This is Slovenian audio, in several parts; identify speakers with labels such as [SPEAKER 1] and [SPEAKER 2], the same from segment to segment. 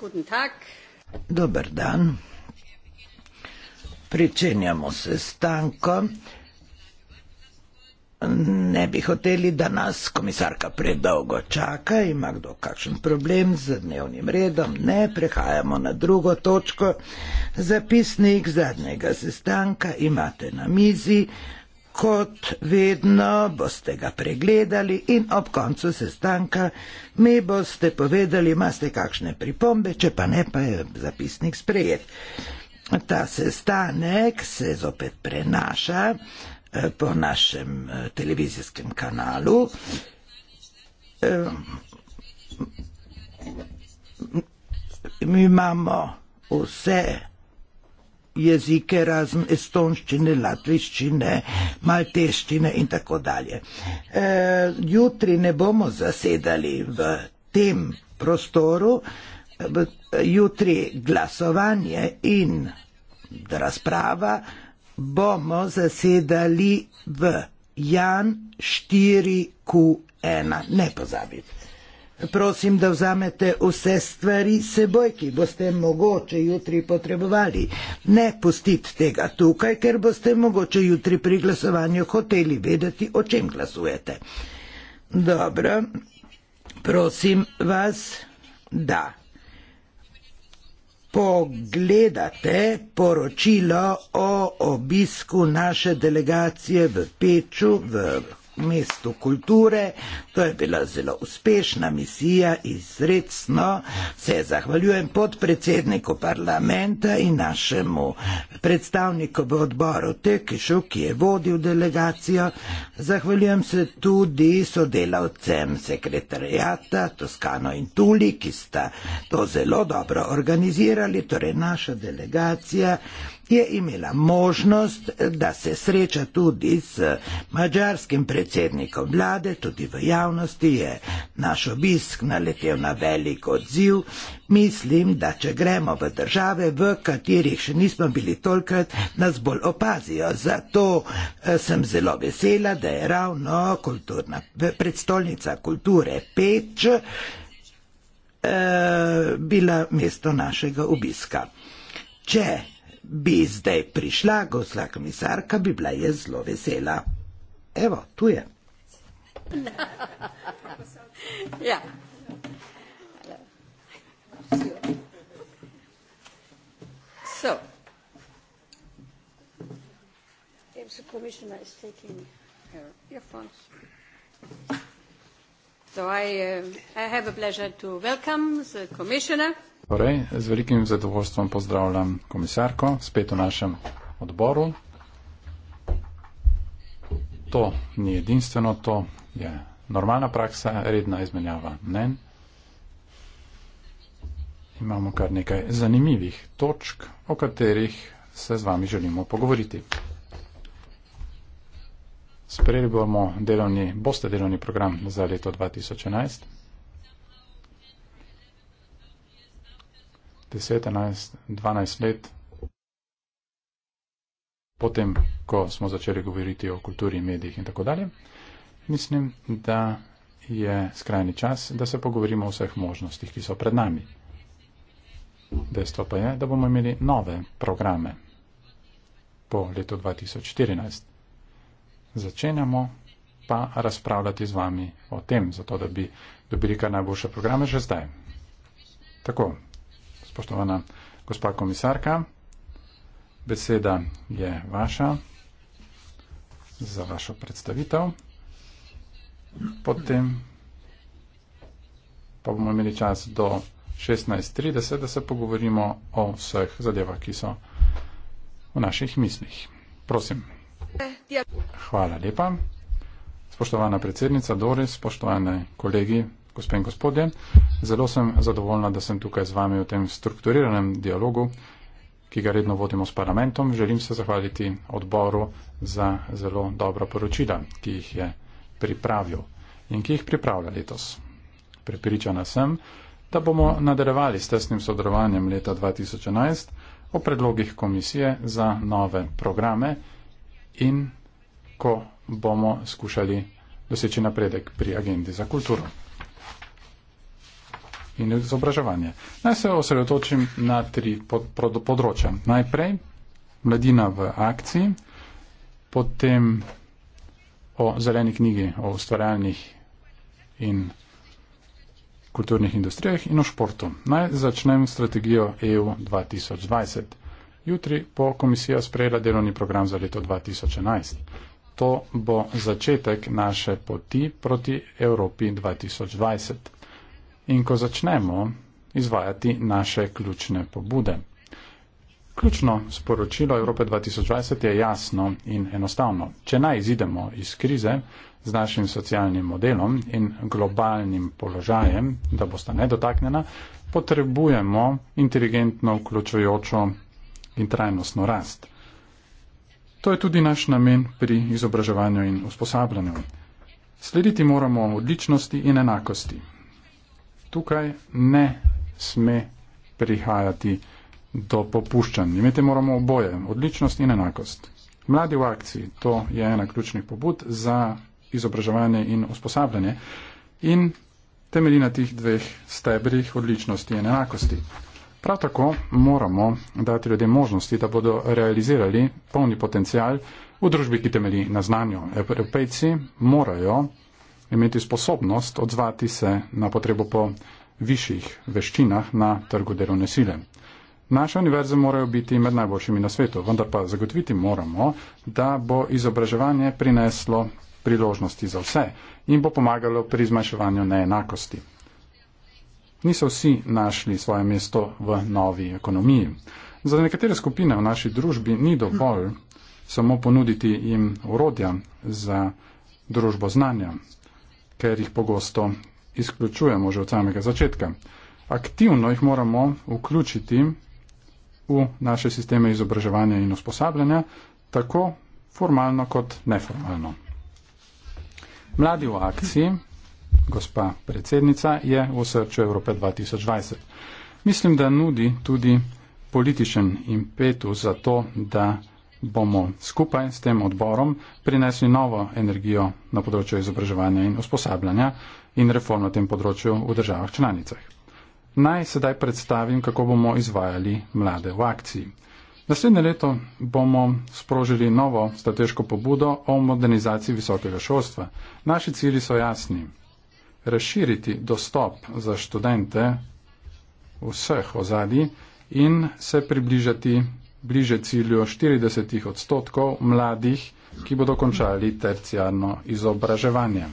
[SPEAKER 1] Guten Tag.
[SPEAKER 2] Dober dan. Pričenjamo se stanko. Ne bi hoteli, da nas komisarka predolgo čaka, ima kdo kakšen problem z dnevnim redom. Ne, prehajamo na drugo točko. Zapisnik zadnjega sestanka imate na mizi. Kot vedno boste ga pregledali in ob koncu sestanka mi boste povedali, imate kakšne pripombe, če pa ne, pa je zapisnik sprejet. Ta sestanek se zopet prenaša po našem televizijskem kanalu. Mi imamo vse jezike, razen estonščine, latviščine, malteščine in tako dalje. E, jutri ne bomo zasedali v tem prostoru, jutri glasovanje in razprava bomo zasedali v Jan 4Q1. Ne pozabite. Prosim, da vzamete vse stvari seboj, ki boste mogoče jutri potrebovali. Ne pustite tega tukaj, ker boste mogoče jutri pri glasovanju hoteli vedeti, o čem glasujete. Dobro, prosim vas, da pogledate poročilo o obisku naše delegacije v Peču v mestu kulture. To je bila zelo uspešna misija, izredno se zahvaljujem podpredsedniku parlamenta in našemu predstavniku v odboru Tekišu, ki je vodil delegacijo. Zahvaljujem se tudi sodelavcem sekretarijata Toskano in Tuli, ki sta to zelo dobro organizirali, torej naša delegacija je imela možnost, da se sreča tudi s mađarskim predsednikom vlade, tudi v javnosti je naš obisk naletel na velik odziv. Mislim, da če gremo v države, v katerih še nismo bili tolkrat, nas bolj opazijo. Zato eh, sem zelo vesela, da je ravno kulturna, predstolnica kulture Peč eh, bila mesto našega obiska. Če bi zdaj prišla, gospa komisarka, bi bila jaz zelo vesela. Evo, tu je.
[SPEAKER 1] Ja. So. So I, uh, I have a pleasure to welcome the commissioner.
[SPEAKER 3] Torej, z velikim zadovoljstvom pozdravljam komisarko spet v našem odboru. To ni edinstveno, to je normalna praksa, redna izmenjava mnen. Imamo kar nekaj zanimivih točk, o katerih se z vami želimo pogovoriti. Sprejeli bomo delovni, boste delovni program za leto 2011. 10, 11, 12 let, potem, ko smo začeli govoriti o kulturi, medijih in tako dalje, mislim, da je skrajni čas, da se pogovorimo o vseh možnostih, ki so pred nami. Dejstvo pa je, da bomo imeli nove programe po letu 2014. Začenjamo pa razpravljati z vami o tem, zato da bi dobili kar najboljše programe že zdaj. Tako, spoštovana gospa komisarka, beseda je vaša za vašo predstavitev. Potem pa bomo imeli čas do 16.30, da se pogovorimo o vseh zadevah, ki so v naših mislih. Prosim. Hvala lepa. Spoštovana predsednica Doris, spoštovane kolegi, gospe in gospodje, zelo sem zadovoljna, da sem tukaj z vami v tem strukturiranem dialogu, ki ga redno vodimo s parlamentom. Želim se zahvaliti odboru za zelo dobra poročila, ki jih je pripravil in ki jih pripravlja letos. Pripričana sem, da bomo nadaljevali s tesnim sodelovanjem leta 2011 o predlogih komisije za nove programe in ko bomo skušali doseči napredek pri agendi za kulturo in izobraževanje. Naj se osredotočim na tri pod, pod, področja. Najprej mladina v akciji, potem o zeleni knjigi, o ustvarjalnih in kulturnih industrijah in o športu. Naj začnem strategijo EU 2020. Jutri bo komisija sprejela delovni program za leto 2011. To bo začetek naše poti proti Evropi 2020 in ko začnemo izvajati naše ključne pobude. Ključno sporočilo Evrope 2020 je jasno in enostavno. Če naj izidemo iz krize z našim socialnim modelom in globalnim položajem, da bosta nedotaknjena, potrebujemo inteligentno, vključujočo in trajnostno rast. To je tudi naš namen pri izobraževanju in usposabljanju. Slediti moramo odličnosti in enakosti tukaj ne sme prihajati do popuščanja. Imeti moramo oboje, odličnost in enakost. Mladi v akciji, to je ena ključnih pobud za izobraževanje in usposabljanje in temelji na tih dveh stebrih odličnosti in enakosti. Prav tako moramo dati ljudem možnosti, da bodo realizirali polni potencial v družbi, ki temelji na znanju. Evropejci morajo imeti sposobnost odzvati se na potrebo po višjih veščinah na trgu delovne sile. Naše univerze morajo biti med najboljšimi na svetu, vendar pa zagotoviti moramo, da bo izobraževanje prineslo priložnosti za vse in bo pomagalo pri zmanjševanju neenakosti. Niso vsi našli svoje mesto v novi ekonomiji. Za nekatere skupine v naši družbi ni dovolj samo ponuditi jim urodja za družbo znanja ker jih pogosto izključujemo že od samega začetka. Aktivno jih moramo vključiti v naše sisteme izobraževanja in usposabljanja, tako formalno kot neformalno. Mladi v akciji, gospa predsednica, je v srču Evrope 2020. Mislim, da nudi tudi političen impetus za to, da bomo skupaj s tem odborom prinesli novo energijo na področju izobraževanja in usposabljanja in reform na tem področju v državah članicah. Naj sedaj predstavim, kako bomo izvajali mlade v akciji. Naslednje leto bomo sprožili novo strateško pobudo o modernizaciji visokega šolstva. Naši cili so jasni. Razširiti dostop za študente vseh ozadij in se približati bliže cilju 40 odstotkov mladih, ki bodo končali terciarno izobraževanje.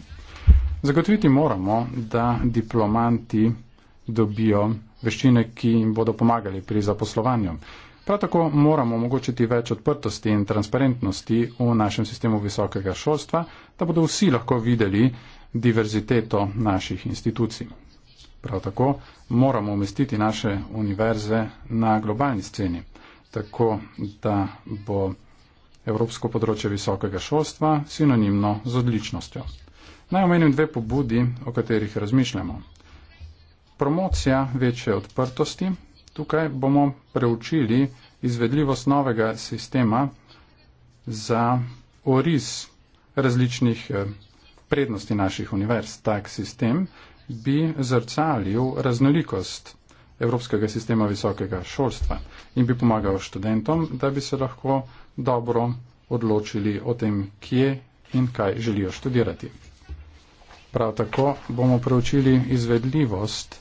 [SPEAKER 3] Zagotoviti moramo, da diplomanti dobijo veščine, ki jim bodo pomagali pri zaposlovanju. Prav tako moramo omogočiti več odprtosti in transparentnosti v našem sistemu visokega šolstva, da bodo vsi lahko videli diverziteto naših institucij. Prav tako moramo umestiti naše univerze na globalni sceni tako, da bo evropsko področje visokega šolstva sinonimno z odličnostjo. Naj omenim dve pobudi, o katerih razmišljamo. Promocija večje odprtosti. Tukaj bomo preučili izvedljivost novega sistema za oriz različnih eh, prednosti naših univerz. Tak sistem bi zrcalil raznolikost evropskega sistema visokega šolstva in bi pomagal študentom, da bi se lahko dobro odločili o tem, kje in kaj želijo študirati. Prav tako bomo preučili izvedljivost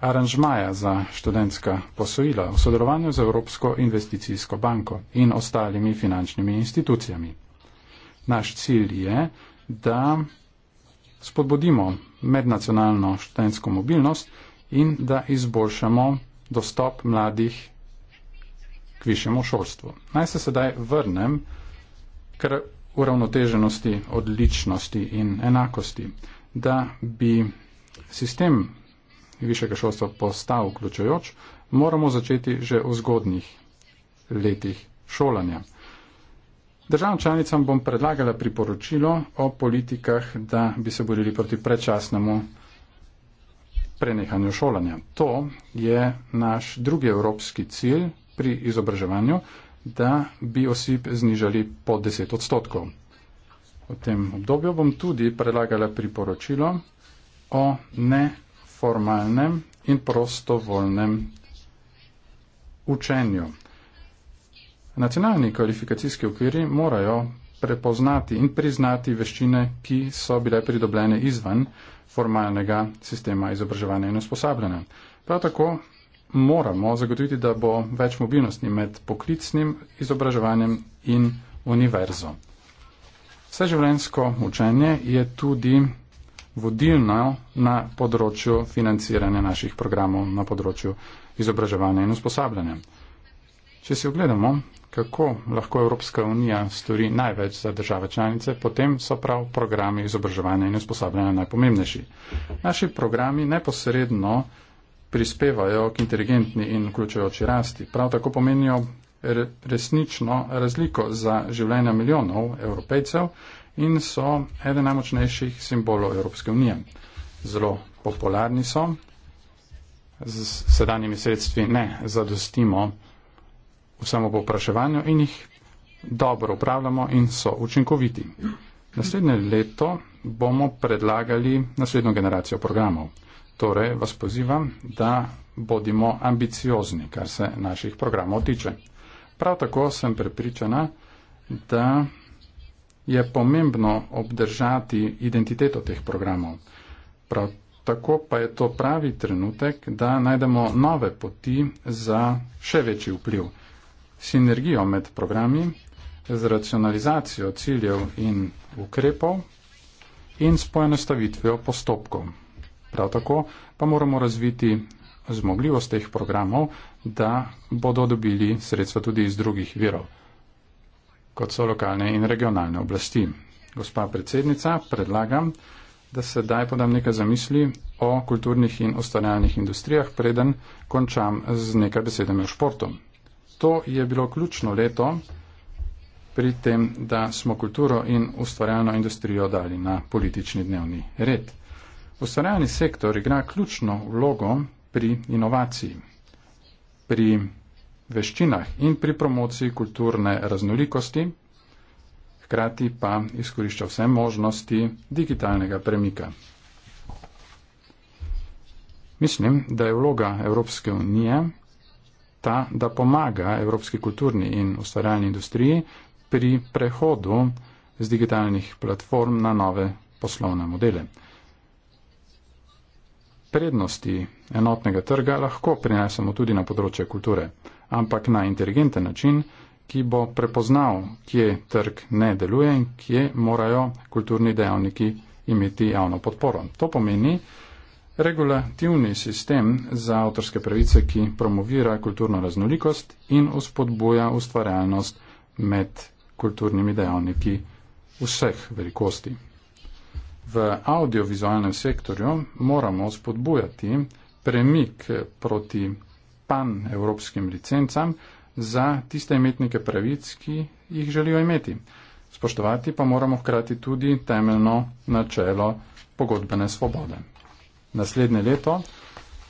[SPEAKER 3] aranžmaja za študentska posojila v sodelovanju z Evropsko investicijsko banko in ostalimi finančnimi institucijami. Naš cilj je, da spodbudimo mednacionalno študentsko mobilnost, in da izboljšamo dostop mladih k višjemu šolstvu. Naj se sedaj vrnem k uravnoteženosti, odličnosti in enakosti, da bi sistem višjega šolstva postal vključujoč, moramo začeti že v zgodnjih letih šolanja. Državnim članicam bom predlagala priporočilo o politikah, da bi se borili proti predčasnemu prenehanju šolanja. To je naš drugi evropski cilj pri izobraževanju, da bi osip znižali po 10 odstotkov. V tem obdobju bom tudi predlagala priporočilo o neformalnem in prostovoljnem učenju. Nacionalni kvalifikacijski okviri morajo prepoznati in priznati veščine, ki so bile pridobljene izvan formalnega sistema izobraževanja in usposabljanja. Prav tako moramo zagotoviti, da bo več mobilnosti med poklicnim izobraževanjem in univerzo. Vseživljenjsko učenje je tudi vodilno na področju financiranja naših programov na področju izobraževanja in usposabljanja. Če si ogledamo, kako lahko Evropska unija stori največ za države članice, potem so prav programi izobraževanja in usposabljanja najpomembnejši. Naši programi neposredno prispevajo k inteligentni in vključujoči rasti. Prav tako pomenijo resnično razliko za življenja milijonov evropejcev in so eden najmočnejših simbolov Evropske unije. Zelo popularni so, z sedanjimi sredstvi ne zadostimo v samopopraševanju in jih dobro upravljamo in so učinkoviti. Naslednje leto bomo predlagali naslednjo generacijo programov. Torej vas pozivam, da bodimo ambiciozni, kar se naših programov tiče. Prav tako sem prepričana, da je pomembno obdržati identiteto teh programov. Prav tako pa je to pravi trenutek, da najdemo nove poti za še večji vpliv sinergijo med programi, z racionalizacijo ciljev in ukrepov in s poenostavitvijo postopkov. Prav tako pa moramo razviti zmogljivost teh programov, da bodo dobili sredstva tudi iz drugih virov, kot so lokalne in regionalne oblasti. Gospa predsednica, predlagam, da se daj podam nekaj zamisli o kulturnih in ostanjalnih industrijah, preden končam z nekaj besedami o športu. To je bilo ključno leto pri tem, da smo kulturo in ustvarjalno industrijo dali na politični dnevni red. Ustvarjalni sektor igra ključno vlogo pri inovaciji, pri veščinah in pri promociji kulturne raznolikosti, hkrati pa izkorišča vse možnosti digitalnega premika. Mislim, da je vloga Evropske unije ta, da pomaga evropski kulturni in ustvarjalni industriji pri prehodu z digitalnih platform na nove poslovne modele. Prednosti enotnega trga lahko prinesemo tudi na področje kulture, ampak na inteligenten način, ki bo prepoznal, kje trg ne deluje in kje morajo kulturni dejavniki imeti javno podporo. To pomeni, regulativni sistem za avtorske pravice, ki promovira kulturno raznolikost in uspodbuja ustvarjalnost med kulturnimi dejavniki vseh velikosti. V audiovizualnem sektorju moramo spodbujati premik proti pan-evropskim licencam za tiste imetnike pravic, ki jih želijo imeti. Spoštovati pa moramo hkrati tudi temeljno načelo pogodbene svobode naslednje leto,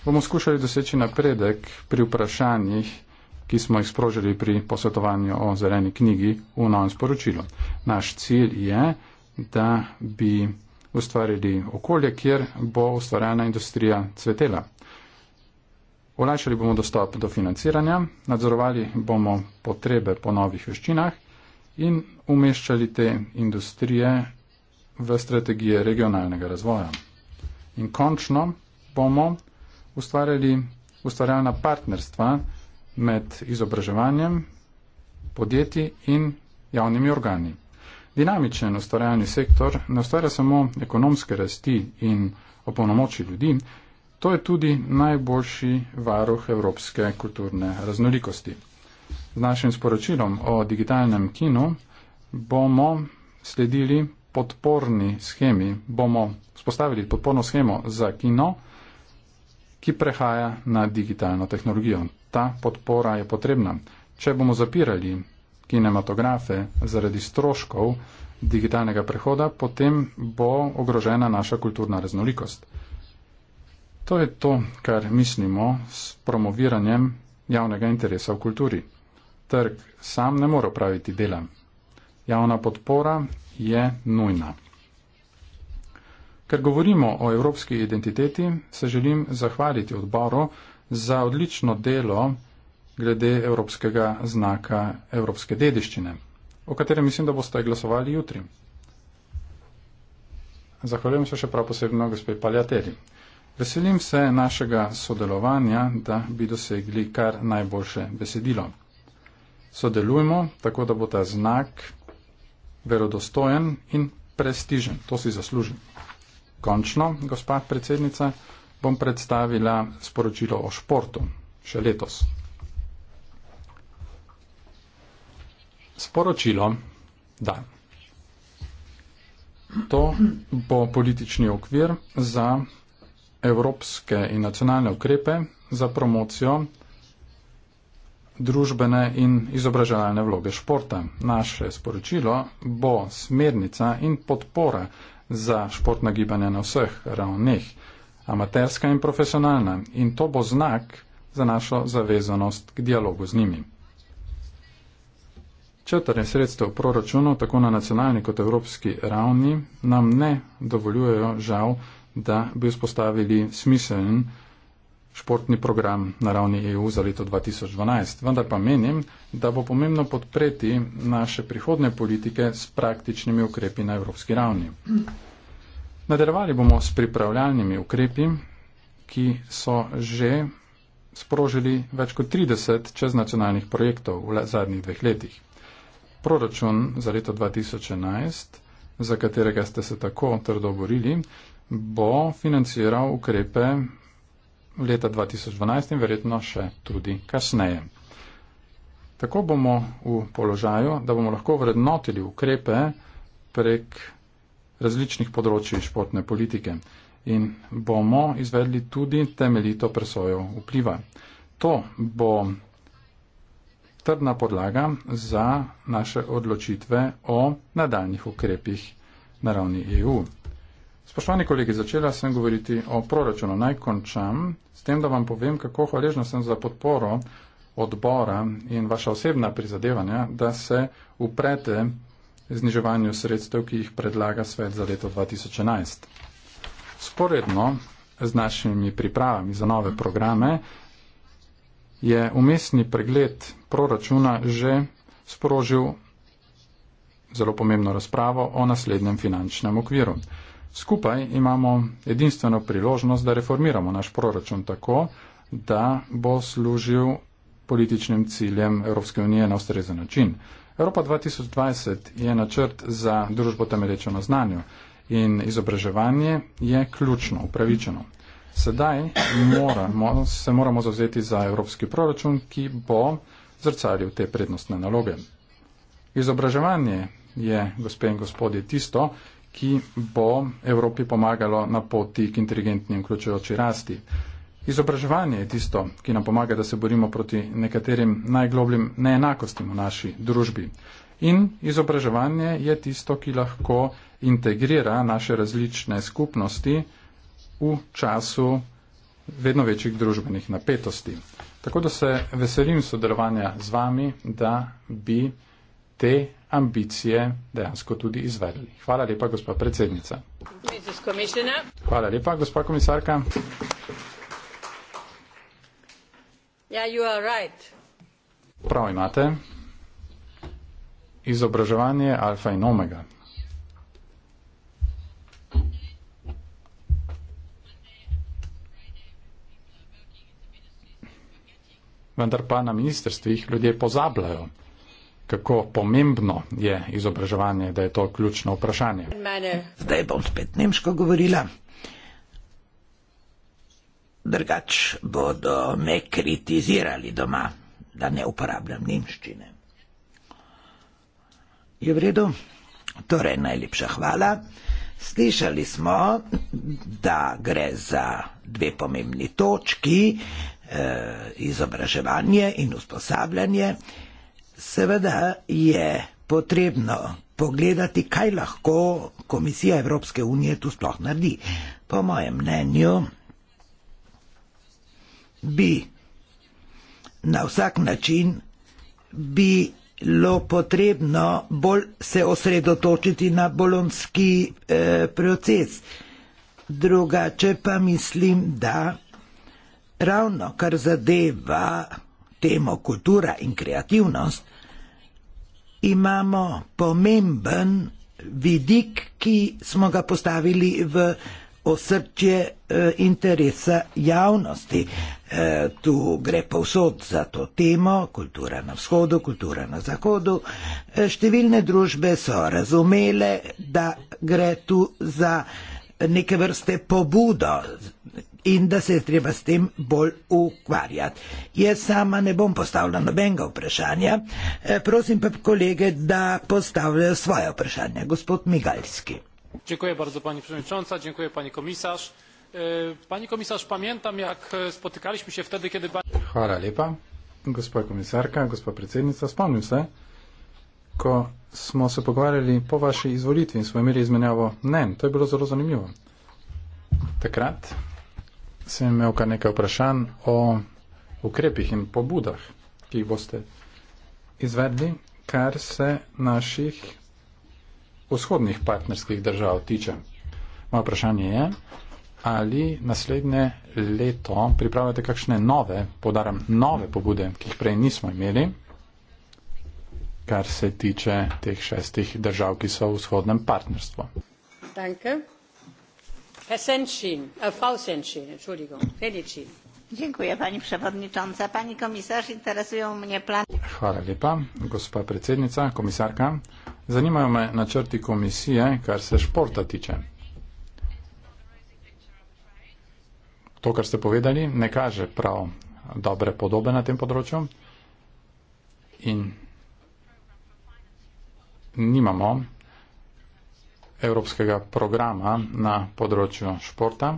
[SPEAKER 3] bomo skušali doseči napredek pri vprašanjih, ki smo jih sprožili pri posvetovanju o zeleni knjigi v novem sporočilu. Naš cilj je, da bi ustvarili okolje, kjer bo ustvarjena industrija cvetela. Olajšali bomo dostop do financiranja, nadzorovali bomo potrebe po novih veščinah in umeščali te industrije v strategije regionalnega razvoja. In končno bomo ustvarjali ustvarjalna partnerstva med izobraževanjem podjetij in javnimi organi. Dinamičen ustvarjalni sektor ne ustvarja samo ekonomske rasti in opolnomoči ljudi, to je tudi najboljši varuh evropske kulturne raznolikosti. Z našim sporočilom o digitalnem kinu bomo sledili podporni schemi bomo spostavili podporno schemo za kino, ki prehaja na digitalno tehnologijo. Ta podpora je potrebna. Če bomo zapirali kinematografe zaradi stroškov digitalnega prehoda, potem bo ogrožena naša kulturna raznolikost. To je to, kar mislimo s promoviranjem javnega interesa v kulturi. Trg sam ne more praviti delam. Javna podpora je nujna. Ker govorimo o evropski identiteti, se želim zahvaliti odboru za odlično delo glede evropskega znaka evropske dediščine, o katerem mislim, da boste glasovali jutri. Zahvaljujem se še prav posebno gospe Paljateri. Veselim se našega sodelovanja, da bi dosegli kar najboljše besedilo. Sodelujmo, tako da bo ta znak verodostojen in prestižen. To si zaslužim. Končno, gospa predsednica, bom predstavila sporočilo o športu še letos. Sporočilo, da. To bo politični okvir za evropske in nacionalne ukrepe za promocijo družbene in izobraževalne vloge športa. Naše sporočilo bo smernica in podpora za športna gibanja na vseh ravneh, amaterska in profesionalna, in to bo znak za našo zavezanost k dialogu z njimi. Četrne sredstev proračunov, tako na nacionalni kot evropski ravni, nam ne dovoljujejo žal, da bi vzpostavili smiseln športni program na ravni EU za leto 2012. Vendar pa menim, da bo pomembno podpreti naše prihodne politike s praktičnimi ukrepi na evropski ravni. Nadaljevali bomo s pripravljalnimi ukrepi, ki so že sprožili več kot 30 čeznacionalnih projektov v zadnjih dveh letih. Proračun za leto 2011, za katerega ste se tako trdo borili, bo financiral ukrepe leta 2012 in verjetno še tudi kasneje. Tako bomo v položaju, da bomo lahko vrednotili ukrepe prek različnih področji športne politike in bomo izvedli tudi temeljito presojo vpliva. To bo trdna podlaga za naše odločitve o nadaljnih ukrepih na ravni EU. Spoštovani kolegi, začela sem govoriti o proračunu. Naj končam s tem, da vam povem, kako hvaležna sem za podporo odbora in vaša osebna prizadevanja, da se uprete zniževanju sredstev, ki jih predlaga svet za leto 2011. Sporedno z našimi pripravami za nove programe je umestni pregled proračuna že sprožil zelo pomembno razpravo o naslednjem finančnem okviru. Skupaj imamo edinstveno priložnost, da reformiramo naš proračun tako, da bo služil političnim ciljem Evropske unije na ustrezen način. Evropa 2020 je načrt za družbo temelječo na znanju in izobraževanje je ključno, upravičeno. Sedaj moramo, se moramo zavzeti za evropski proračun, ki bo zrcalil te prednostne naloge. Izobraževanje je, gospe in gospodje, tisto, ki bo Evropi pomagalo na poti k inteligentni in vključujoči rasti. Izobraževanje je tisto, ki nam pomaga, da se borimo proti nekaterim najglobljim neenakostim v naši družbi. In izobraževanje je tisto, ki lahko integrira naše različne skupnosti v času vedno večjih družbenih napetosti. Tako da se veselim sodelovanja z vami, da bi te ambicije dejansko tudi izvedli. Hvala lepa, gospa predsednica. Hvala lepa, gospa komisarka. Ja, Prav imate. Izobraževanje alfa in omega. Vendar pa na ministrstvih ljudje pozabljajo kako pomembno je izobraževanje, da je to ključno vprašanje.
[SPEAKER 2] Zdaj bom spet nemško govorila. Drugač bodo me kritizirali doma, da ne uporabljam nemščine. Je v redu? Torej, najlepša hvala. Slišali smo, da gre za dve pomembni točki, eh, izobraževanje in usposabljanje. Eh, Seveda je potrebno pogledati, kaj lahko Komisija Evropske unije tu sploh naredi. Po mojem mnenju bi na vsak način bilo potrebno bolj se osredotočiti na bolonski eh, proces. Drugače pa mislim, da ravno kar zadeva temo kultura in kreativnost, imamo pomemben vidik, ki smo ga postavili v osrčje e, interesa javnosti. E, tu gre povsod za to temo, kultura na vzhodu, kultura na zahodu. E, številne družbe so razumele, da gre tu za neke vrste pobudo in da se je treba s tem bolj ukvarjati. Jaz sama ne bom postavila nobenega vprašanja, eh, prosim pa kolege, da postavljajo svoje vprašanje. Gospod Migalski. Dziękuję
[SPEAKER 4] bardzo Pani Przewodnicząca, dziękuję Pani Komisarz. E, pani Komisarz, pamiętam jak e, spotykaliśmy się wtedy, kiedy Pani...
[SPEAKER 3] Hvala lepa, gospod komisarka, gospod predsednica, spomnim se, ko smo se pogovarjali po vaši izvolitvi in smo imeli izmenjavo mnen, to je bilo zelo zanimivo. Takrat sem imel kar nekaj vprašanj o ukrepih in pobudah, ki jih boste izvedli, kar se naših vzhodnih partnerskih držav tiče. Moje vprašanje je, ali naslednje leto pripravljate kakšne nove, podaram nove pobude, ki jih prej nismo imeli, kar se tiče teh šestih držav, ki so v vzhodnem partnerstvu.
[SPEAKER 1] Danke. Äh, pani przewodnicząca pani komisarz interesują mnie plany
[SPEAKER 3] Hvala lepa, gospa predsednica, komisarka. Zanimajo me načrti komisije, kar se športa tiče. To, kar ste povedali, ne kaže prav dobre podobe na tem področju. In nimamo evropskega programa na področju športa.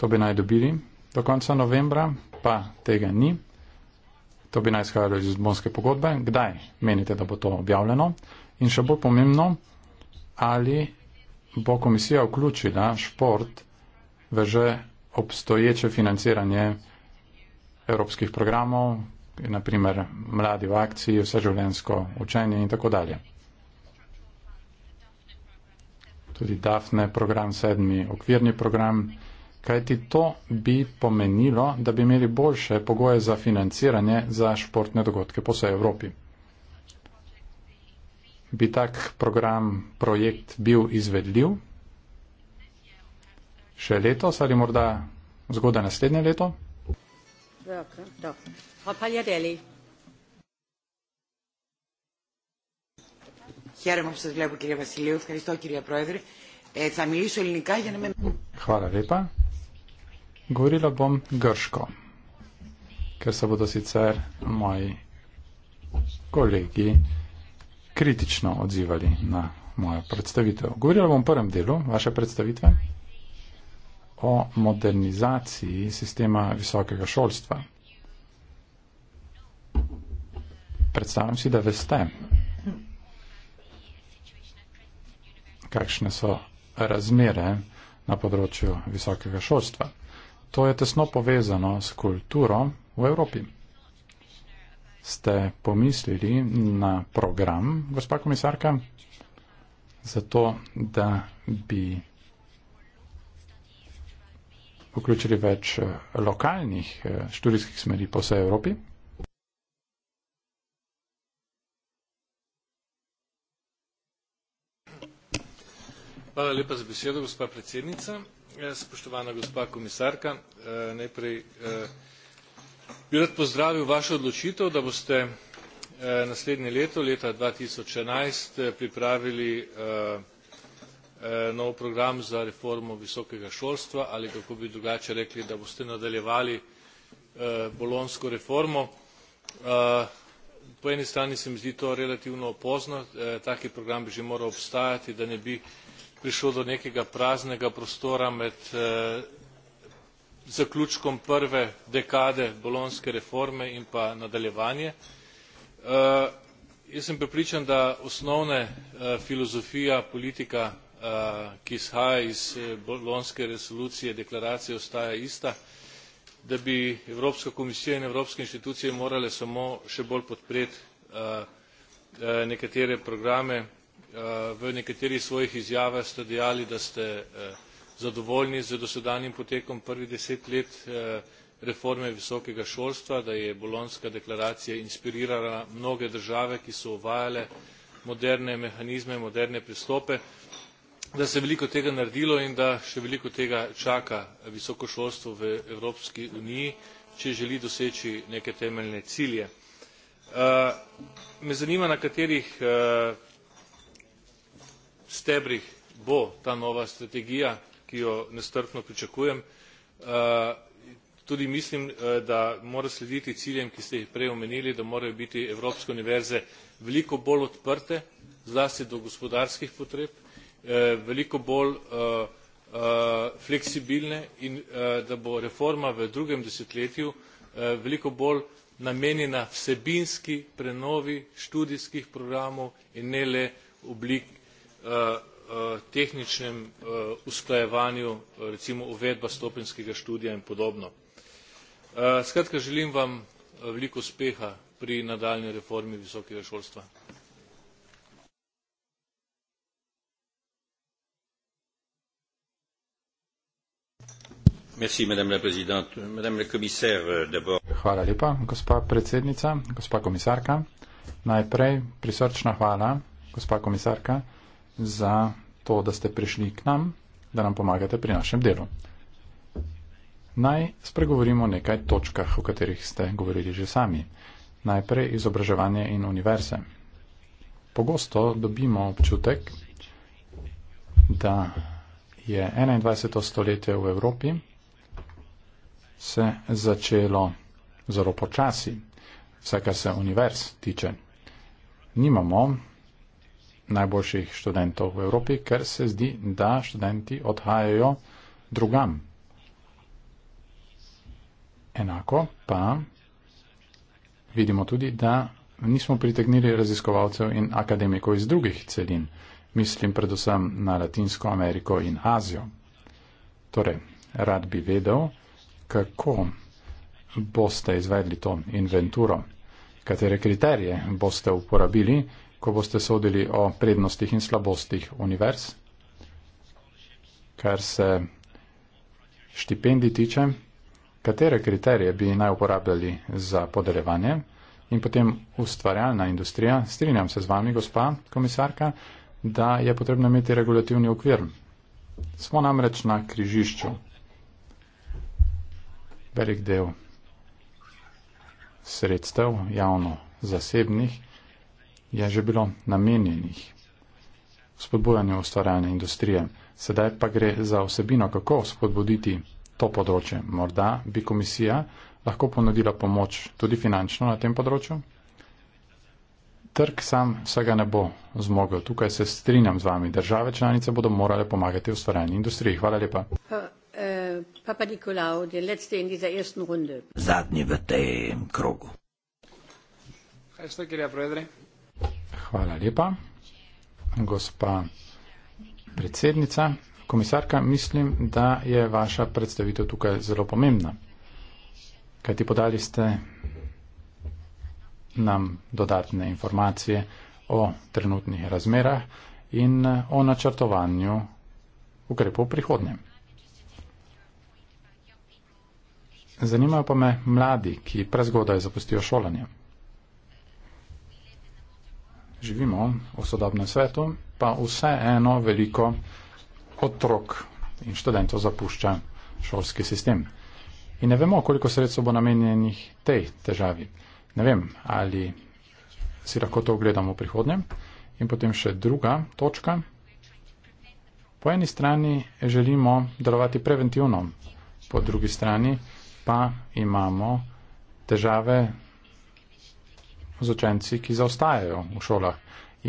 [SPEAKER 3] To bi naj dobili do konca novembra, pa tega ni. To bi naj izhajalo iz bonske pogodbe. Kdaj menite, da bo to objavljeno? In še bolj pomembno, ali bo komisija vključila šport v že obstoječe financiranje evropskih programov, naprimer mladi v akciji, vseživljensko učenje in tako dalje tudi DAFNE, program 7, okvirni program, kajti to bi pomenilo, da bi imeli boljše pogoje za financiranje za športne dogodke po vsej Evropi. Bi tak program, projekt bil izvedljiv? Še letos ali morda zgodaj naslednje leto?
[SPEAKER 1] Hvala. Hvala. Hvala.
[SPEAKER 5] Χαίρομαι που σας βλέπω κύριε Βασιλείου. Ευχαριστώ κύριε Πρόεδρε. Ε, θα μιλήσω ελληνικά για να με...
[SPEAKER 3] Χαίρα λίπα. Γουρίλα μπομ γκρσκο. Κερ θα βοδο σιτσέρ μοι κολέγοι κριτично отзивали на моя представител. Говорил бом първем делу, ваше представител, o modernizaciji sistema visokega šolstva. Predstavljam si, da veste, kakšne so razmere na področju visokega šolstva. To je tesno povezano s kulturo v Evropi. Ste pomislili na program, gospa komisarka, zato, da bi vključili več eh, lokalnih eh, študijskih smeri po vsej Evropi?
[SPEAKER 4] Hvala lepa za besedo, gospa predsednica. Ja, spoštovana gospa komisarka, eh, najprej eh, bi rad pozdravil vašo odločitev, da boste eh, naslednje leto, leta dva tisoč enajst, pripravili nov program za reformo visokega šolstva ali kako bi drugače rekli, da boste nadaljevali bolonjsko reformo. Po eni strani se mi zdi to relativno pozno, tak program bi že moral obstajati, da ne bi prišlo do nekega praznega prostora med eh, zaključkom prve dekade bolonjske reforme in pa nadaljevanje. Eh, jaz sem prepričan da osnovna eh, filozofija politika ki izhaja iz bolonjske resolucije deklaracije ostaja ista da bi evropska komisija in evropske inštitucije morale samo še bolj podpreti nekatere programe Eh, v nekaterih svojih izjavah ste dejali da ste eh, zadovoljni z dosedanjim potekom prvih deset let eh, reforme visokega šolstva da je bolonska deklaracija inspirirala mnoge države ki so uvajale moderne mehanizme moderne pristope da se je veliko tega naredilo in da še veliko tega čaka visoko šolstvo v evropski uniji če želi doseči neke temeljne cilje. me zanima na katerih stebrih bo ta nova strategija ki jo nestrpno pričakujem. Eh, tudi mislim eh, da mora slediti ciljem ki ste jih prej omenili da morajo biti evropske univerze veliko bolj odprte zlasti do gospodarskih potreb eh, veliko bolj fleksibilne in da bo reforma v drugem desetletju veliko bolj namenjena vsebinski prenovi študijskih programov in ne le oblik Eh, eh, tehničnem eh, usklajevanju recimo uvedba stopenjskega študija in podobno. skratka želim vam veliko uspeha pri nadaljnji reformi visokega šolstva.
[SPEAKER 1] Euh,
[SPEAKER 3] hvala lepa gospa predsednica gospa komisarka najprej prisrčna hvala gospa komisarka za to, da ste prišli k nam, da nam pomagate pri našem delu. Naj spregovorimo o nekaj točkah, o katerih ste govorili že sami. Najprej izobraževanje in univerze. Pogosto dobimo občutek, da je 21. stoletje v Evropi se začelo zelo počasi, vse kar se univerz tiče. Nimamo najboljših študentov v Evropi, ker se zdi, da študenti odhajajo drugam. Enako pa vidimo tudi, da nismo pritegnili raziskovalcev in akademikov iz drugih celin. Mislim predvsem na Latinsko Ameriko in Azijo. Torej, rad bi vedel, kako boste izvedli to inventuro, katere kriterije boste uporabili, ko boste sodili o prednostih in slabostih univerz, kar se štipendij tiče, katere kriterije bi naj uporabljali za podeljevanje in potem ustvarjalna industrija. Strinjam se z vami, gospa komisarka, da je potrebno imeti regulativni okvir. Smo namreč na križišču. Velik del sredstev, javno zasebnih, je že bilo namenjenih spodbujanju ustvarjalne industrije. Sedaj pa gre za osebino, kako spodbuditi to področje. Morda bi komisija lahko ponudila pomoč tudi finančno na tem področju. Trg sam vsega ne bo zmogel. Tukaj se strinjam z vami. Države članice bodo morale pomagati v ustvarjalni industriji. Hvala lepa.
[SPEAKER 1] Eh, Papa Nikolau, letste in za runde.
[SPEAKER 3] Zadnji v tem krogu. Hvala lepa. Gospa predsednica, komisarka, mislim, da je vaša predstavitev tukaj zelo pomembna. Kaj ti podali ste nam dodatne informacije o trenutnih razmerah in o načrtovanju ukrepov prihodnje. Zanimajo pa me mladi, ki prezgodaj zapustijo šolanje živimo v sodobnem svetu, pa vseeno veliko otrok in študentov zapušča šolski sistem. In ne vemo, koliko sredstev bo namenjenih tej težavi. Ne vem, ali si lahko to ogledamo v prihodnje. In potem še druga točka. Po eni strani želimo delovati preventivno, po drugi strani pa imamo težave z učenci, ki zaostajajo v šolah.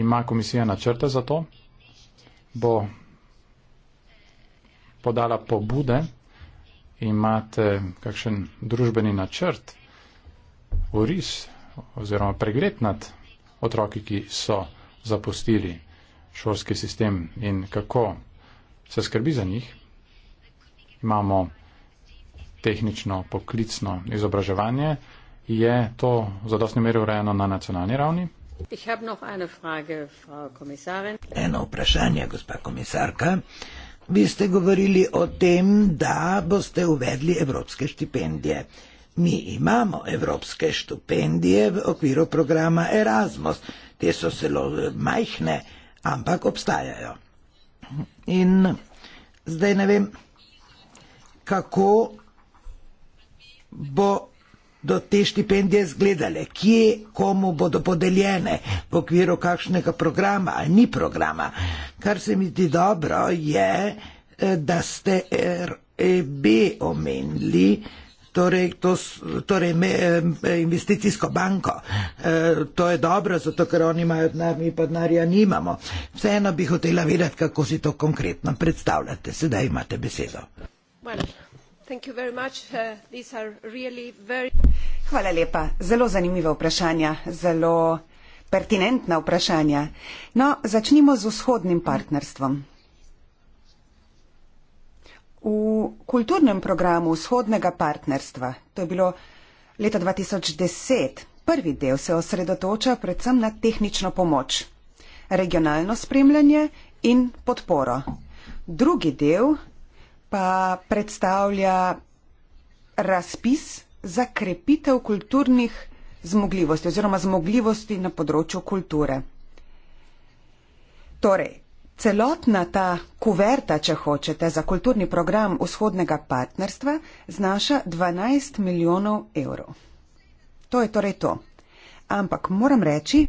[SPEAKER 3] Ima komisija načrte za to? Bo podala pobude? Imate kakšen družbeni načrt, uris oziroma pregled nad otroki, ki so zapustili šolski sistem in kako se skrbi za njih? Imamo tehnično poklicno izobraževanje, je to v zadostni meri urejeno na nacionalni ravni.
[SPEAKER 2] Eno vprašanje, gospa komisarka. Vi ste govorili o tem, da boste uvedli evropske štipendije. Mi imamo evropske štipendije v okviru programa Erasmus. Te so zelo eh, majhne, ampak obstajajo. In zdaj ne vem, kako bo bodo te štipendije izgledale, kje komu bodo podeljene, v okviru kakšnega programa ali ni programa. Kar se mi zdi dobro, je, eh, da ste eh, REB omenili, torej, to, torej me, eh, investicijsko banko. To je dobro, zato ker oni imajo denar, mi pa denarja nimamo. Vseeno bi hotela vedeti, kako si to konkretno
[SPEAKER 5] predstavljate.
[SPEAKER 2] Sedaj imate besedo.
[SPEAKER 5] Bueno. Thank you very much. Uh, these are really very... Hvala lepa. Zelo zanimiva vprašanja, zelo pertinentna vprašanja. No, začnimo z vzhodnim partnerstvom. V kulturnem programu vzhodnega partnerstva, to je bilo leta 2010, prvi del se osredotoča predvsem na tehnično pomoč, regionalno spremljanje in podporo. Drugi del pa predstavlja razpis za krepitev kulturnih zmogljivosti oziroma zmogljivosti na področju kulture. Torej, celotna ta kuverta, če hočete, za kulturni program vzhodnega partnerstva znaša 12 milijonov evrov. To je torej to. Ampak moram reči,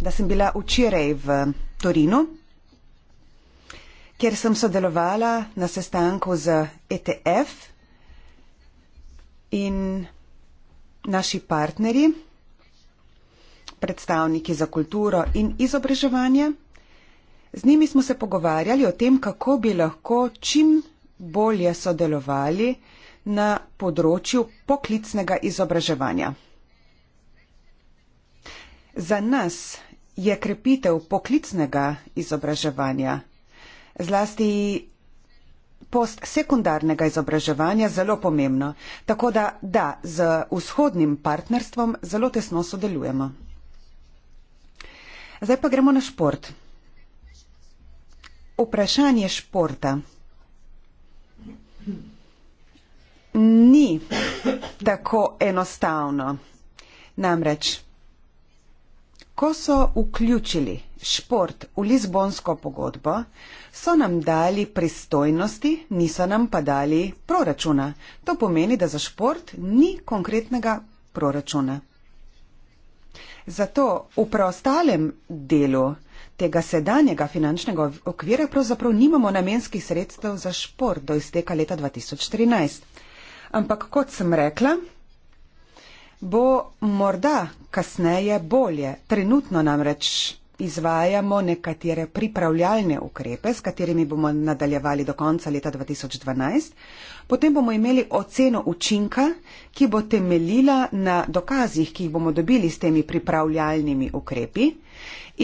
[SPEAKER 5] da sem bila včeraj v Torinu, kjer sem sodelovala na sestanku z ETF in naši partnerji, predstavniki za kulturo in izobraževanje. Z njimi smo se pogovarjali o tem, kako bi lahko čim bolje sodelovali na področju poklicnega izobraževanja. Za nas je krepitev poklicnega izobraževanja zlasti postsekundarnega izobraževanja zelo pomembno. Tako da, da, z vzhodnim partnerstvom zelo tesno sodelujemo. Zdaj pa gremo na šport. Vprašanje športa ni tako enostavno. Namreč, Ko so vključili šport v Lizbonsko pogodbo, so nam dali pristojnosti, niso nam pa dali proračuna. To pomeni, da za šport ni konkretnega proračuna. Zato v preostalem delu tega sedanjega finančnega okvira pravzaprav nimamo namenskih sredstev za šport do izteka leta 2013. Ampak kot sem rekla, bo morda kasneje bolje. Trenutno namreč izvajamo nekatere pripravljalne ukrepe, s katerimi bomo nadaljevali do konca leta 2012. Potem bomo imeli oceno učinka, ki bo temeljila na dokazih, ki jih bomo dobili s temi pripravljalnimi ukrepi.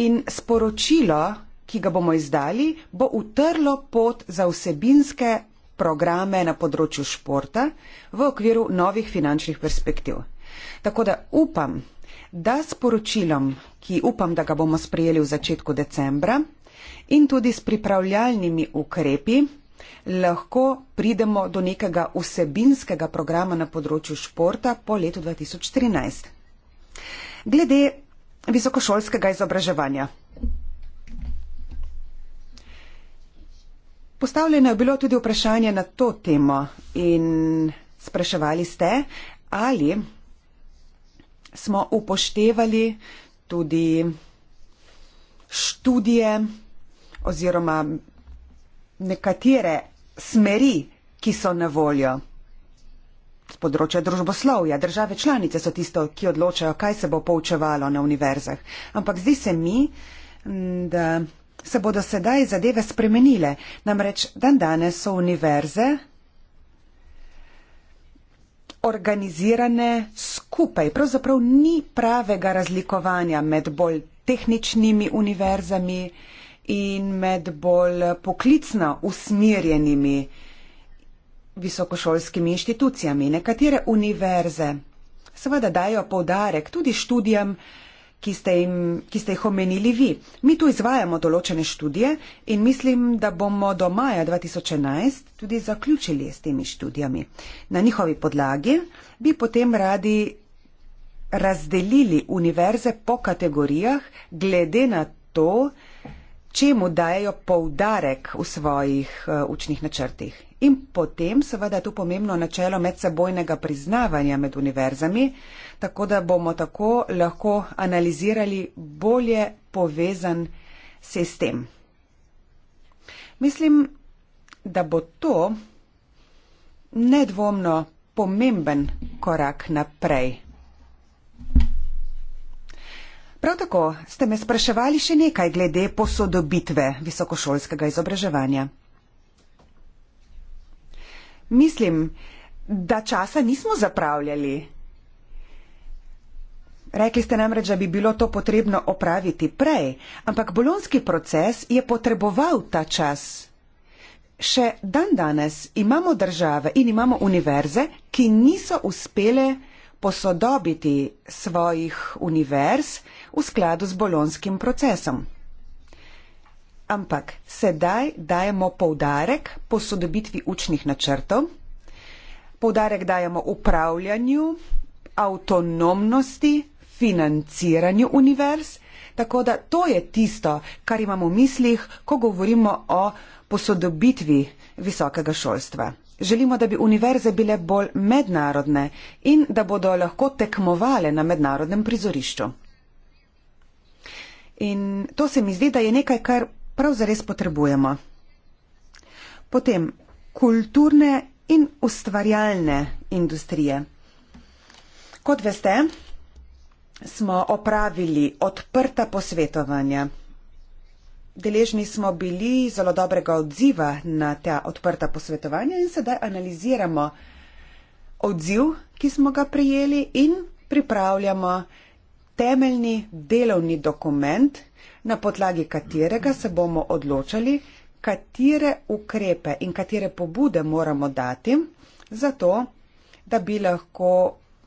[SPEAKER 5] In sporočilo, ki ga bomo izdali, bo utrlo pot za vsebinske programe na področju športa v okviru novih finančnih perspektiv. Tako da upam, da s poročilom, ki upam, da ga bomo sprejeli v začetku decembra, in tudi s pripravljalnimi ukrepi, lahko pridemo do nekega vsebinskega programa na področju športa po letu 2013. Glede visokošolskega izobraževanja. Postavljeno je bilo tudi vprašanje na to temo in spraševali ste, ali smo upoštevali tudi študije oziroma nekatere smeri, ki so na voljo. Z področja družboslovja, države članice so tisto, ki odločajo, kaj se bo poučevalo na univerzah. Ampak zdi se mi, da se bodo sedaj zadeve spremenile. Namreč dan danes so univerze organizirane skupaj. Pravzaprav ni pravega razlikovanja med bolj tehničnimi univerzami in med bolj poklicno usmirjenimi visokošolskimi inštitucijami. Nekatere univerze seveda dajo povdarek tudi študijam, ki ste, jim, ki ste jih omenili vi. Mi tu izvajamo določene študije in mislim, da bomo do maja 2011 tudi zaključili s temi študijami. Na njihovi podlagi bi potem radi razdelili univerze po kategorijah glede na to, čemu dajo poudarek v svojih eh, učnih načrtih. In potem seveda je tu pomembno načelo medsebojnega priznavanja med univerzami, tako da bomo tako lahko analizirali bolje povezan sistem. Mislim, da bo to nedvomno pomemben korak naprej Prav tako ste me spraševali še nekaj glede posodobitve visokošolskega izobraževanja. Mislim, da časa nismo zapravljali. Rekli ste namreč, da bi bilo to potrebno opraviti prej, ampak bolonski proces je potreboval ta čas. Še dan danes imamo države in imamo univerze, ki niso uspele posodobiti svojih univerz, v skladu z bolonskim procesom. Ampak sedaj dajemo poudarek posodobitvi učnih načrtov, poudarek dajemo upravljanju, avtonomnosti, financiranju univerz, tako da to je tisto, kar imamo v mislih, ko govorimo o posodobitvi visokega šolstva. Želimo, da bi univerze bile bolj mednarodne in da bodo lahko tekmovale na mednarodnem prizorišču. In to se mi zdi, da je nekaj, kar pravzaprav potrebujemo. Potem kulturne in ustvarjalne industrije. Kot veste, smo opravili odprta posvetovanja. Deležni smo bili zelo dobrega odziva na ta odprta posvetovanja in sedaj analiziramo odziv, ki smo ga prijeli in pripravljamo temeljni delovni dokument, na podlagi katerega se bomo odločali, katere ukrepe in katere pobude moramo dati, zato da bi lahko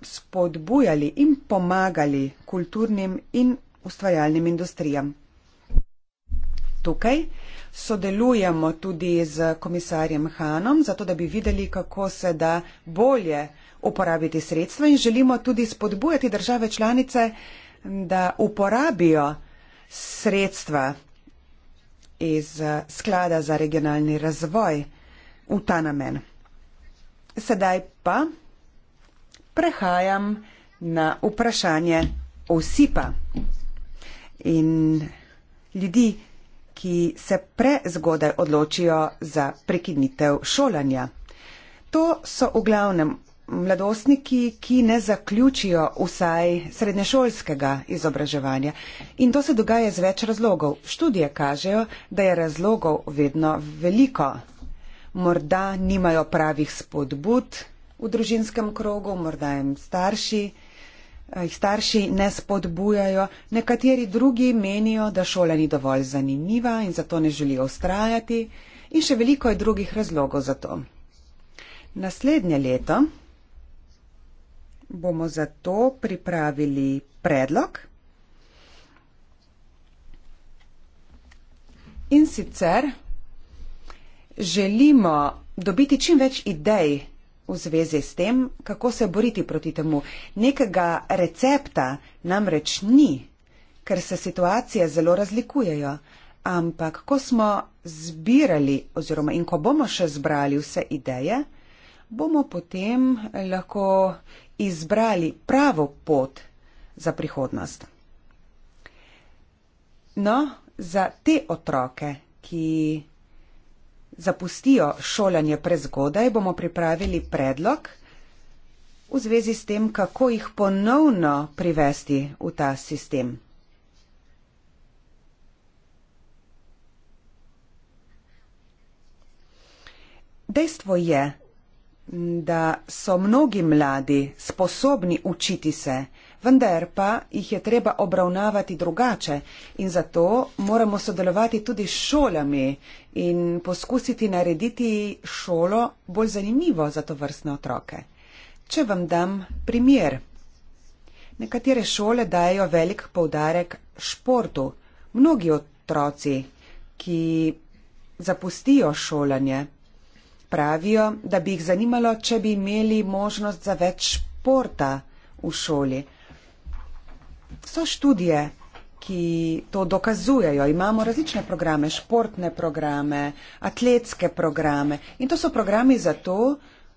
[SPEAKER 5] spodbujali in pomagali kulturnim in ustvarjalnim industrijam. Tukaj sodelujemo tudi z komisarjem Hanom, zato da bi videli, kako se da bolje uporabiti sredstva in želimo tudi spodbujati države članice, da uporabijo sredstva iz eh, sklada za regionalni razvoj v ta namen. Sedaj pa prehajam na vprašanje osipa in ljudi, ki se prezgodaj odločijo za prekinitev šolanja. To so v glavnem mladostniki, ki ne zaključijo vsaj srednješolskega izobraževanja. In to se dogaja z več razlogov. Študije kažejo, da je razlogov vedno veliko. Morda nimajo pravih spodbud v družinskem krogu, morda jim starši, eh, jih starši ne spodbujajo, nekateri drugi menijo, da šola ni dovolj zanimiva in zato ne želijo ustrajati in še veliko je drugih razlogov za to. Naslednje leto bomo zato pripravili predlog. In sicer želimo dobiti čim več idej v zvezi s tem, kako se boriti proti temu. Nekega recepta namreč ni, ker se situacije zelo razlikujejo. Ampak, ko smo zbirali oziroma in ko bomo še zbrali vse ideje, bomo potem lahko izbrali pravo pot za prihodnost. No, za te otroke, ki zapustijo šolanje prezgodaj, bomo pripravili predlog v zvezi s tem, kako jih ponovno privesti v ta sistem. Dejstvo je, da so mnogi mladi sposobni učiti se, vendar pa jih je treba obravnavati drugače in zato moramo sodelovati tudi s šolami in poskusiti narediti šolo bolj zanimivo za to vrstne otroke. Če vam dam primer. Nekatere šole dajo velik poudarek športu. Mnogi otroci, ki zapustijo šolanje, pravijo, da bi jih zanimalo, če bi imeli možnost za več športa v šoli. So študije, ki to dokazujejo. Imamo različne programe, športne programe, atletske programe in to so programi za to,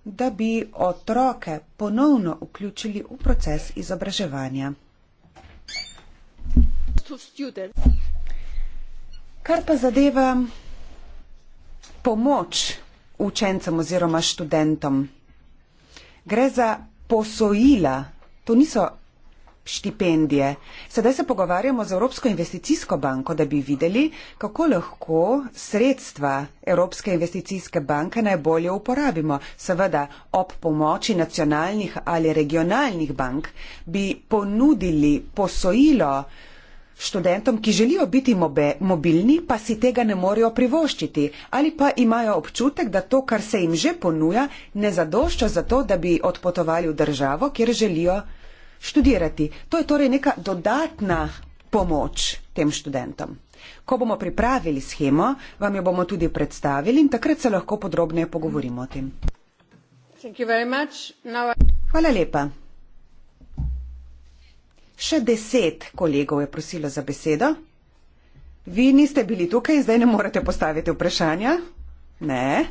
[SPEAKER 5] da bi otroke ponovno vključili v proces izobraževanja. Kar pa zadeva pomoč učencem oziroma študentom. Gre za posojila, to niso štipendije. Sedaj se pogovarjamo z Evropsko investicijsko banko, da bi videli, kako lahko sredstva Evropske investicijske banke najbolje uporabimo. Seveda, ob pomoči nacionalnih ali regionalnih bank bi ponudili posojilo, Študentom, ki želijo biti mobe, mobilni, pa si tega ne morejo privoščiti ali pa imajo občutek, da to, kar se jim že ponuja, ne zadošča za to, da bi odpotovali v državo, kjer želijo študirati. To je torej neka dodatna pomoč tem študentom. Ko bomo pripravili schemo, vam jo bomo tudi predstavili in takrat se lahko podrobneje pogovorimo o tem. Hvala lepa. Še deset kolegov je prosilo za besedo. Vi niste bili tukaj in zdaj ne morete postaviti vprašanja? Ne.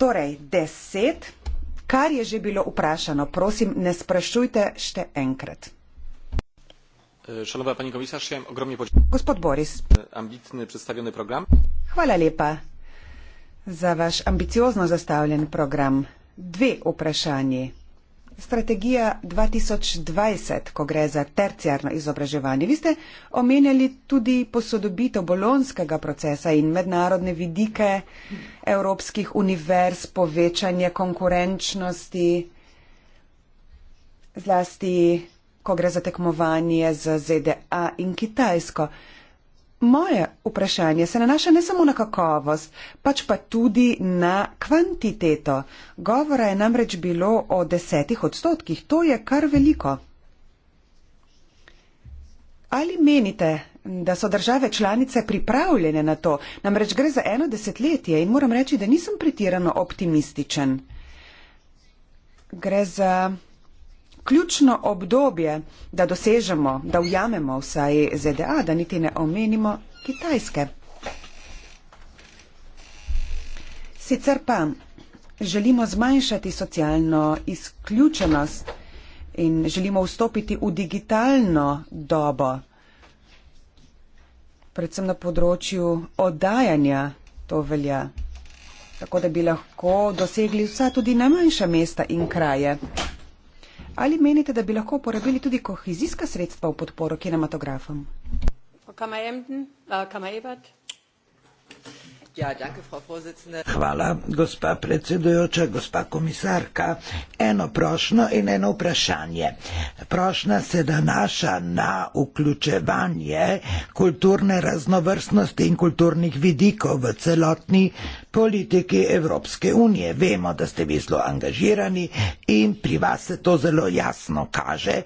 [SPEAKER 5] Torej, deset, kar je že bilo vprašano, prosim, ne sprašujte še enkrat.
[SPEAKER 3] Šalova, e, pani komisar, še ogromni počet. Gospod Boris. Ambitni predstavljeni
[SPEAKER 2] program.
[SPEAKER 5] Hvala lepa za vaš ambiciozno zastavljen program. Dve vprašanji strategija 2020, ko gre za terciarno izobraževanje. Vi ste omenjali tudi posodobitev bolonskega procesa in mednarodne vidike evropskih univerz, povečanje konkurenčnosti, zlasti, ko gre za tekmovanje z ZDA in Kitajsko. Moje vprašanje se nanaša ne samo na kakovost, pač pa tudi na kvantiteto. Govora je namreč bilo o desetih odstotkih, to je kar veliko. Ali menite, da so države članice pripravljene na to? Namreč gre za eno desetletje in moram reči, da nisem pretirano optimističen. Gre za ključno obdobje, da dosežemo, da ujamemo vsaj ZDA, da niti ne omenimo Kitajske. Sicer pa želimo zmanjšati socialno izključenost in želimo vstopiti v digitalno dobo, predvsem na področju oddajanja to velja, tako da bi lahko dosegli vsa tudi najmanjša mesta in kraje. Ali menite, da bi lahko uporabili tudi kohezijska sredstva v podporo kinematografom?
[SPEAKER 1] Äh,
[SPEAKER 2] ja, Hvala,
[SPEAKER 5] gospa predsedujoča, gospa
[SPEAKER 2] komisarka. Eno prošno in eno vprašanje. Prošna se nanaša na vključevanje kulturne raznovrstnosti in kulturnih vidikov v celotni politiki Evropske unije. Vemo, da ste vi zelo angažirani in pri vas se to zelo jasno kaže,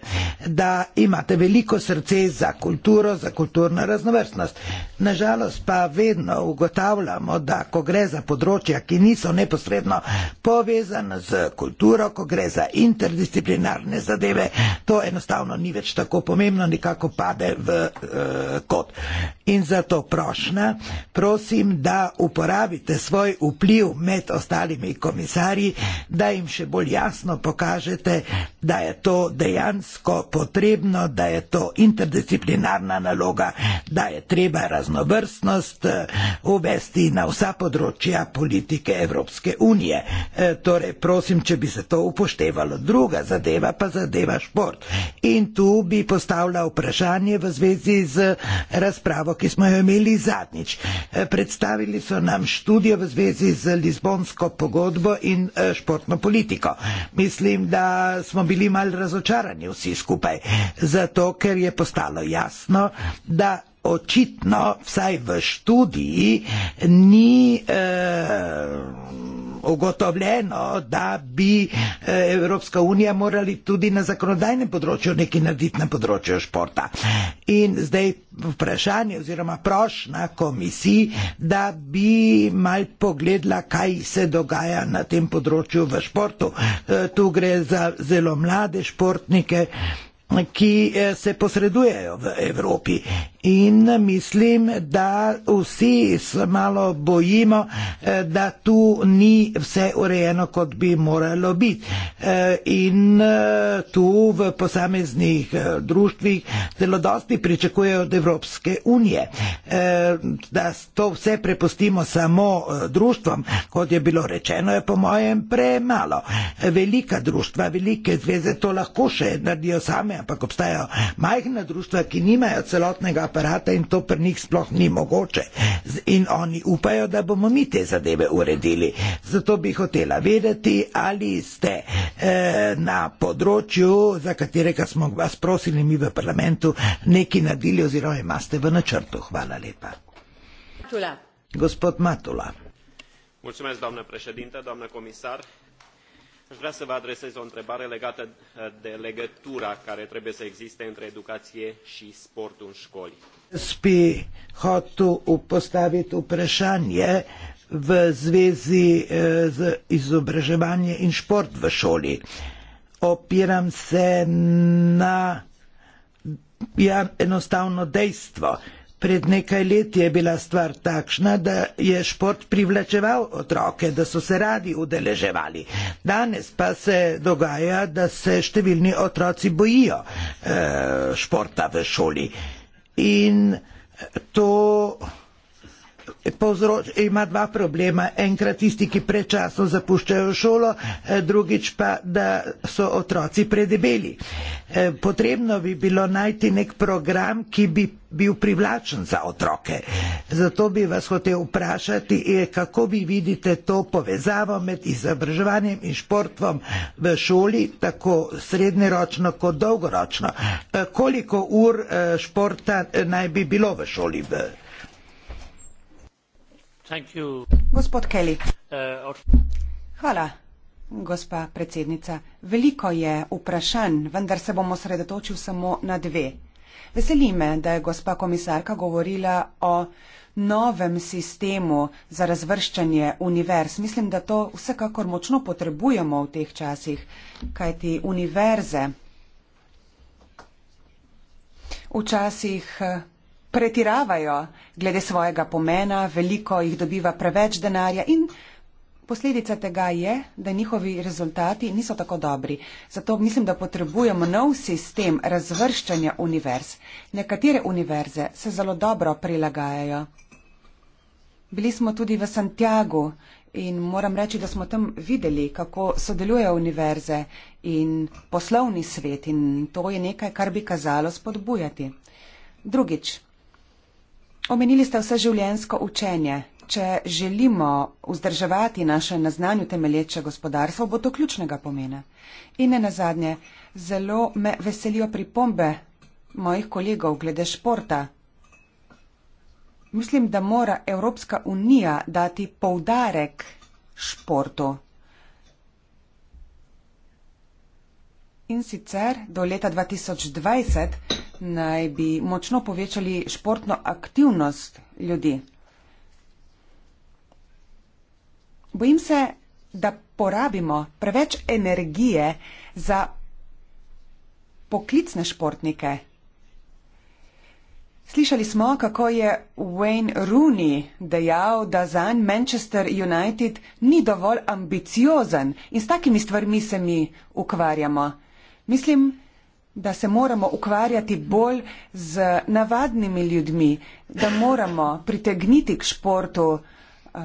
[SPEAKER 2] da imate veliko srce za kulturo, za kulturno raznovrstnost. Nažalost pa vedno ugotavljamo, da ko gre za področja, ki niso neposredno povezana z kulturo, ko gre za interdisciplinarne zadeve, to enostavno ni več tako pomembno, nekako pade v uh, kot. In zato prošnja, prosim, da uporabite svoje svoj vpliv med ostalimi komisarji, da jim še bolj jasno pokažete, da je to dejansko potrebno, da je to interdisciplinarna naloga, da je treba raznovrstnost eh, uvesti na vsa področja politike Evropske unije. E, torej, prosim, če bi se to upoštevalo. Druga zadeva pa zadeva šport. In tu bi postavila vprašanje v zvezi z eh, razpravo, ki smo jo imeli zadnjič. E, predstavili so nam študijo v zvezi z Lizbonsko pogodbo in eh, športno politiko. Mislim, da smo bili mal razočarani vsi skupaj, zato ker je postalo jasno, da očitno vsaj v študiji ni. Eh, ugotovljeno, da bi eh, Evropska unija morali tudi na zakonodajnem področju nekaj narediti na področju športa. In zdaj vprašanje oziroma prošnja komisiji, da bi mal pogledala, kaj se dogaja na tem področju v športu. Eh, tu gre za zelo mlade športnike ki eh, se posredujejo v Evropi In mislim, da vsi se malo bojimo, eh, da tu ni vse urejeno, kot bi moralo biti. Eh, in eh, tu v posameznih društvih zelo dosti pričakujejo od Evropske unije, da to vse prepustimo samo društvom, kot je bilo rečeno, je po mojem premalo. Velika društva, velike zveze to lahko še naredijo same, ampak obstajajo majhna društva, ki nimajo celotnega aparata in to pri njih sploh ni mogoče. In oni upajo, da bomo mi te zadeve uredili. Zato bi hotela vedeti, ali ste eh, na področju, za katerega smo vas prosili mi v parlamentu, neki nadili oziroma imate v načrtu. Hvala lepa. Tula. Gospod Matula.
[SPEAKER 1] Mulțumesc, doamnă președinte, doamnă comisar.
[SPEAKER 4] Aș vrea să vă adresez o întrebare legată eh, de legătura care trebuie să existe
[SPEAKER 1] între educație și sportul în școli.
[SPEAKER 2] Spi hotu upostavit uprășanie v zvezi eh, z izobrăjevanie in sport v șoli. Opiram se na ja, enostavno dejstvo. Pred nekaj leti je bila stvar takšna, da je šport privlačeval otroke, da so se radi udeleževali. Danes pa se dogaja, da se številni otroci bojijo eh, športa v šoli. In to povzroč, ima dva problema. Enkrat tisti, ki prečasno zapuščajo šolo, eh, drugič pa, da so otroci predebeli. Eh, potrebno bi bilo najti nek program, ki bi bil privlačen za otroke. Zato bi vas hotel vprašati, eh, kako vi vidite to povezavo med izobraževanjem in športom v šoli, tako srednjeročno kot dolgoročno. Koliko ur športa naj bi bilo v šoli?
[SPEAKER 5] Gospod Kelly. Uh, Hvala, gospa predsednica. Veliko je vprašanj, vendar se bom osredotočil samo na dve. Veseli me, da je gospa komisarka govorila o novem sistemu za razvrščanje univerz. Mislim, da to vsekakor močno potrebujemo v teh časih, kajti univerze včasih eh, pretiravajo glede svojega pomena, veliko jih dobiva preveč denarja in posledica tega je, da njihovi rezultati niso tako dobri. Zato mislim, da potrebujemo nov sistem razvrščanja univerz. Nekatere univerze se zelo dobro prilagajajo. Bili smo tudi v Santiago in moram reči, da smo tam videli, kako sodelujejo univerze in poslovni svet in to je nekaj, kar bi kazalo spodbujati. Drugič, Omenili ste vse življensko učenje. Če želimo vzdrževati naše na znanju temelječe gospodarstvo, bo to ključnega pomena. In ne nazadnje, zelo me veselijo pripombe mojih kolegov glede športa. Mislim, da mora Evropska unija dati poudarek športu. In sicer do leta 2020 naj bi močno povečali športno aktivnost ljudi. Bojim se, da porabimo preveč energije za poklicne športnike. Slišali smo, kako je Wayne Rooney dejal, da za njega Manchester United ni dovolj ambiciozen in s takimi stvarmi se mi ukvarjamo. Mislim, da se moramo ukvarjati bolj z navadnimi ljudmi, da moramo pritegniti k športu uh,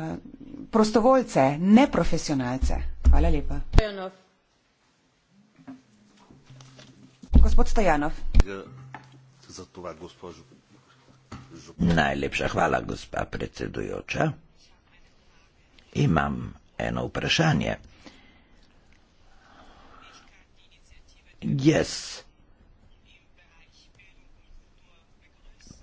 [SPEAKER 5] prostovoljce, ne profesionalce. Hvala lepa. Stojanov. Gospod Stojanov.
[SPEAKER 2] Ja, Najlepša hvala, gospa predsedujoča. Imam eno vprašanje. Jaz.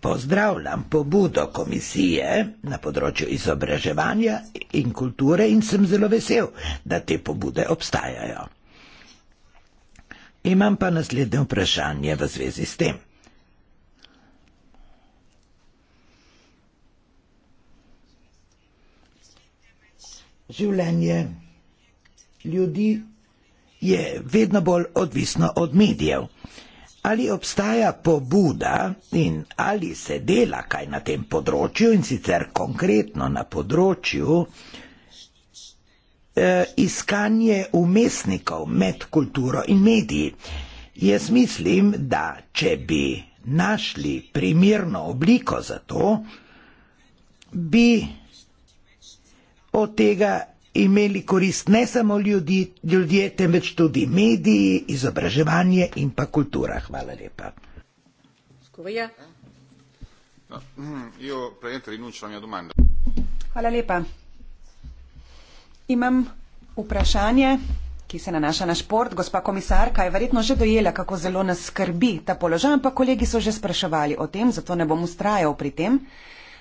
[SPEAKER 2] Pozdravljam pobudo komisije na področju izobraževanja in kulture in sem zelo vesel, da te pobude obstajajo. Imam pa naslednje vprašanje v zvezi s tem. Življenje ljudi je vedno bolj odvisno od medijev. Ali obstaja pobuda in ali se dela kaj na tem področju in sicer konkretno na področju eh, iskanje umestnikov med kulturo in mediji? Jaz mislim, da če bi našli primirno obliko za to, bi od tega imeli korist ne samo ljudi, ljudje, temveč tudi mediji, izobraževanje in pa kultura. Hvala lepa.
[SPEAKER 3] No, mm,
[SPEAKER 5] Hvala lepa. Imam vprašanje, ki se nanaša na šport. Gospa komisarka je verjetno že dojela, kako zelo nas skrbi ta položaj, ampak kolegi so že spraševali o tem, zato ne bom ustrajal pri tem.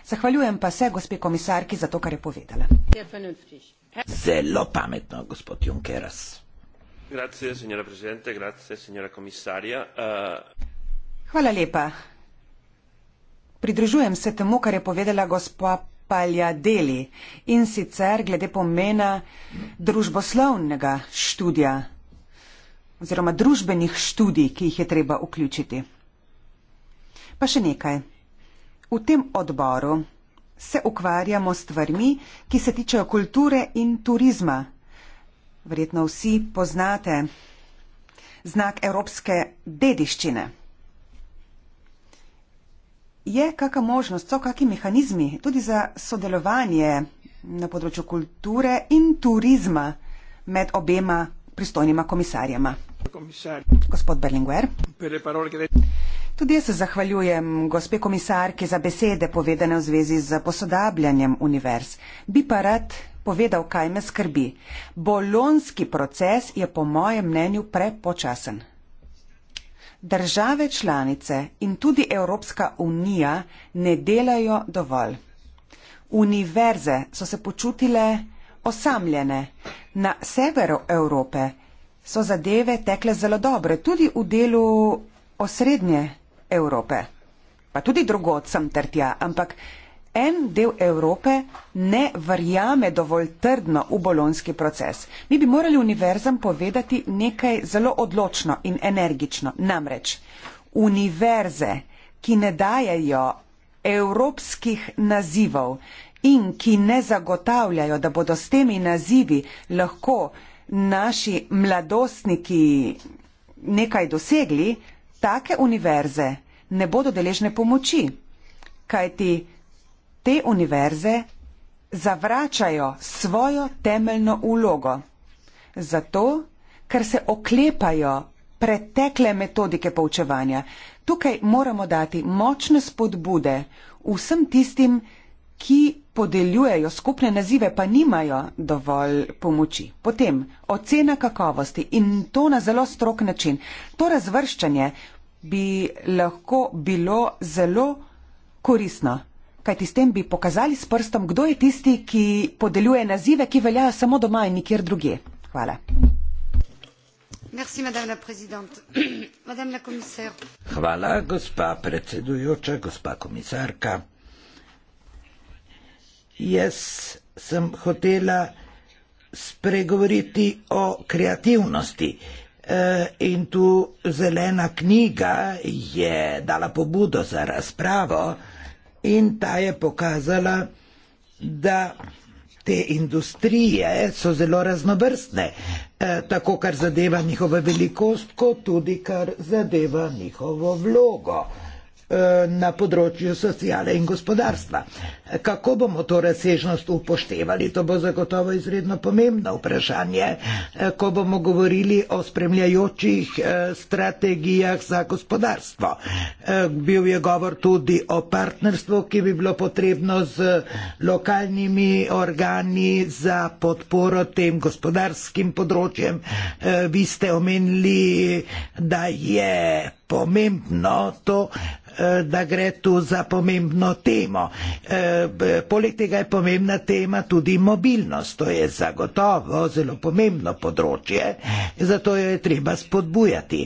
[SPEAKER 5] Zahvaljujem pa se gospe komisarki za to, kar je povedala. Je
[SPEAKER 2] ja, Zelo pametno, gospod Junkeras.
[SPEAKER 5] Uh, Hvala lepa. Pridružujem se temu, kar je povedala gospa Paljadeli in sicer glede pomena družboslovnega študija oziroma družbenih študij, ki jih je treba vključiti. Pa še nekaj. V tem odboru se ukvarjamo s stvarmi, ki se tičejo kulture in turizma. Verjetno vsi poznate znak evropske dediščine. Je kakšna možnost, so kakšni mehanizmi tudi za sodelovanje na področju kulture in turizma med obema pristojnima komisarjema? Komisar. Gospod Berlinguer. Tudi jaz se zahvaljujem gospe komisarki za besede povedane v zvezi z posodabljanjem univerz. Bi pa rad povedal, kaj me skrbi. Bolonski proces je po mojem mnenju prepočasen. Države članice in tudi Evropska unija ne delajo dovolj. Univerze so se počutile osamljene. Na severu Evrope so zadeve tekle zelo dobre, tudi v delu osrednje Evrope. Evrope, pa tudi drugot sem ter tja, ampak en del Evrope ne verjame dovolj trdno v bolonski proces. Mi bi morali univerzam povedati nekaj zelo odločno in energično. Namreč, univerze, ki ne dajajo evropskih nazivov in ki ne zagotavljajo, da bodo s temi nazivi lahko naši mladostniki nekaj dosegli, take univerze ne bodo deležne pomoči, kajti te univerze zavračajo svojo temeljno ulogo, zato ker se oklepajo pretekle metodike poučevanja. Tukaj moramo dati močne spodbude vsem tistim, ki podeljujejo skupne nazive, pa nimajo dovolj pomoči. Potem ocena kakovosti in to na zelo strok način. To razvrščanje bi lahko bilo zelo koristno. Kaj ti s tem bi pokazali s prstom, kdo je tisti, ki podeljuje nazive, ki veljajo samo doma in nikjer drugje? Hvala.
[SPEAKER 2] Hvala, gospa predsedujoča, gospa komisarka. Jaz sem hotela spregovoriti o kreativnosti, Eh, in tu zelena knjiga je dala pobudo za razpravo, in ta je pokazala, da te industrije so zelo raznovrstne, eh, tako kar zadeva njihovo velikost, kot tudi kar zadeva njihovo vlogo. Eh, na področju sociale in gospodarstva. Kako bomo to razsežnost upoštevali? To bo zagotovo izredno pomembno vprašanje, eh, ko bomo govorili o spremljajočih eh, strategijah za gospodarstvo. Bil je govor tudi o partnerstvu, ki bi bilo potrebno z lokalnimi organi za podporo tem gospodarskim področjem. Vi ste omenili, da je pomembno to, Eh, da gre tu za pomembno temo. Eh, poleg tega je pomembna tema tudi mobilnost. To je zagotovo zelo pomembno področje, zato jo je treba spodbujati.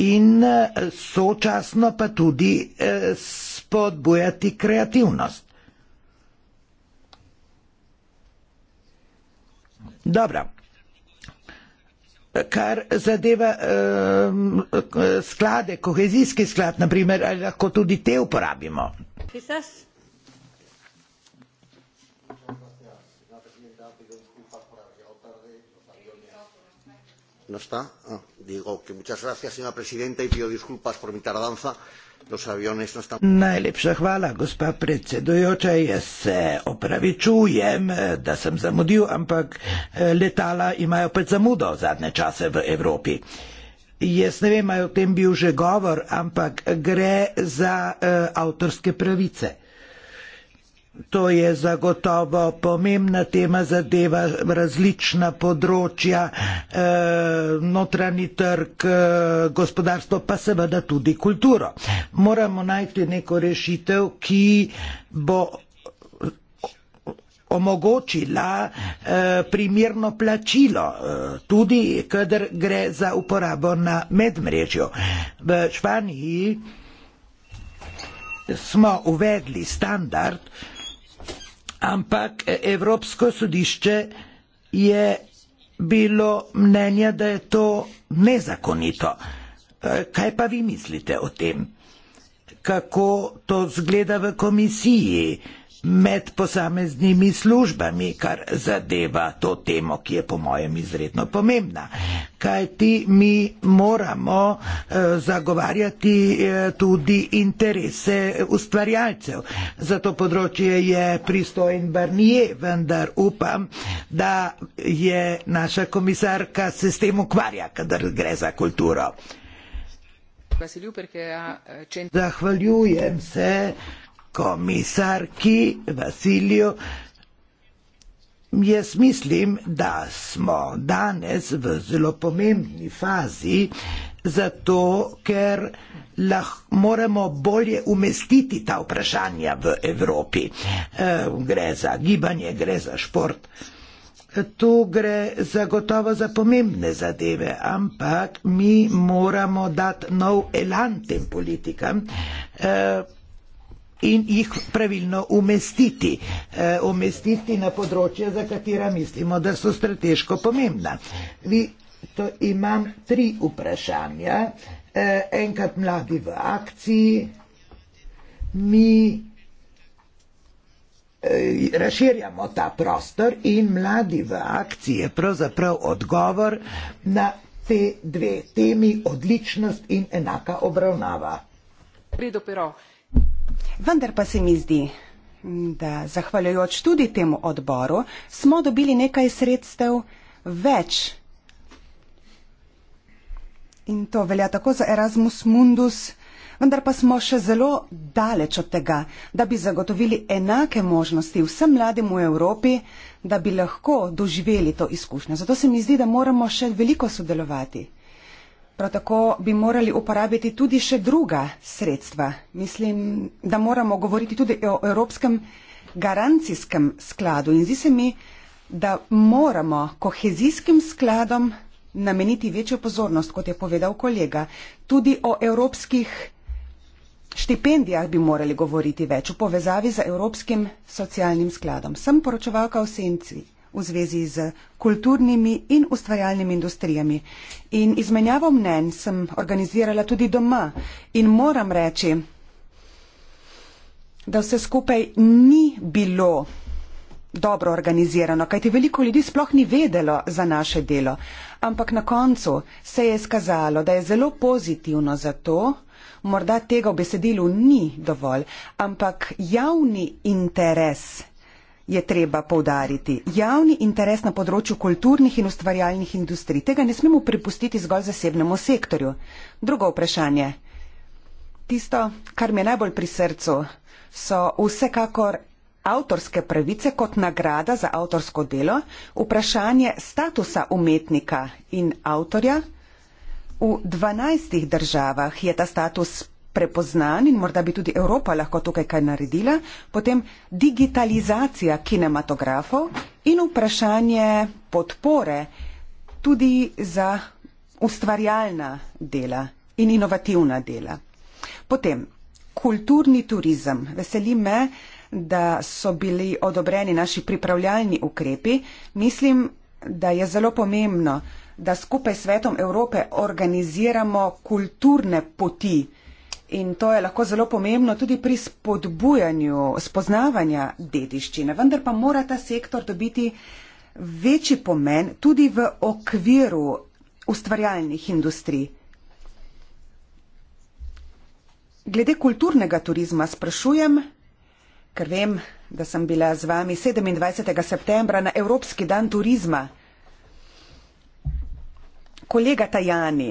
[SPEAKER 2] In eh, sočasno pa tudi spodbujati kreativnost. Dobro kar zadeva eh, sklade, kohezijski sklad, naprimer, ali lahko tudi te uporabimo. Pisas? No está. Ah, digo que muchas gracias, señora presidenta, y pido disculpas por mi tardanza. No Najlepša hvala, gospa predsedujoča. Jaz se opravičujem, eh, da sem zamudil, ampak eh, letala imajo pač zamudo zadnje čase v Evropi. Jaz ne vem, ali o tem bil že govor, ampak gre za uh, avtorske pravice. To je zagotovo pomembna tema zadeva različna področja, eh, notranji trg, eh, gospodarstvo, pa seveda tudi kulturo. Moramo najti neko rešitev, ki bo omogočila eh, primirno plačilo, eh, tudi kadar gre za uporabo na medmrežju. V Španiji smo uvedli standard, ampak e, Evropsko sodišče je bilo mnenja, da je to nezakonito. E, kaj pa vi mislite o tem? Kako to zgleda v komisiji? med posameznimi službami, kar zadeva to temo, ki je po mojem izredno pomembna. Kaj ti mi moramo eh, zagovarjati eh, tudi interese ustvarjalcev. Za to področje je pristojen Barnier, vendar upam, da je naša komisarka se s tem ukvarja, kadar gre za kulturo. Eh, Zahvaljujem se komisarki Vasilijo. Jaz mislim, da smo danes v zelo pomembni fazi, zato ker lahko moramo bolje umestiti ta vprašanja v Evropi. E, gre za gibanje, gre za šport. Tu gre zagotovo za pomembne zadeve, ampak mi moramo dati nov elan tem politikam. E, in jih pravilno umestiti, uh, umestiti na področje, za katera mislimo, da so strateško pomembna. Vi, to imam tri vprašanja. Uh, enkrat mladi v akciji, mi uh, razširjamo ta prostor in mladi v akciji je pravzaprav odgovor na te dve temi, odličnost in enaka obravnava.
[SPEAKER 5] Pridopiral. Vendar pa se mi zdi, da zahvaljujoč tudi temu odboru smo dobili nekaj sredstev več. In to velja tako za Erasmus Mundus, vendar pa smo še zelo daleč od tega, da bi zagotovili enake možnosti vsem mladim v Evropi, da bi lahko doživeli to izkušnjo. Zato se mi zdi, da moramo še veliko sodelovati. Prav tako bi morali uporabiti tudi še druga sredstva. Mislim, da moramo govoriti tudi o Evropskem garancijskem skladu in zdi se mi, da moramo kohezijskim skladom nameniti večjo pozornost, kot je povedal kolega. Tudi o evropskih štipendijah bi morali govoriti več v povezavi z Evropskim socialnim skladom. Sem poročevalka v Senci v zvezi z kulturnimi in ustvarjalnimi industrijami. In izmenjavo mnen sem organizirala tudi doma in moram reči, da vse skupaj ni bilo dobro organizirano, kajti veliko ljudi sploh ni vedelo za naše delo. Ampak na koncu se je skazalo, da je zelo pozitivno za to, morda tega v besedilu ni dovolj, ampak javni interes je treba povdariti. Javni interes na področju kulturnih in ustvarjalnih industrij, tega ne smemo prepustiti zgolj zasebnemu sektorju. Drugo vprašanje. Tisto, kar mi je najbolj pri srcu, so vsekakor avtorske pravice kot nagrada za avtorsko delo, vprašanje statusa umetnika in avtorja. V 12 državah je ta status prepoznan in morda bi tudi Evropa lahko tukaj kaj naredila, potem digitalizacija kinematografov in vprašanje podpore tudi za ustvarjalna dela in inovativna dela. Potem kulturni turizem. Veseli me, da so bili odobreni naši pripravljalni ukrepi. Mislim, da je zelo pomembno, da skupaj s svetom Evrope organiziramo kulturne poti, In to je lahko zelo pomembno tudi pri spodbujanju spoznavanja dediščine. Vendar pa mora ta sektor dobiti večji pomen tudi v okviru ustvarjalnih industrij. Glede kulturnega turizma sprašujem, ker vem, da sem bila z vami 27. septembra na Evropski dan turizma. Kolega Tajani,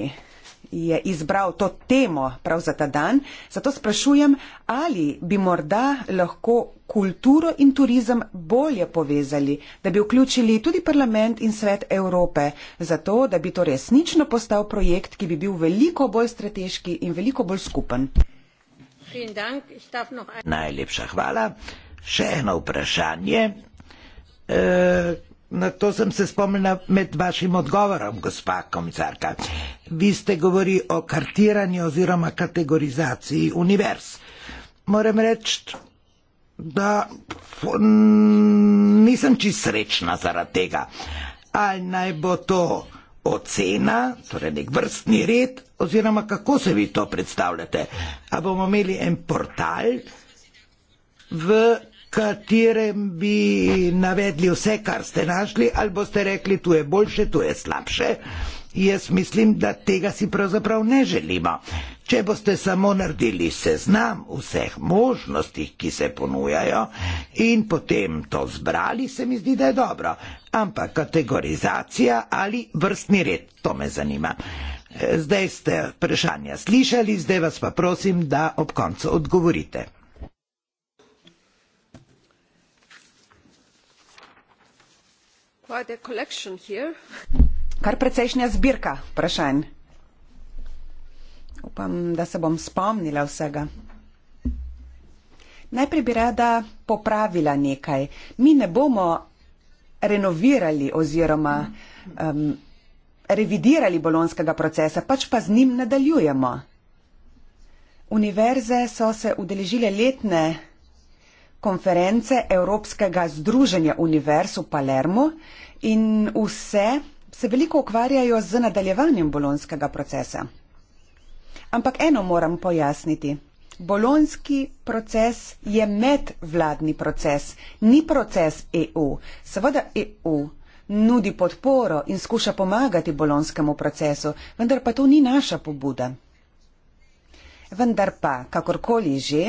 [SPEAKER 5] je izbral to temo prav za ta dan. Zato sprašujem, ali bi morda lahko kulturo in turizem bolje povezali, da bi vključili tudi parlament in svet Evrope, zato da bi to resnično postal projekt, ki bi bil veliko bolj strateški in veliko bolj skupen.
[SPEAKER 2] Najlepša hvala. Še eno vprašanje. E, Na to sem se spomnila med vašim odgovorom, gospa komisarka. Vi ste govorili o kartiranju oziroma kategorizaciji univerz. Moram reči, da nisem čisto srečna zaradi tega. Ali naj bo to ocena, torej nek vrstni red, oziroma kako se vi to predstavljate? A bomo imeli en portal v katerem bi navedli vse, kar ste našli, ali boste rekli, tu je boljše, tu je slabše. Jaz mislim, da tega si pravzaprav ne želimo. Če boste samo naredili seznam vseh možnosti, ki se ponujajo, in potem to zbrali, se mi zdi, da je dobro. Ampak kategorizacija ali vrstni red, to me zanima. Zdaj ste vprašanja slišali, zdaj vas pa prosim, da ob koncu odgovorite.
[SPEAKER 5] kar precejšnja zbirka vprašanj. Upam, da se bom spomnila vsega. Najprej bi rada popravila nekaj. Mi ne bomo renovirali oziroma um, revidirali bolonskega procesa, pač pa z njim nadaljujemo. Univerze so se udeležile letne konference Evropskega združenja univerz v Palermo in vse se veliko ukvarjajo z nadaljevanjem bolonskega procesa. Ampak eno moram pojasniti. Bolonski proces je medvladni proces, ni proces EU. Seveda EU nudi podporo in skuša pomagati bolonskemu procesu, vendar pa to ni naša pobuda. Vendar pa, kakorkoli že,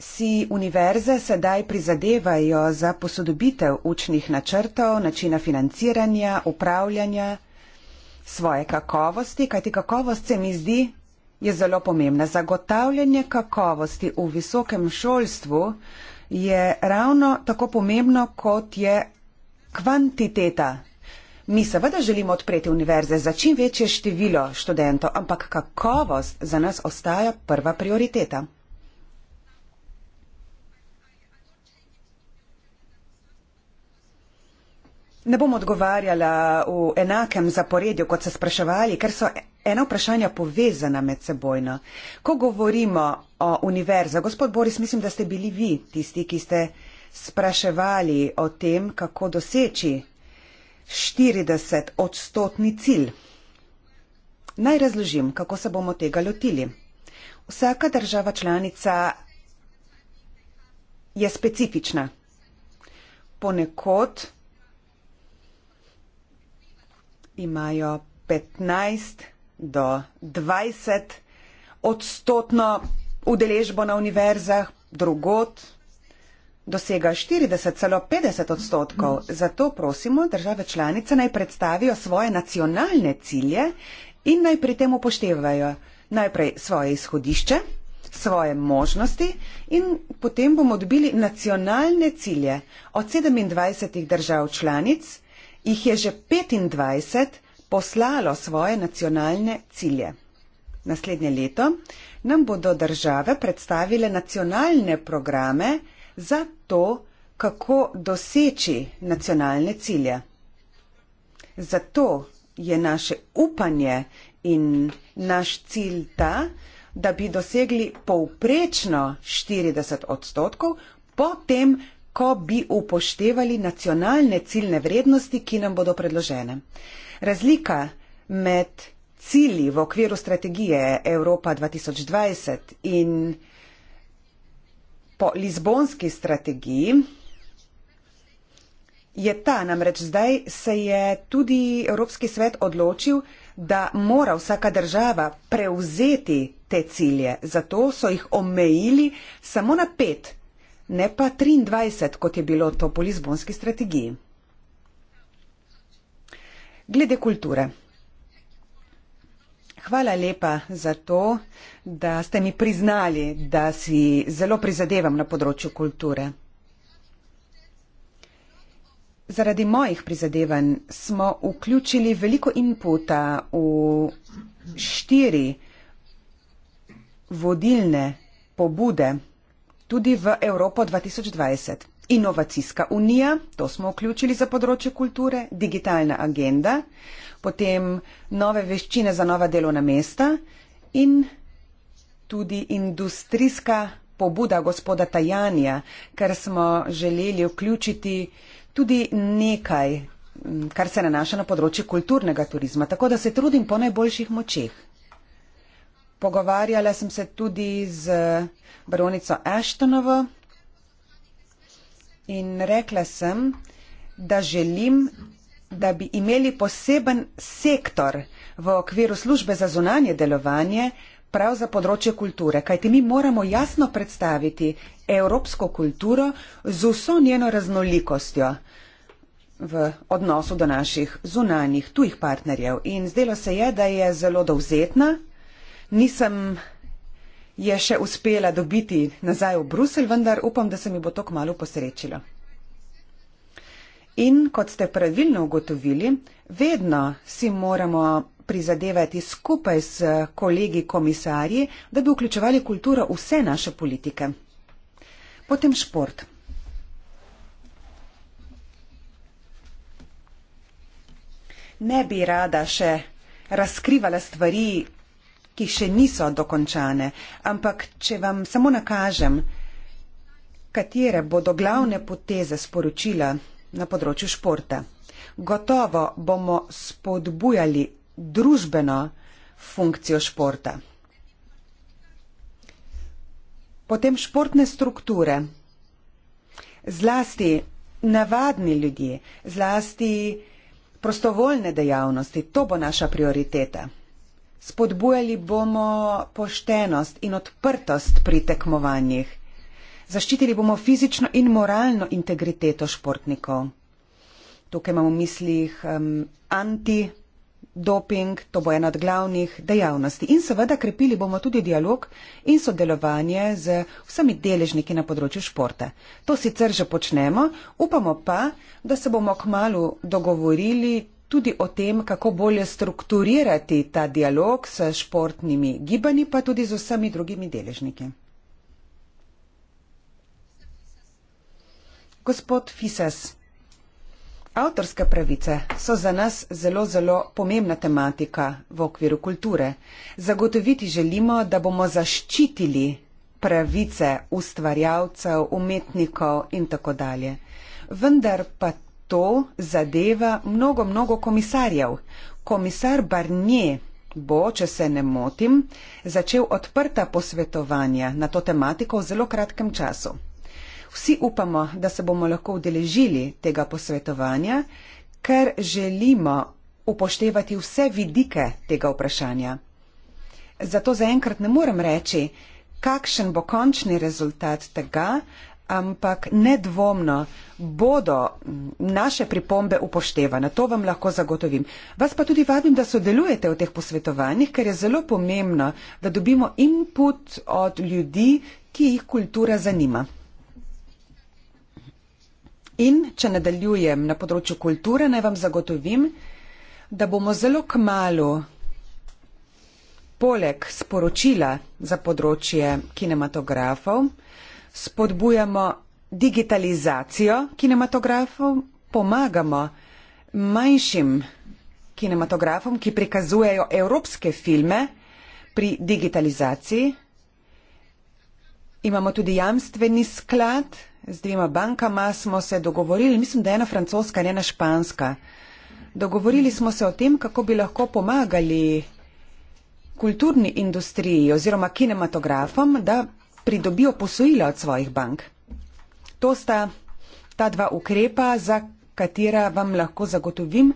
[SPEAKER 5] Si univerze sedaj prizadevajo za posodobitev učnih načrtov, načina financiranja, upravljanja svoje kakovosti, kajti kakovost se mi zdi je zelo pomembna. Zagotavljanje kakovosti v visokem šolstvu je ravno tako pomembno, kot je kvantiteta. Mi seveda želimo odpreti univerze za čim večje število študentov, ampak kakovost za nas ostaja prva prioriteta. Ne bom odgovarjala v enakem zaporedju, kot ste spraševali, ker so ena vprašanja povezana med sebojno. Ko govorimo o univerzah, gospod Boris, mislim, da ste bili vi tisti, ki ste spraševali o tem, kako doseči 40 odstotni cilj. Naj razložim, kako se bomo tega lotili. Vsaka država članica je specifična. Ponekod imajo 15 do 20 odstotno udeležbo na univerzah, drugot dosega 40, celo 50 odstotkov. Zato prosimo države članice naj predstavijo svoje nacionalne cilje in naj pri tem upoštevajo najprej svoje izhodišče, svoje možnosti in potem bomo dobili nacionalne cilje od 27 držav članic, jih je že 25 poslalo svoje nacionalne cilje. Naslednje leto nam bodo države predstavile nacionalne programe za to, kako doseči nacionalne cilje. Zato je naše upanje in naš cilj ta, da bi dosegli povprečno 40 odstotkov, potem ko bi upoštevali nacionalne ciljne vrednosti, ki nam bodo predložene. Razlika med cilji v okviru strategije Evropa 2020 in po Lizbonski strategiji je ta, namreč zdaj se je tudi Evropski svet odločil, da mora vsaka država prevzeti te cilje. Zato so jih omejili samo na pet ne pa 23, kot je bilo to po Lizbonski strategiji. Glede kulture. Hvala lepa za to, da ste mi priznali, da si zelo prizadevam na področju kulture. Zaradi mojih prizadevanj smo vključili veliko inputa v štiri vodilne pobude tudi v Evropo 2020. Inovacijska unija, to smo vključili za področje kulture, digitalna agenda, potem nove veščine za nova delovna mesta in tudi industrijska pobuda gospoda Tajanja, ker smo želeli vključiti tudi nekaj, kar se nanaša na področje kulturnega turizma. Tako da se trudim po najboljših močeh. Pogovarjala sem se tudi z baronico Ashtonovo in rekla sem, da želim, da bi imeli poseben sektor v okviru službe za zunanje delovanje prav za področje kulture, kajti mi moramo jasno predstaviti evropsko kulturo z vso njeno raznolikostjo v odnosu do naših zunanjih tujih partnerjev. In zdelo se je, da je zelo dovzetna nisem je še uspela dobiti nazaj v Bruselj, vendar upam, da se mi bo to kmalo posrečilo. In kot ste pravilno ugotovili, vedno si moramo prizadevati skupaj s kolegi komisarji, da bi vključevali kulturo vse naše politike. Potem šport. Ne bi rada še razkrivala stvari, ki še niso dokončane, ampak če vam samo nakažem, katere bodo glavne poteze sporočila na področju športa. Gotovo bomo spodbujali družbeno funkcijo športa. Potem športne strukture. Zlasti navadni ljudje, zlasti prostovoljne dejavnosti, to bo naša prioriteta. Spodbujali bomo poštenost in odprtost pri tekmovanjih. Zaščitili bomo fizično in moralno integriteto športnikov. Tukaj imamo v mislih um, anti-doping, to bo ena od glavnih dejavnosti. In seveda krepili bomo tudi dialog in sodelovanje z vsemi deležniki na področju športa. To sicer že počnemo, upamo pa, da se bomo k malu dogovorili tudi o tem, kako bolje strukturirati ta dialog s športnimi gibanji, pa tudi z vsemi drugimi deležniki. Gospod Fises, avtorske pravice so za nas zelo, zelo pomembna tematika v okviru kulture. Zagotoviti želimo, da bomo zaščitili pravice ustvarjavcev, umetnikov in tako dalje. Vendar pa to zadeva mnogo, mnogo komisarjev. Komisar Barnier bo, če se ne motim, začel odprta posvetovanja na to tematiko v zelo kratkem času. Vsi upamo, da se bomo lahko udeležili tega posvetovanja, ker želimo upoštevati vse vidike tega vprašanja. Zato zaenkrat ne morem reči, kakšen bo končni rezultat tega, ampak nedvomno bodo naše pripombe upoštevane, to vam lahko zagotovim. Vas pa tudi vabim, da sodelujete v teh posvetovanjih, ker je zelo pomembno, da dobimo input od ljudi, ki jih kultura zanima. In če nadaljujem na področju kulture, naj vam zagotovim, da bomo zelo k malu poleg sporočila za področje kinematografov, spodbujamo digitalizacijo kinematografov, pomagamo manjšim kinematografom, ki prikazujejo evropske filme pri digitalizaciji. Imamo tudi jamstveni sklad, z dvima bankama smo se dogovorili, mislim, da je ena francoska in ena španska. Dogovorili smo se o tem, kako bi lahko pomagali kulturni industriji oziroma kinematografom, da pridobijo posojila od svojih bank. To sta ta dva ukrepa, za katera vam lahko zagotovim,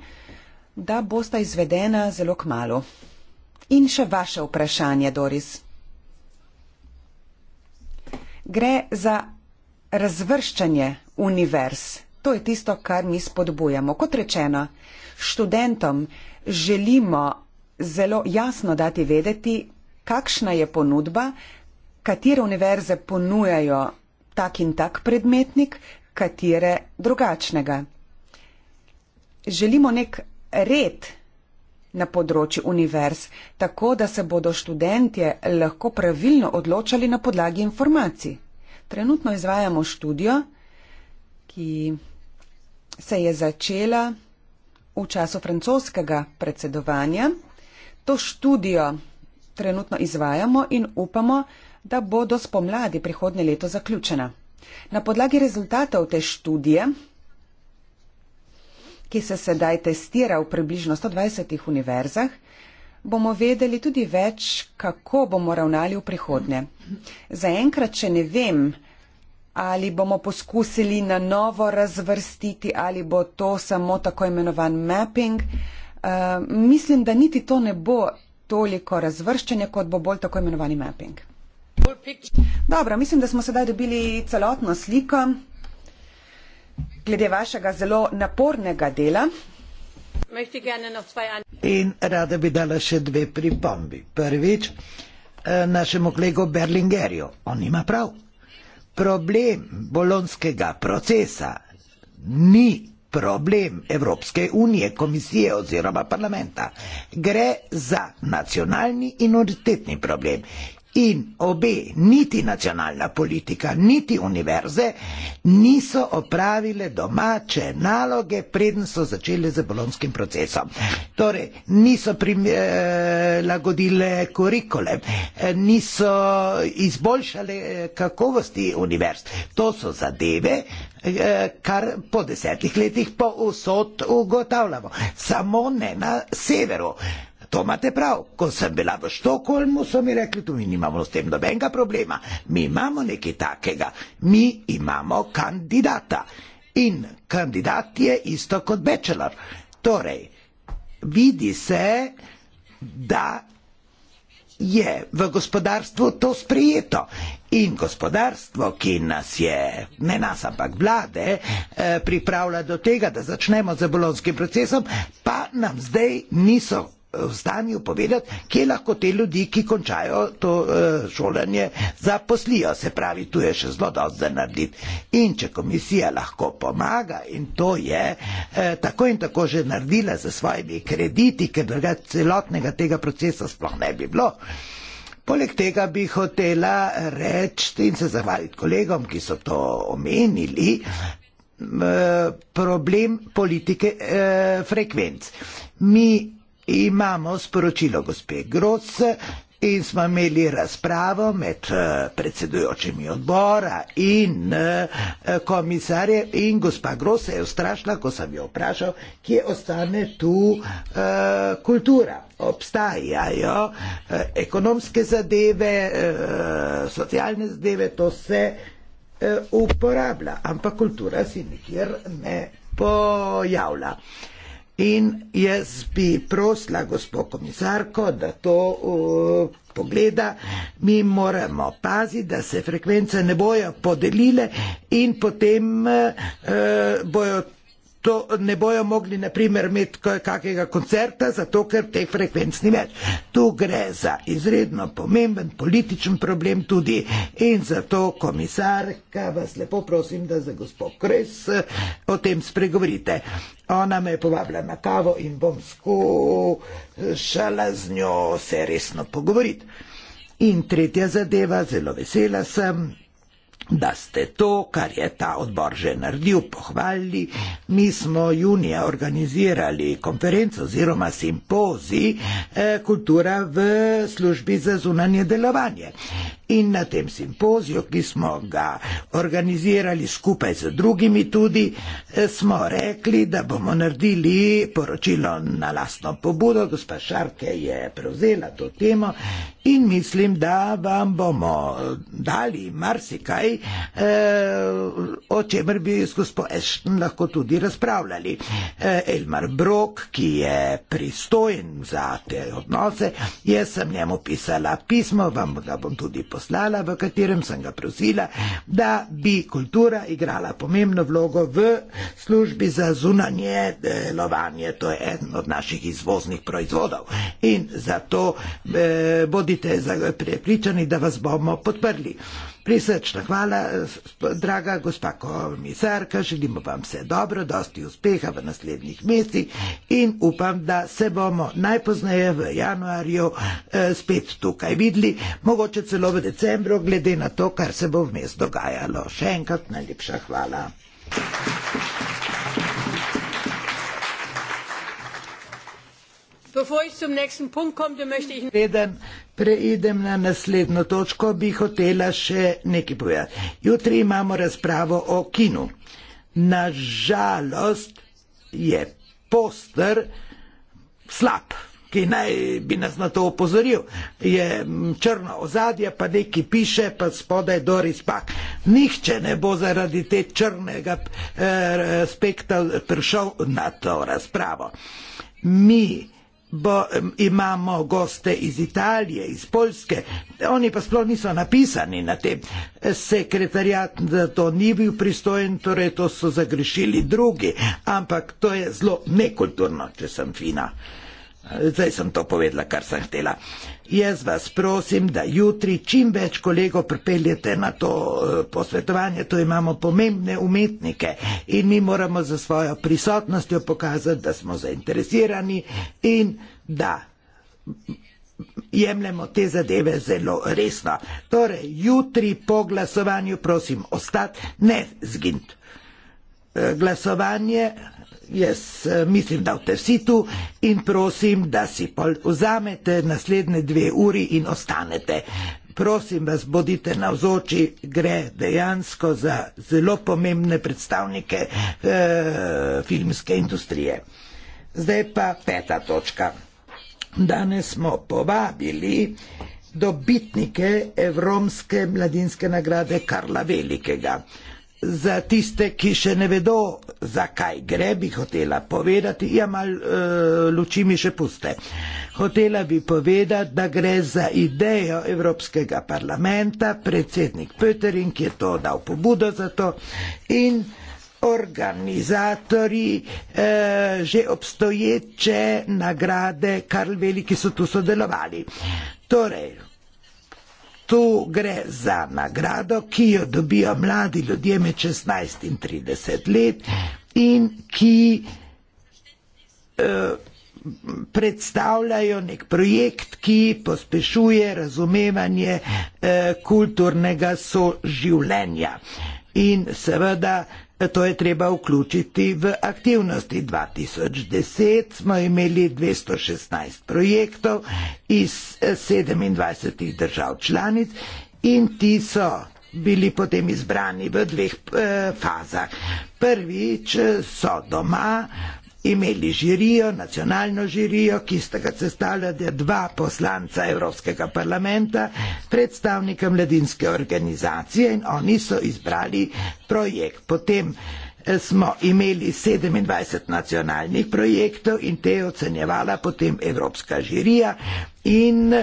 [SPEAKER 5] da bosta izvedena zelo k malu. In še vaše vprašanje, Doris. Gre za razvrščanje univerz. To je tisto, kar mi spodbujamo. Kot rečeno, študentom želimo zelo jasno dati vedeti, kakšna je ponudba, katere univerze ponujajo tak in tak predmetnik, katere drugačnega. Želimo nek red na področju univerz, tako da se bodo študentje lahko pravilno odločali na podlagi informacij. Trenutno izvajamo študijo, ki se je začela v času francoskega predsedovanja. To študijo trenutno izvajamo in upamo, da bodo spomladi prihodne leto zaključena. Na podlagi rezultatov te študije, ki se sedaj testira v približno 120 univerzah, bomo vedeli tudi več, kako bomo ravnali v prihodnje. Zaenkrat, če ne vem, ali bomo poskusili na novo razvrstiti, ali bo to samo tako imenovan mapping, uh, mislim, da niti to ne bo toliko razvrščanja, kot bo bolj tako imenovani mapping. Dobro, mislim, da smo sedaj dobili celotno sliko glede vašega zelo napornega dela. In
[SPEAKER 2] rada bi dala še dve pripombi. Prvič, eh, našemu kolegu Berlingerju, on ima prav. Problem bolonskega procesa ni problem Evropske unije, komisije oziroma parlamenta. Gre za nacionalni in unitetni problem in obe, niti nacionalna politika, niti univerze, niso opravile domače naloge, preden so začele z bolonskim procesom. Torej, niso prilagodile eh, kurikule, eh, niso izboljšale eh, kakovosti univerz. To so zadeve, kar po desetih letih po vsot ugotavljamo. Samo ne na severu. To imate prav. Ko sem bila v Štokholmu, so mi rekli, tu mi nimamo s tem nobenega problema. Mi imamo nekaj takega. Mi imamo kandidata. In kandidat je isto kot bachelor. Torej, vidi se, da je v gospodarstvu to sprijeto. In gospodarstvo, ki nas je, ne nas, ampak vlade, eh, pripravlja do tega, da začnemo z bolonskim procesom, pa nam zdaj niso v stanju povedati, kje lahko te ljudi, ki končajo to uh, šolanje, zaposlijo. Se pravi, tu je še zelo dosti za narediti. In če komisija lahko pomaga in to je uh, tako in tako že naredila za svojimi krediti, ker drugače celotnega tega procesa sploh ne bi bilo. Poleg tega bi hotela reči in se zahvaliti kolegom, ki so to omenili, eh, problem politike eh, frekvenc. Mi Imamo sporočilo gospe Groc in smo imeli razpravo med eh, predsedujočimi odbora in eh, komisarjem in gospa Groc se je ustrašila, ko sem jo vprašal, kje ostane tu eh, kultura. Obstajajo ekonomske zadeve, socialne zadeve, to se uporablja, ampak kultura si nikjer ne pojavlja. In jaz bi prosila gospo komisarko, da to uh, pogleda. Mi moramo paziti, da se frekvence ne bojo podelile in potem uh, bojo to ne bojo mogli naprimer imeti kakega koncerta, zato ker teh frekvenc ni več. Tu gre za izredno pomemben političen problem tudi in zato komisarka vas lepo prosim, da za gospod Kres eh, o tem spregovorite. Ona me je povabila na kavo in bom skušala z njo se resno pogovoriti. In tretja zadeva, zelo vesela sem, da ste to, kar je ta odbor že naredil, pohvalili. Mi smo junija organizirali konferenco oziroma simpozij eh, kultura v službi za zunanje delovanje in na tem simpoziju, ki smo ga organizirali skupaj z drugimi tudi, eh, smo rekli, da bomo naredili poročilo na lastno pobudo, gospa Šarke je prevzela to temo in mislim, da vam bomo dali marsikaj, eh, o čemer bi s gospo Ešten lahko tudi razpravljali. Eh, Elmar Brok, ki je pristojen za te odnose, jaz sem njemu pisala pismo, vam ga bom tudi poslala poslala, v katerem sem ga prosila, da bi kultura igrala pomembno vlogo v službi za zunanje delovanje. To je eden od naših izvoznih proizvodov. In zato eh, bodite prepričani, da vas bomo podprli. Prisrčna hvala, draga gospa komisarka, želimo vam vse dobro, dosti uspeha v naslednjih mesecih in upam, da se bomo najpozneje v januarju eh, spet tukaj videli, mogoče celo v decembru, glede na to, kar se bo vmes dogajalo. Še enkrat najlepša hvala. Preden Preidem na naslednjo točko, bi hotela še nekaj povedati. Jutri imamo razpravo o kinu. Nažalost je poster slab, ki naj bi nas na to opozoril. Je črno ozadje, pa neki piše, pa spodaj Doris Pak. Nihče ne bo zaradi te črnega aspekta eh, prišel na to razpravo. Mi bo, imamo goste iz Italije, iz Poljske, oni pa sploh niso napisani na tem. Sekretarjat za to ni bil pristojen, torej to so zagrešili drugi, ampak to je zelo nekulturno, če sem fina. Zdaj sem to povedala, kar sem htela. Jaz vas prosim, da jutri čim več kolegov pripeljete na to eh, posvetovanje. Tu imamo pomembne umetnike in mi moramo za svojo prisotnostjo pokazati, da smo zainteresirani in da jemljemo te zadeve zelo resno. Torej, jutri po glasovanju prosim ostati, ne zgint. Eh, glasovanje. Jaz eh, mislim, da ste vsi tu in prosim, da si vzamete naslednje dve uri in ostanete. Prosim vas, bodite na vzoči, gre dejansko za zelo pomembne predstavnike eh, filmske industrije. Zdaj pa peta točka. Danes smo povabili dobitnike Evropske mladinske nagrade Karla Velikega. Eh, Za tiste, ki še ne vedo, zakaj gre, bi hotela povedati, ja, malo e, luči mi še puste. Hotela bi povedati, da gre za idejo Evropskega parlamenta, predsednik Pöterink je to dal pobudo za to in organizatori e, eh, že obstoječe nagrade, kar veliki so tu sodelovali. Torej, Tu gre za nagrado, ki jo dobijo mladi ljudje med 16 in 30 let in ki eh, predstavljajo nek projekt, ki pospešuje razumevanje eh, kulturnega soživljenja. In seveda To je treba vključiti v aktivnosti. 2010 smo imeli 216 projektov iz 27 eh, držav članic in ti so bili potem izbrani v dveh eh, fazah. Prvič eh, so doma imeli žirijo, nacionalno žirijo, ki sta ga sestavljala dva poslanca Evropskega parlamenta, predstavnika mladinske organizacije in oni so izbrali projekt. Potem eh, smo imeli 27 nacionalnih projektov in te je ocenjevala potem Evropska žirija in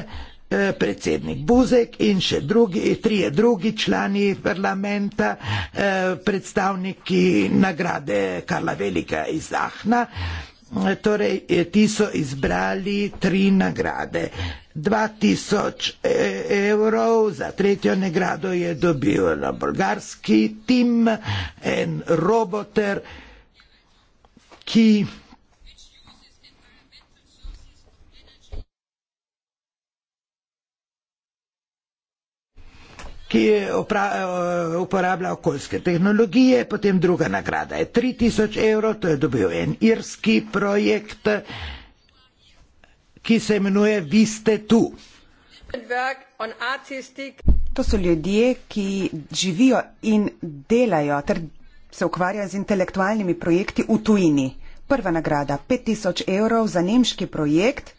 [SPEAKER 2] Eh, predsednik Buzek in še drugi, trije drugi člani parlamenta, eh, predstavniki nagrade Karla Velika iz Ahna. Eh, torej, ti so izbrali tri nagrade. 2000 evrov za tretjo nagrado je dobil na bolgarski tim, en roboter, ki ki opra, eh, uporablja okoljske tehnologije, potem druga nagrada je 3000 evrov, to je dobil en irski projekt, ki se
[SPEAKER 5] imenuje Vi ste tu. To so ljudje, ki živijo in delajo ter se ukvarjajo z intelektualnimi projekti v tujini. Prva nagrada 5000 evrov za nemški projekt,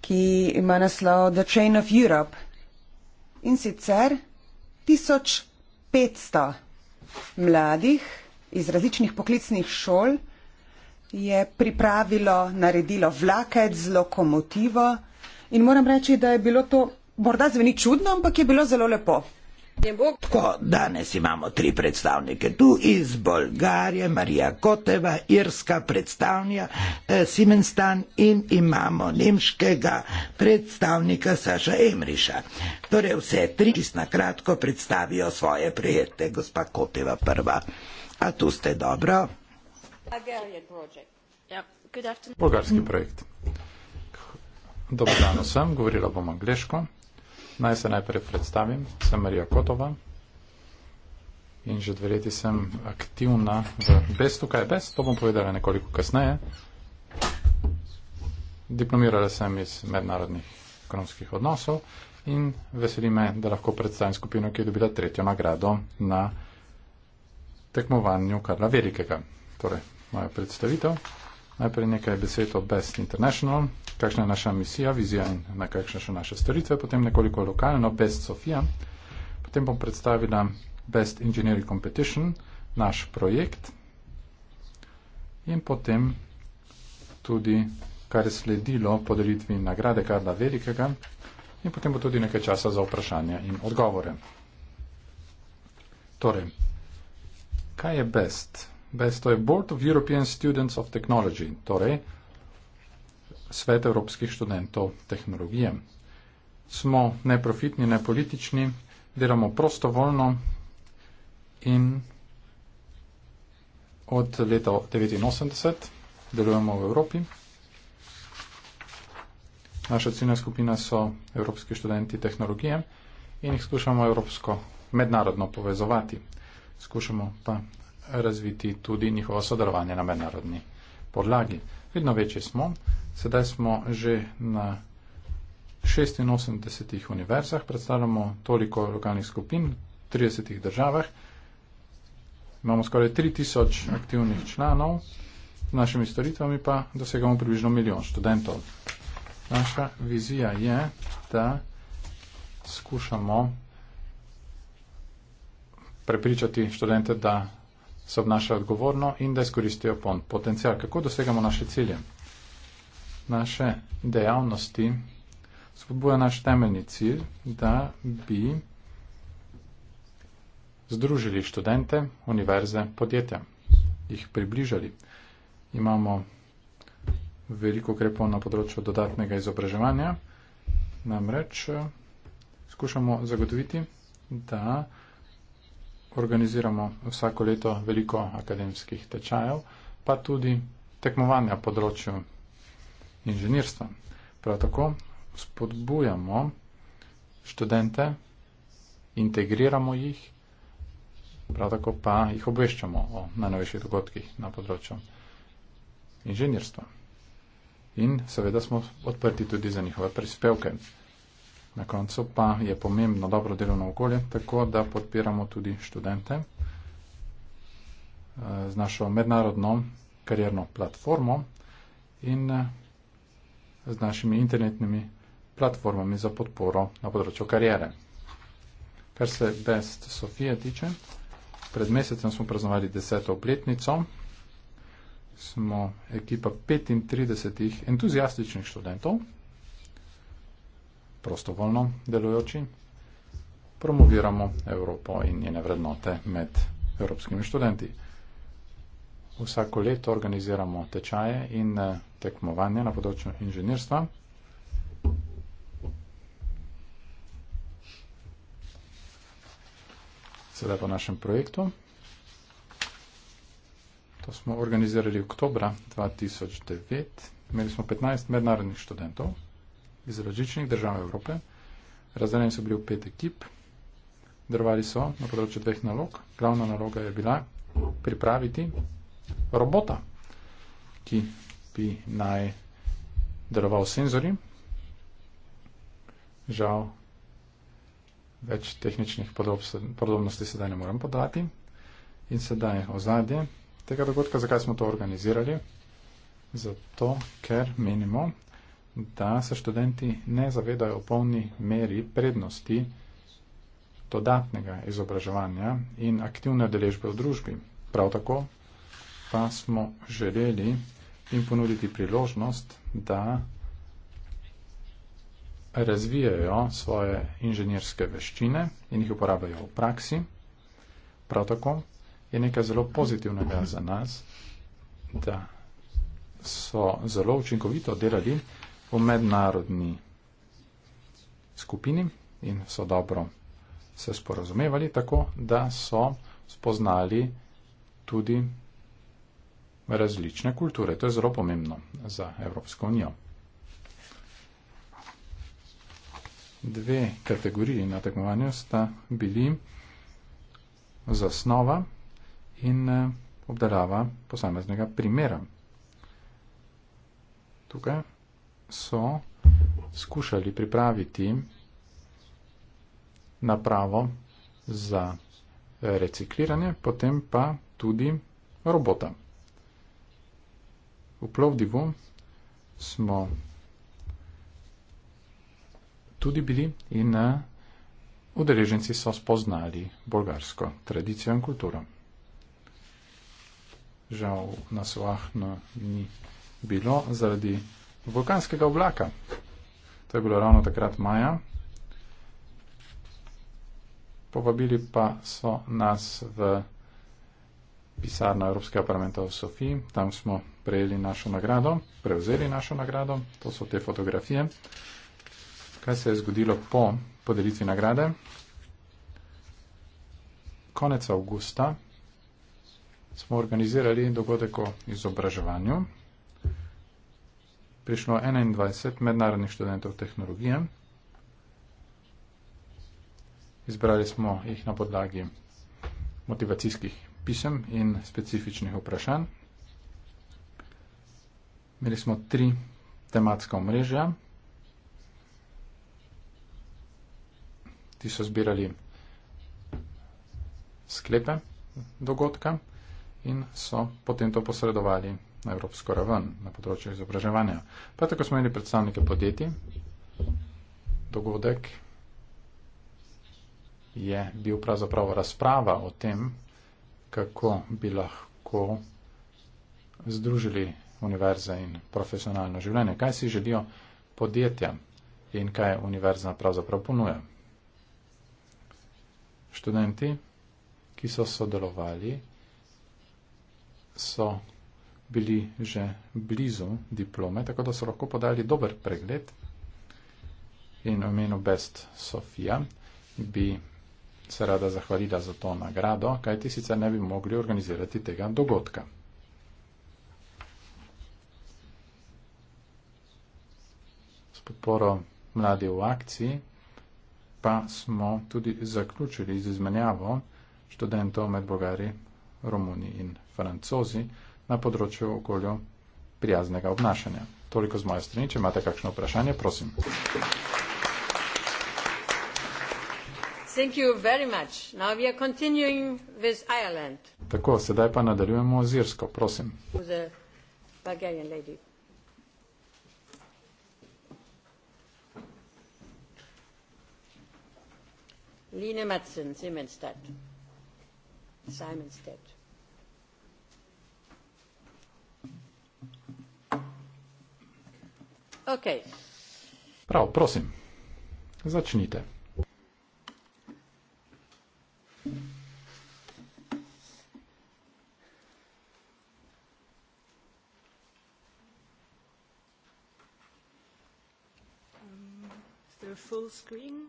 [SPEAKER 5] ki ima naslov The Chain of Europe. In sicer 1500 mladih iz različnih poklicnih šol je pripravilo, naredilo vlakec z lokomotivo in moram reči, da je bilo to, morda zveni čudno, ampak je bilo zelo lepo.
[SPEAKER 2] Tako, danes imamo tri predstavnike tu iz Bolgarije, Marija Koteva, irska predstavnja eh, Simenstan in imamo nemškega predstavnika Saša Emriša. Torej vse tri, ki na kratko predstavijo svoje prijete, gospa Koteva prva. A tu ste dobro? Bolgarski projekt.
[SPEAKER 3] Dobro dan vsem, govorila bom angliško. Naj se najprej predstavim. Sem Marija Kotova in že dve leti sem aktivna v Bestu, kaj je Best, to bom povedala nekoliko kasneje. Diplomirala sem iz mednarodnih ekonomskih odnosov in veseli me, da lahko predstavim skupino, ki je dobila tretjo nagrado na tekmovanju Karla Velikega. Torej, moja predstavitev. Najprej nekaj besed o Best International, kakšna je naša misija, vizija in na kakšne so naše storitve, potem nekoliko lokalno Best Sofia, potem bom predstavila Best Engineering Competition, naš projekt in potem tudi, kar je sledilo podelitvi nagrade Karla Velikega in potem bo tudi nekaj časa za vprašanja in odgovore. Torej, kaj je Best? Best to je Board of European Students of Technology, torej Svet evropskih študentov tehnologije. Smo neprofitni, nepolitični, delamo prostovoljno in od leta 1989 delujemo v Evropi. Naša ciljna skupina so evropski študenti tehnologije in jih skušamo evropsko mednarodno povezovati. Skušamo pa razviti tudi njihovo sodelovanje na mednarodni podlagi. Vedno večji smo, sedaj smo že na 86 univerzah, predstavljamo toliko lokalnih skupin v 30 državah. Imamo skoraj 3000 aktivnih članov, z našimi storitvami pa dosegamo približno milijon študentov. Naša vizija je, da skušamo prepričati študente, da se obnašajo odgovorno in da izkoristijo potencial. Kako dosegamo naše cilje? Naše dejavnosti spodbuja naš temeljni cilj, da bi združili študente, univerze, podjetja, jih približali. Imamo veliko ukrepov na področju dodatnega izobraževanja, namreč eh, skušamo zagotoviti, da organiziramo vsako leto veliko akademskih tečajev, pa tudi tekmovanja na področju inženirstva. Prav tako spodbujamo študente, integriramo jih, prav tako pa jih obveščamo o najnovejših dogodkih na področju inženirstva. In seveda smo odprti tudi za njihove prispevke. Na koncu pa je pomembno dobro delovno okolje, tako da podpiramo tudi študente eh, z našo mednarodno karjerno platformo in eh, z našimi internetnimi platformami za podporo na področju karijere. Kar se Best Sofije tiče, pred mesecem smo praznovali deseto obletnico, smo ekipa 35 entuzijastičnih študentov, prostovoljno delujoči, promoviramo Evropo in njene vrednote med evropskimi študenti. Vsako leto organiziramo tečaje in eh, tekmovanje na področju inženirstva. Sedaj po našem projektu. To smo organizirali v oktobra 2009. Imeli smo 15 mednarodnih študentov iz različnih držav Evrope. Razdeljeni so bili v pet ekip, drvali so na področju dveh nalog. Glavna naloga je bila pripraviti robota, ki bi naj deloval senzori. Žal, več tehničnih podob, podobnosti sedaj ne morem podati. In sedaj ozadje tega dogodka, zakaj smo to organizirali. Zato, ker menimo, da se študenti ne zavedajo v polni meri prednosti dodatnega izobraževanja in aktivne deležbe v družbi. Prav tako pa smo želeli in ponuditi priložnost, da razvijajo svoje inženirske veščine in jih uporabljajo v praksi. Prav tako je nekaj zelo pozitivnega za nas, da so zelo učinkovito delali v mednarodni skupini in so dobro se sporozumevali, tako da so spoznali tudi različne kulture. To je zelo pomembno za Evropsko unijo. Dve kategoriji na tekmovanju sta bili zasnova in eh, obdelava posameznega primera. Tukaj so skušali pripraviti napravo za recikliranje, potem pa tudi robota. V Plovdivu smo tudi bili in eh, udeleženci so spoznali bolgarsko tradicijo in kulturo. Žal nas v Ahnu ni bilo zaradi vulkanskega oblaka. To je bilo ravno takrat maja. Povabili pa so nas v pisarno Evropskega parlamenta v Sofiji. Tam smo prejeli našo nagrado, prevzeli našo nagrado. To so te fotografije. Kaj se je zgodilo po podelitvi nagrade? Konec avgusta smo organizirali dogodek o izobraževanju, prišlo 21 mednarodnih študentov tehnologije. Izbrali smo jih na podlagi motivacijskih pisem in specifičnih vprašanj. Imeli smo tri tematska omrežja. Ti so zbirali sklepe dogodka in so potem to posredovali na evropsko raven na področju izobraževanja. Pa tako smo imeli predstavnike podjetij, dogodek je bil pravzaprav razprava o tem, kako bi lahko združili univerze in profesionalno življenje, kaj si želijo podjetja in kaj univerza pravzaprav ponuja. Študenti, ki so sodelovali, so bili že blizu diplome, tako da so lahko podali dober pregled in v imenu Best Sofia bi se rada zahvalila za to nagrado, kajti sicer ne bi mogli organizirati tega dogodka. S podporo mladi v akciji pa smo tudi zaključili z izmenjavo študentov med Bolgari, Romuni in Francozi na področju okolja prijaznega obnašanja. Toliko z moje strani, če imate kakšno vprašanje, prosim.
[SPEAKER 1] Thank you very much. Now we are continuing with Ireland.
[SPEAKER 3] Tako, sedaj pa nadaljujemo z Irsko, prosim.
[SPEAKER 1] The Bulgarian lady. Line Madsen, Simenstadt. Simenstadt. Okay.
[SPEAKER 3] Prav, prosim, začnite.
[SPEAKER 1] Full screen.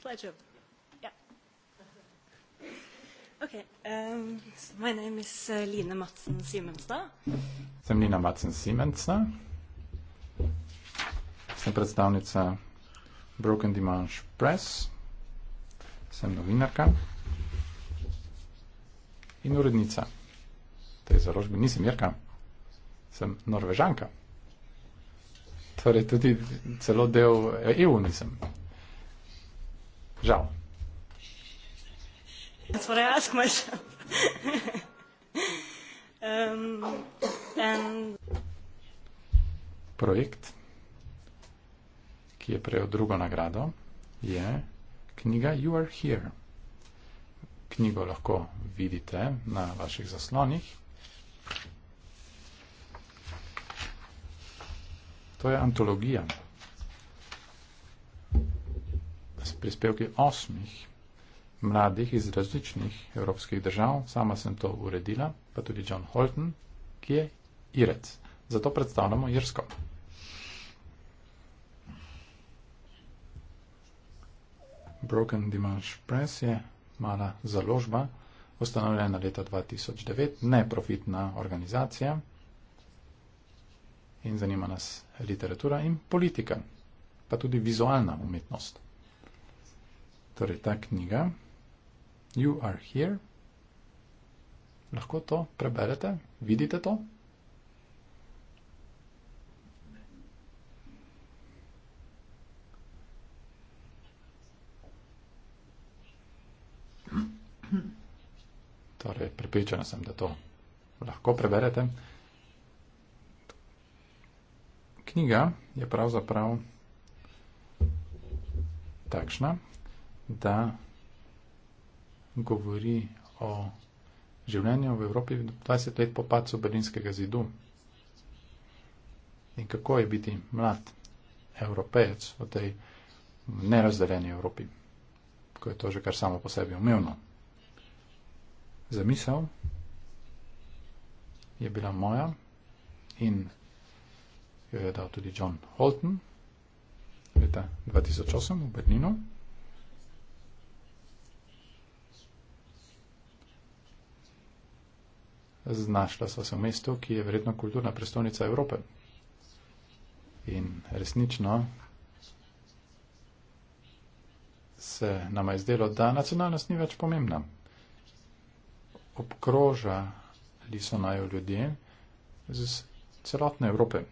[SPEAKER 1] Slideshow.
[SPEAKER 5] Okay, um, so my name is uh, eh, Lina Madsen Siemensdag.
[SPEAKER 3] Sem Lina Madsen Siemensdag. Sem predstavnica Broken Demand Press. Sem novinarka in urednica te založbe. Nisem Jerka, sem Norvežanka. Torej tudi celo del EU eh, e nisem.
[SPEAKER 2] Žal. That's what I ask myself.
[SPEAKER 5] um, and
[SPEAKER 3] Projekt, ki je prejel drugo nagrado, je knjiga You Are Here. Knjigo lahko vidite na vaših zaslonih. To je antologija. Prispevki osmih mladih iz različnih evropskih držav, sama sem to uredila, pa tudi John Holton, ki je Irec. Zato predstavljamo Irsko. Broken Dimash Press je mala založba, ustanovljena leta 2009, neprofitna organizacija in zanima nas literatura in politika, pa tudi vizualna umetnost. Torej, ta knjiga You are here. Lahko to preberete, vidite to? Torej, prepričana sem, da to lahko preberete. Knjiga je pravzaprav takšna, da govori o življenju v Evropi 20 let po pacu Berlinskega zidu in kako je biti mlad evropejec v tej nerazdeljeni Evropi, ko je to že kar samo po sebi umevno. Zamisel je bila moja in jo je dal tudi John Holton leta 2008 v Berlinu. znašla sva se v mestu, ki je verjetno kulturna prestolnica Evrope. In resnično se nama je zdelo, da nacionalnost ni več pomembna. Obkroža li so najo ljudje z celotne Evrope.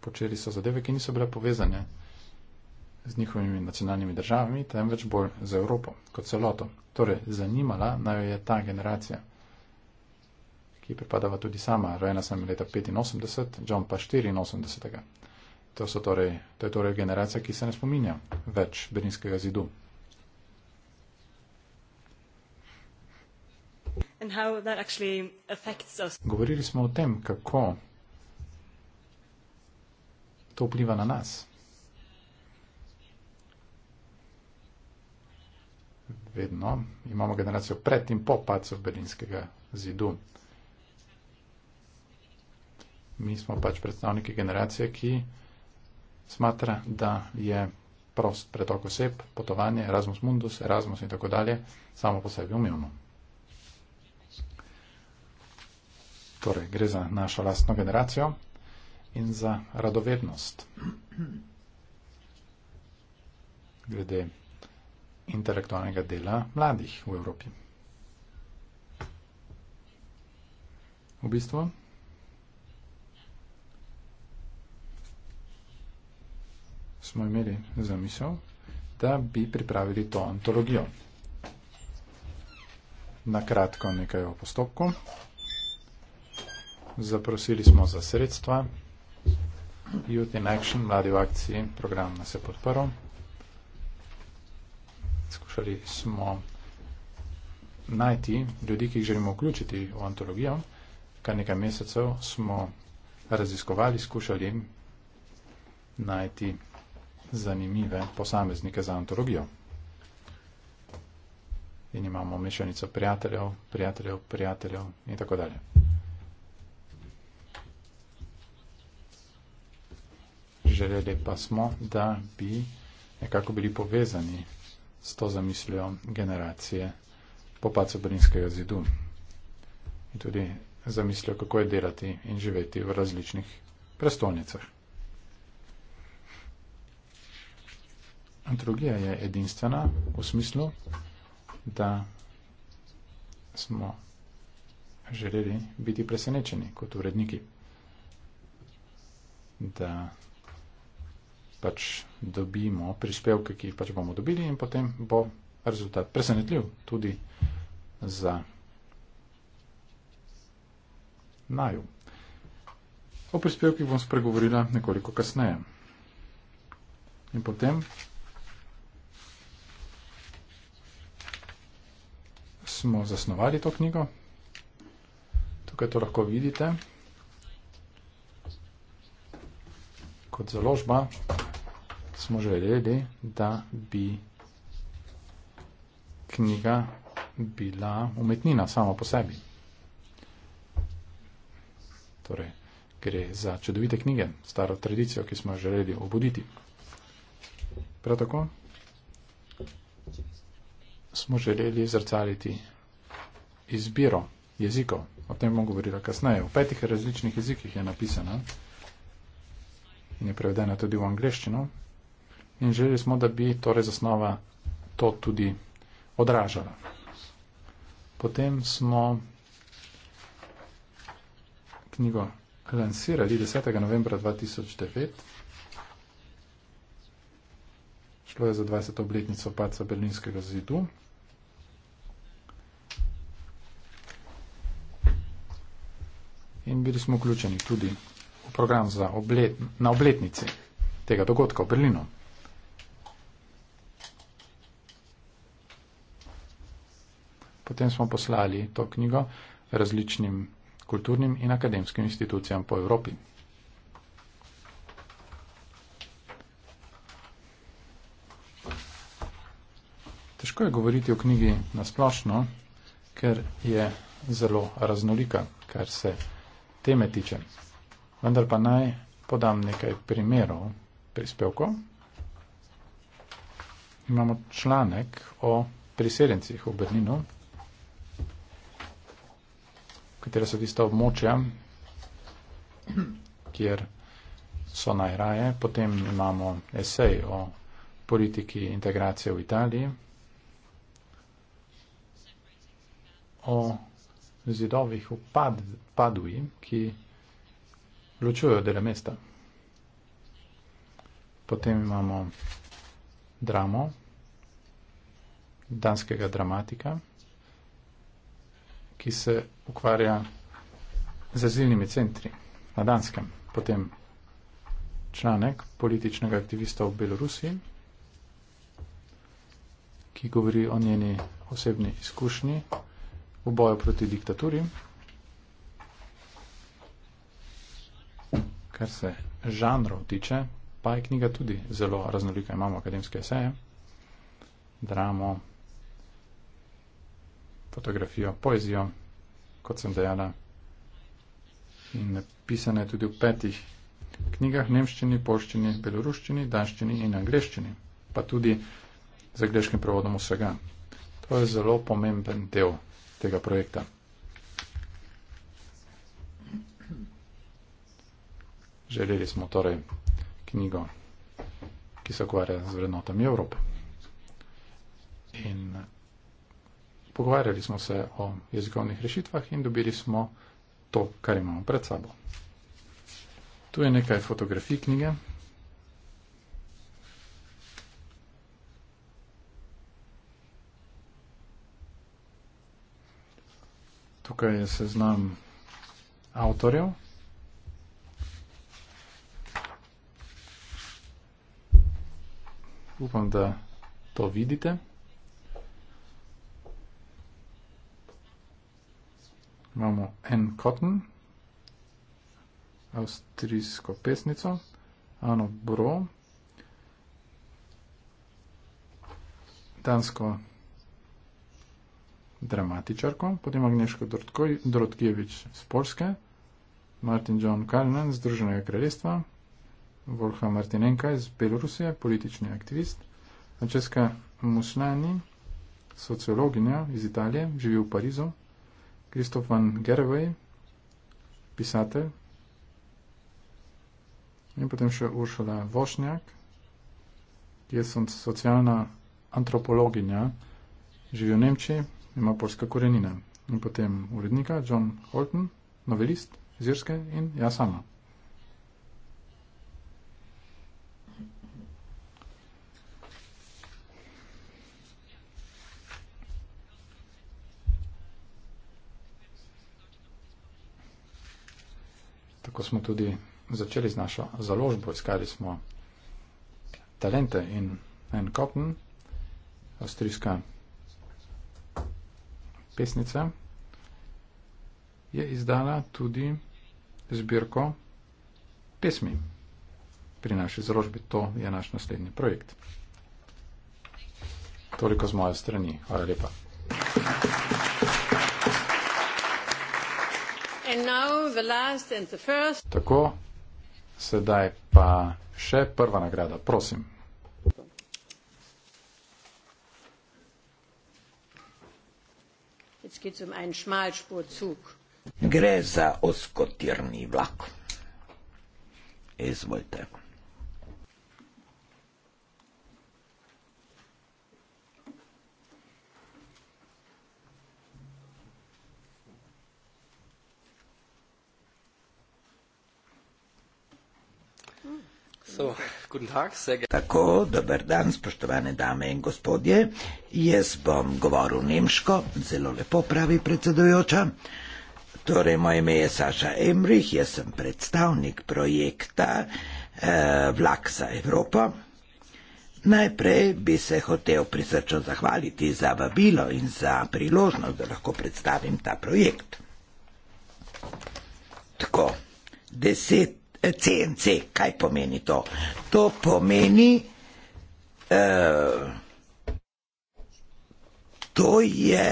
[SPEAKER 3] Počeli so zadeve, ki niso bile povezane z njihovimi nacionalnimi državami, temveč bolj z Evropo kot celoto. Torej, zanimala naj jo je ta generacija ki pripadava tudi sama. Rojena sem leta 85, John pa 84. To, torej, to je torej generacija, ki se ne spominja več Berinskega zidu. Govorili smo o tem, kako to vpliva na nas. Vedno imamo generacijo pred in po pacov Berlinskega zidu mi smo pač predstavniki generacije, ki smatra, da je prost pretok oseb, potovanje, Erasmus Mundus, Erasmus in tako dalje, samo po sebi umevno. Torej, gre za našo lastno generacijo in za radovednost. Glede intelektualnega dela mladih v Evropi. V bistvu smo imeli zamisel, da bi pripravili to antologijo. Nakratko nekaj o postopku. Zaprosili smo za sredstva. Youth in Action, mladi v akciji, program nas je podprl. Skušali smo najti ljudi, ki jih želimo vključiti v antologijo. Kar nekaj mesecev smo raziskovali, skušali najti zanimive posameznike za antologijo. In imamo mešanico prijateljev, prijateljev, prijateljev in tako dalje. Želeli pa smo, da bi nekako bili povezani s to zamislijo generacije po pacu Brinskega zidu. In tudi zamislijo, kako je delati in živeti v različnih prestolnicah. antologija je edinstvena v smislu, da smo želeli biti presenečeni kot uredniki, da pač dobimo prispevke, ki jih pač bomo dobili in potem bo rezultat presenetljiv tudi za naju. O prispevkih bom spregovorila nekoliko kasneje. In potem smo zasnovali to knjigo. Tukaj to lahko vidite. Kot založba smo želeli, da bi knjiga bila umetnina samo po sebi. Torej, gre za čudovite knjige, staro tradicijo, ki smo želeli obuditi. Prav tako smo želeli zrcaliti izbiro jezikov. O tem bom govorila kasneje. V petih različnih jezikih je napisana in je prevedena tudi v angleščino. In želeli smo, da bi torej zasnova to tudi odražala. Potem smo knjigo lansirali 10. novembra 2009. Šlo je za 20. obletnico paca Berlinskega zidu. in bili smo vključeni tudi v program oblet, na obletnici tega dogodka v Berlinu. Potem smo poslali to knjigo različnim kulturnim in akademskim institucijam po Evropi. Težko je govoriti o knjigi nasplošno, ker je zelo raznolika, ker se teme tiče. Vendar pa naj podam nekaj primerov prispevkov. Imamo članek o priseljencih v Brninu, katera so tista območja, kjer so najraje. Potem imamo esej o politiki integracije v Italiji, o zidovih upad, padu jim, ki ločujejo dele mesta. Potem imamo dramo danskega dramatika, ki se ukvarja z azilnimi centri na Danskem. Potem članek političnega aktivista v Belorusiji, ki govori o njeni osebni izkušnji, v boju proti diktaturi, kar se žanrov tiče, pa je knjiga tudi zelo raznolika. Imamo akademske eseje, dramo, fotografijo, poezijo, kot sem dejala, in napisane tudi v petih knjigah nemščini, polščini, beloruščini, danščini in angleščini, pa tudi z angleškim prevodom vsega. To je zelo pomemben del tega projekta. Želeli smo torej knjigo, ki se ukvarja z vrednotami Evrope. In pogovarjali smo se o jezikovnih rešitvah in dobili smo to, kar imamo pred sabo. Tu je nekaj fotografij knjige. tukaj je seznam avtorjev. Upam, da to vidite. Imamo en Cotton, avstrijsko pesnico, Anno Bro, dansko pesnico, dramatičarko, potem Agneško Drotkijevič z Polske, Martin John Karnen z Združenega kraljestva, Volha Martinenka iz Belorusije, politični aktivist, Francesca Musnani, sociologinja iz Italije, živi v Parizu, Kristofan Gerway, pisatelj, in potem še Uršala Vošnjak, ki je socialna antropologinja, živi v Nemčiji, ima polske korenine. In potem urednika John Holton, novelist iz Irske in ja sama. Tako smo tudi začeli z našo založbo, iskali smo talente in en kopen, avstrijska pesnica, je izdala tudi zbirko pesmi. Pri naši zrožbi to je naš naslednji projekt. Toliko z moje strani. Hvala lepa.
[SPEAKER 1] And now the last and the first.
[SPEAKER 3] Tako, sedaj pa še prva nagrada, prosim.
[SPEAKER 2] Gre za oskotirni vlak. Izvolite. So, Tako, dober dan, spoštovane dame in gospodje. Jaz bom govoril nemško, zelo lepo pravi predsedujoča. Torej, moje ime je Saša Emrih, jaz sem predstavnik projekta eh, Vlak za Evropo. Najprej bi se hotel prisrčno zahvaliti za vabilo in za priložnost, da lahko predstavim ta projekt. Tako, deset CNC, kaj pomeni to? To pomeni, uh, to je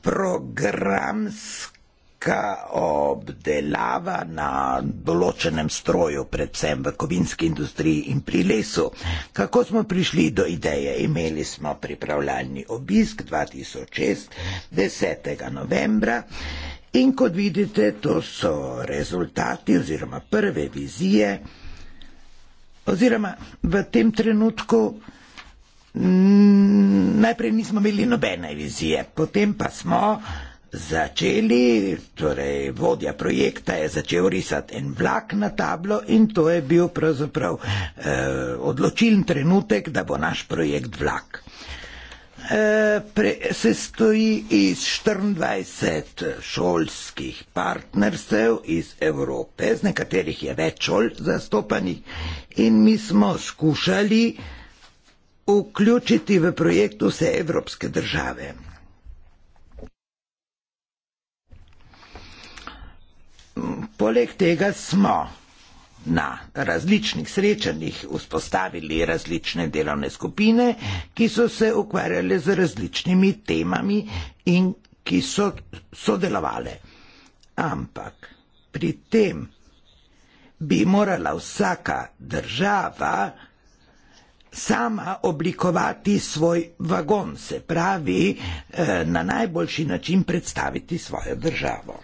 [SPEAKER 2] programska obdelava na določenem stroju, predvsem v kovinski industriji in pri lesu. Kako smo prišli do ideje? Imeli smo pripravljalni obisk 2006, 10. novembra. In kot vidite, to so rezultati oziroma prve vizije. Oziroma v tem trenutku m, mm, najprej nismo imeli nobene vizije, potem pa smo začeli, torej vodja projekta je začel risati en vlak na tablo in to je bil pravzaprav eh, odločilen trenutek, da bo naš projekt vlak pre, se stoji iz 24 šolskih partnerstev iz Evrope, z nekaterih je več šol zastopanih in mi smo skušali vključiti v projekt vse evropske države. Poleg tega smo na različnih srečanjih vzpostavili različne delovne skupine, ki so se ukvarjale z različnimi temami in ki so sodelovali. Ampak pri tem bi morala vsaka država sama oblikovati svoj vagon, se pravi, eh, na najboljši način predstaviti svojo državo.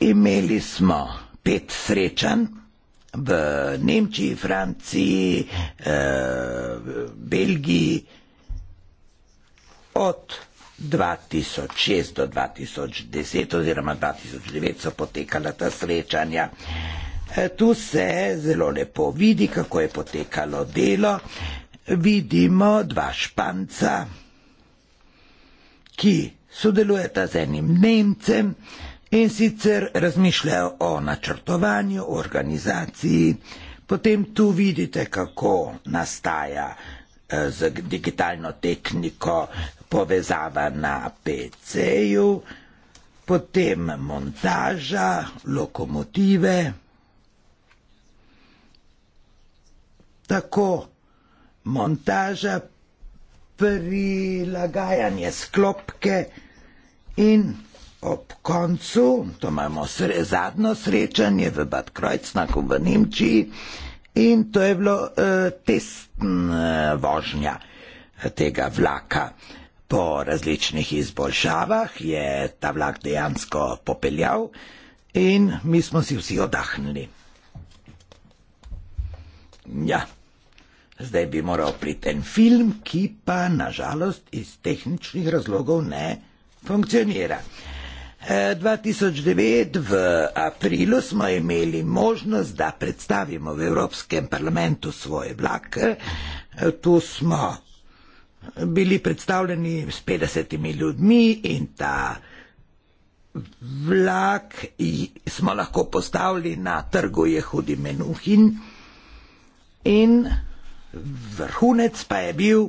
[SPEAKER 2] Imeli smo pet srečanj v Nemčiji, Franciji, eh, Belgiji od 2006 do 2010 oziroma 2009 so potekala ta srečanja. Eh, tu se zelo lepo vidi, kako je potekalo delo. Vidimo dva španca, ki sodelujeta z enim Nemcem, eh, in sicer razmišljajo o načrtovanju, organizaciji, potem tu vidite, kako nastaja eh, z digitalno tehniko povezava na PC-ju, potem montaža, lokomotive. Tako montaža, prilagajanje sklopke in Ob koncu, to imamo sre, zadnjo srečanje v Bad Krojcnaku v Nemčiji in to je bilo eh, testna eh, vožnja eh, tega vlaka. Po različnih izboljšavah je ta vlak dejansko popeljal in mi smo si vsi odahnili. Ja, zdaj bi moral priti en film, ki pa nažalost iz tehničnih razlogov ne funkcionira. 2009 v aprilu smo imeli možnost, da predstavimo v Evropskem parlamentu svoje vlake. Tu smo bili predstavljeni s 50 ljudmi in ta vlak smo lahko postavili na trgu Jehudi Menuhin. In vrhunec pa je bil,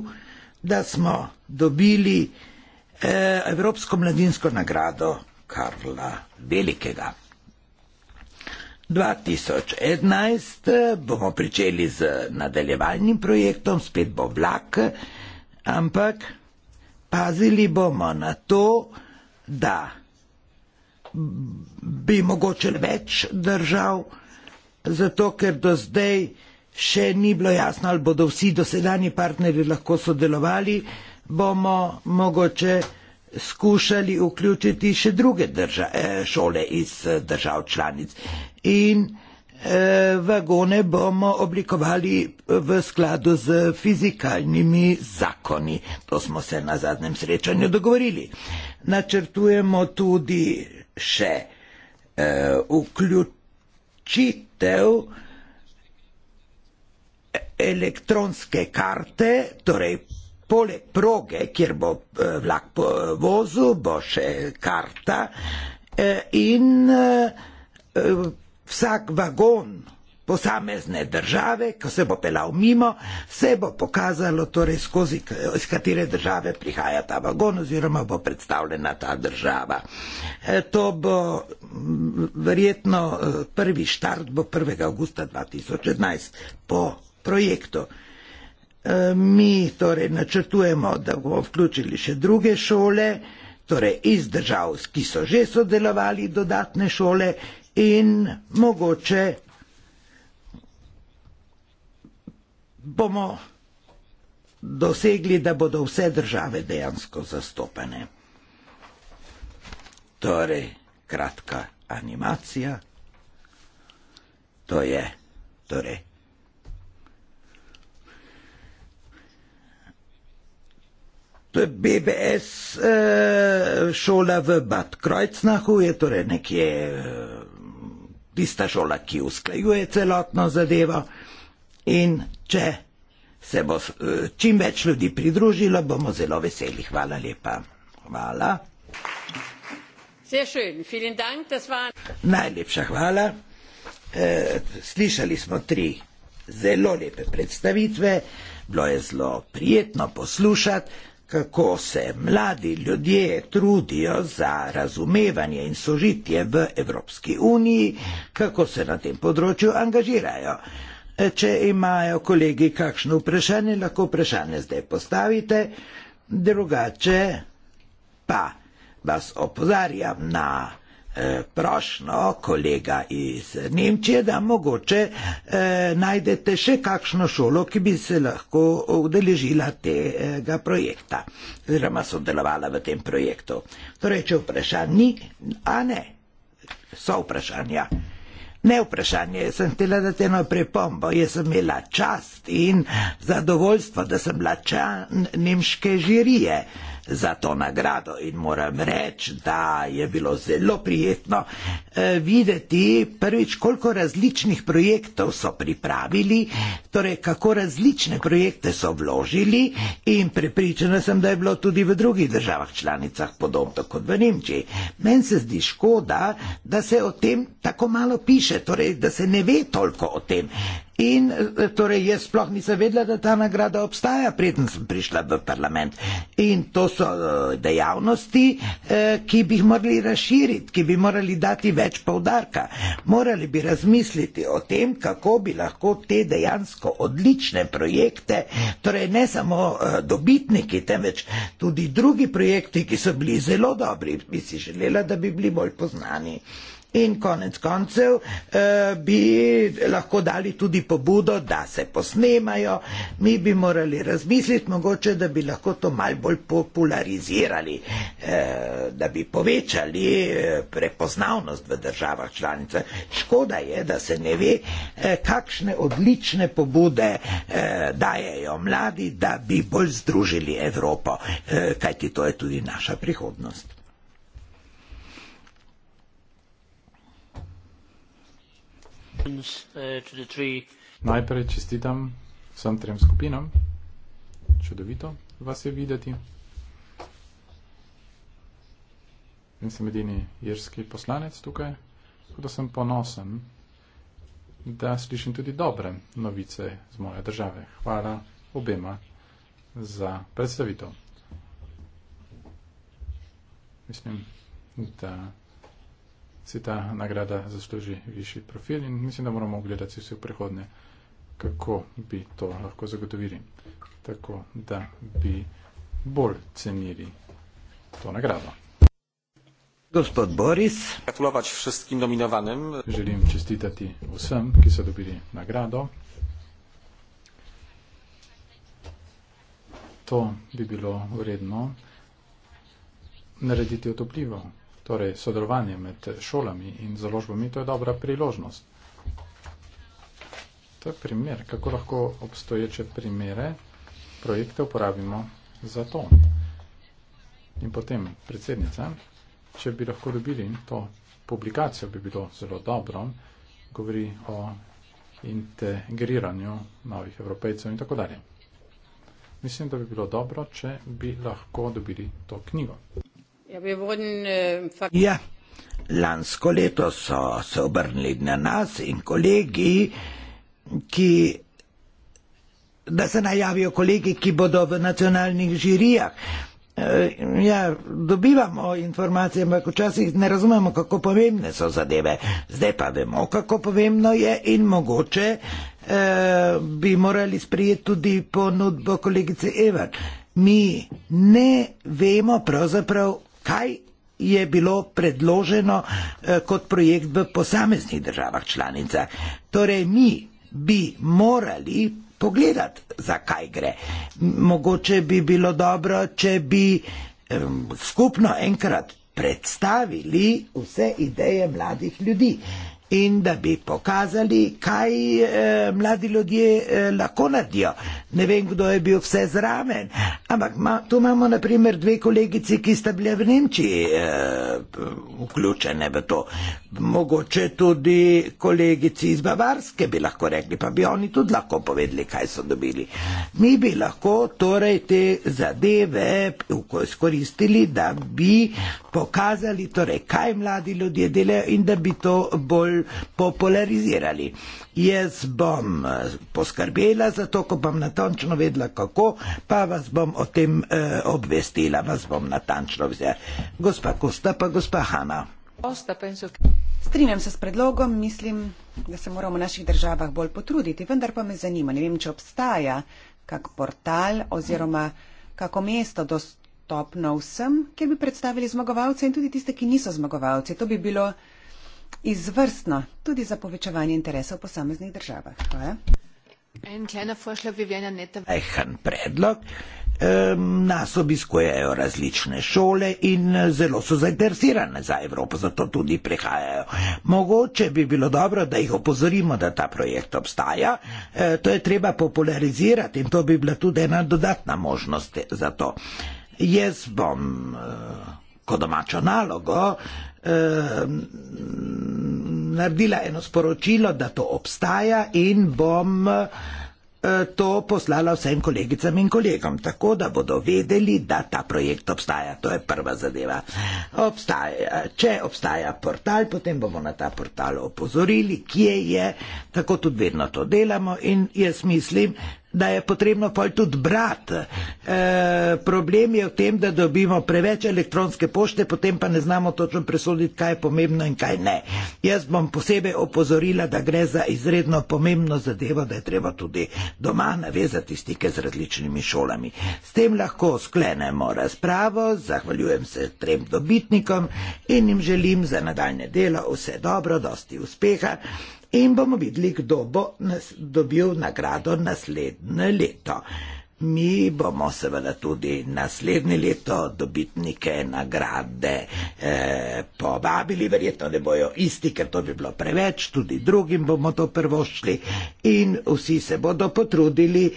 [SPEAKER 2] da smo dobili eh, Evropsko mladinsko nagrado. Karla Velikega. 2011 bomo pričeli z nadaljevalnim projektom, spet bo vlak, ampak pazili bomo na to, da bi mogoče več držav, zato ker do zdaj še ni bilo jasno, ali bodo vsi dosedani partnerji lahko sodelovali, bomo mogoče skušali vključiti še druge drža, eh, šole iz eh, držav članic. In eh, vagone bomo oblikovali v skladu z fizikalnimi zakoni. To smo se na zadnjem srečanju dogovorili. Načrtujemo tudi še vključitev elektronske karte, torej poleg proge, kjer bo eh, vlak po vozu, bo še karta eh, in eh, vsak vagon posamezne države, ko se bo pelal mimo, se bo pokazalo, torej skozi, iz katere države prihaja ta vagon oziroma bo predstavljena ta država. To bo mm, verjetno prvi štart, bo 1. augusta 2011 po projektu. E, mi torej načrtujemo, da bomo vključili še druge šole, torej iz držav, ki so že sodelovali, dodatne šole in mogoče bomo dosegli, da bodo vse države dejansko zastopane. Torej, kratka animacija. To je, torej. BBS eh, šola v Bad Krojcnahu je torej nekje eh, tista šola, ki usklajuje celotno zadevo in če se bo eh, čim več ljudi pridružilo, bomo zelo veseli. Hvala lepa. Hvala. Najlepša hvala. Slišali smo tri zelo lepe predstavitve, bilo je zelo prijetno poslušati kako se mladi ljudje trudijo za razumevanje in sožitje v Evropski uniji, kako se na tem področju angažirajo. E, če imajo kolegi kakšno vprašanje, lahko vprašanje zdaj postavite, drugače pa vas opozarjam na Eh, prošno, kolega iz Nemčije, da mogoče eh, najdete še kakšno šolo, ki bi se lahko udeležila tega projekta, oziroma sodelovala v tem projektu. Torej, če vprašanj ni, a ne, so vprašanja. Ne vprašanje, sem htela dati eno pripombo. Jaz sem imela čast in zadovoljstvo, da sem bila član nemške žirije. Eh, za to nagrado in moram reči, da je bilo zelo prijetno eh, videti prvič, koliko različnih projektov so pripravili, torej kako različne projekte so vložili in prepričana sem, da je bilo tudi v drugih državah članicah podobno kot v Nemčiji. Meni se zdi škoda, da se o tem tako malo piše, torej da se ne ve toliko o tem. In eh, torej jaz sploh nisem vedela, da ta nagrada obstaja, preden sem prišla v parlament. In to so eh, dejavnosti, eh, ki bi jih morali razširiti, ki bi morali dati več povdarka. Morali bi razmisliti o tem, kako bi lahko te dejansko odlične projekte, torej ne samo dobitniki, temveč tudi drugi projekti, ki so bili zelo dobri, bi si želela, da bi bili bolj poznani. In konec koncev eh, bi lahko dali tudi pobudo, da se posnemajo. Mi bi morali razmisliti, mogoče, da bi lahko to mal bolj popularizirali, eh, da bi povečali eh, prepoznavnost v državah članicah. Škoda je, da se ne ve, eh, kakšne odlične pobude eh, dajejo mladi, da bi bolj združili Evropo, eh, kajti to je tudi naša prihodnost.
[SPEAKER 1] happens uh, to the three.
[SPEAKER 3] Najprej čestitam vsem trem skupinam. Čudovito vas je videti. In sem edini irski poslanec tukaj, tako da sem ponosen, da slišim tudi dobre novice z moje države. Hvala obema za predstavitev. Mislim, da si ta nagrada zasluži višji profil in mislim, da moramo gledati vse v prihodnje, kako bi to lahko zagotovili, tako da bi bolj cenili to nagrado. Gospod Boris. Gratulovač vsem nominovanim. Želim čestitati vsem, ki so dobili nagrado. To bi bilo vredno narediti otopljivo torej sodelovanje med šolami in založbami, to je dobra priložnost. To je primer, kako lahko obstoječe primere projekte uporabimo za to. In potem predsednica, če bi lahko dobili to publikacijo, bi bilo zelo dobro, govori o integriranju novih evropejcev in tako dalje. Mislim, da bi bilo dobro, če bi lahko dobili to knjigo.
[SPEAKER 1] Ja, äh,
[SPEAKER 2] ja, lansko leto so se obrnili na nas in kolegi, ki, da se najavijo kolegi, ki bodo v nacionalnih žirijah. Äh, ja, dobivamo informacije, ampak včasih ne razumemo, kako pomembne so zadeve. Zdaj pa vemo, kako pomembno je in mogoče eh, bi morali sprijeti tudi ponudbo kolegice Evar. Mi ne vemo pravzaprav, kaj je bilo predloženo eh, kot projekt v posameznih državah članicah. Torej, mi bi morali pogledati, zakaj gre. Mogoče bi bilo dobro, če bi skupno enkrat predstavili vse ideje mladih ljudi in da bi pokazali, kaj e, mladi ljudje e, lahko naredijo. Ne vem, kdo je bil vse zraven, ampak ma, tu imamo naprimer dve kolegici, ki sta bile v Nemčiji e, vključene v to. Mogoče tudi kolegici iz Bavarske bi lahko rekli, pa bi oni tudi lahko povedali, kaj so dobili. Mi bi lahko torej te zadeve izkoristili, da bi pokazali, torej, kaj mladi ljudje delajo in da bi to bolj popularizirali. Jaz bom eh, poskrbela za to, ko bom natančno vedela, kako, pa vas bom o tem eh, obvestila, vas bom natančno vzela. Gospa Kosta, pa gospa Hanna.
[SPEAKER 5] Strinjam se s predlogom, mislim, da se moramo v naših državah bolj potruditi, vendar pa me zanima, ne vem, če obstaja kak portal oziroma kako mesto dostopno vsem, kjer bi predstavili zmagovalce in tudi tiste, ki niso zmagovalci. To bi bilo izvrstno tudi za povečevanje interesa v posameznih državah. Hvala. Ehen ja
[SPEAKER 2] predlog. Nas obiskujejo različne šole in eh, zelo so zainteresirane za Evropo, zato tudi prihajajo. Mogoče bi bilo dobro, da jih opozorimo, da ta projekt obstaja. E, to je treba popularizirati in to bi bila tudi ena dodatna možnost za to. Jaz bom. Eh, kot domačo nalogo, eh, naredila eno sporočilo, da to obstaja in bom eh, to poslala vsem kolegicam in kolegom, tako da bodo vedeli, da ta projekt obstaja. To je prva zadeva. Obstaja. Če obstaja portal, potem bomo na ta portal opozorili, kje je, tako tudi vedno to delamo in jaz mislim, da je potrebno pol tudi brat. E, eh, problem je v tem, da dobimo preveč elektronske pošte, potem pa ne znamo točno presoditi, kaj je pomembno in kaj ne. Jaz bom posebej opozorila, da gre za izredno pomembno zadevo, da je treba tudi doma navezati stike z različnimi šolami. S tem lahko sklenemo razpravo, zahvaljujem se trem dobitnikom in jim želim za nadaljne delo vse dobro, dosti uspeha in bomo videli, kdo bo nas, dobil nagrado naslednje leto. Mi bomo seveda tudi naslednje leto dobitnike nagrade e, povabili, verjetno ne bojo isti, ker to bi bilo preveč, tudi drugim bomo to prvošli in vsi se bodo potrudili,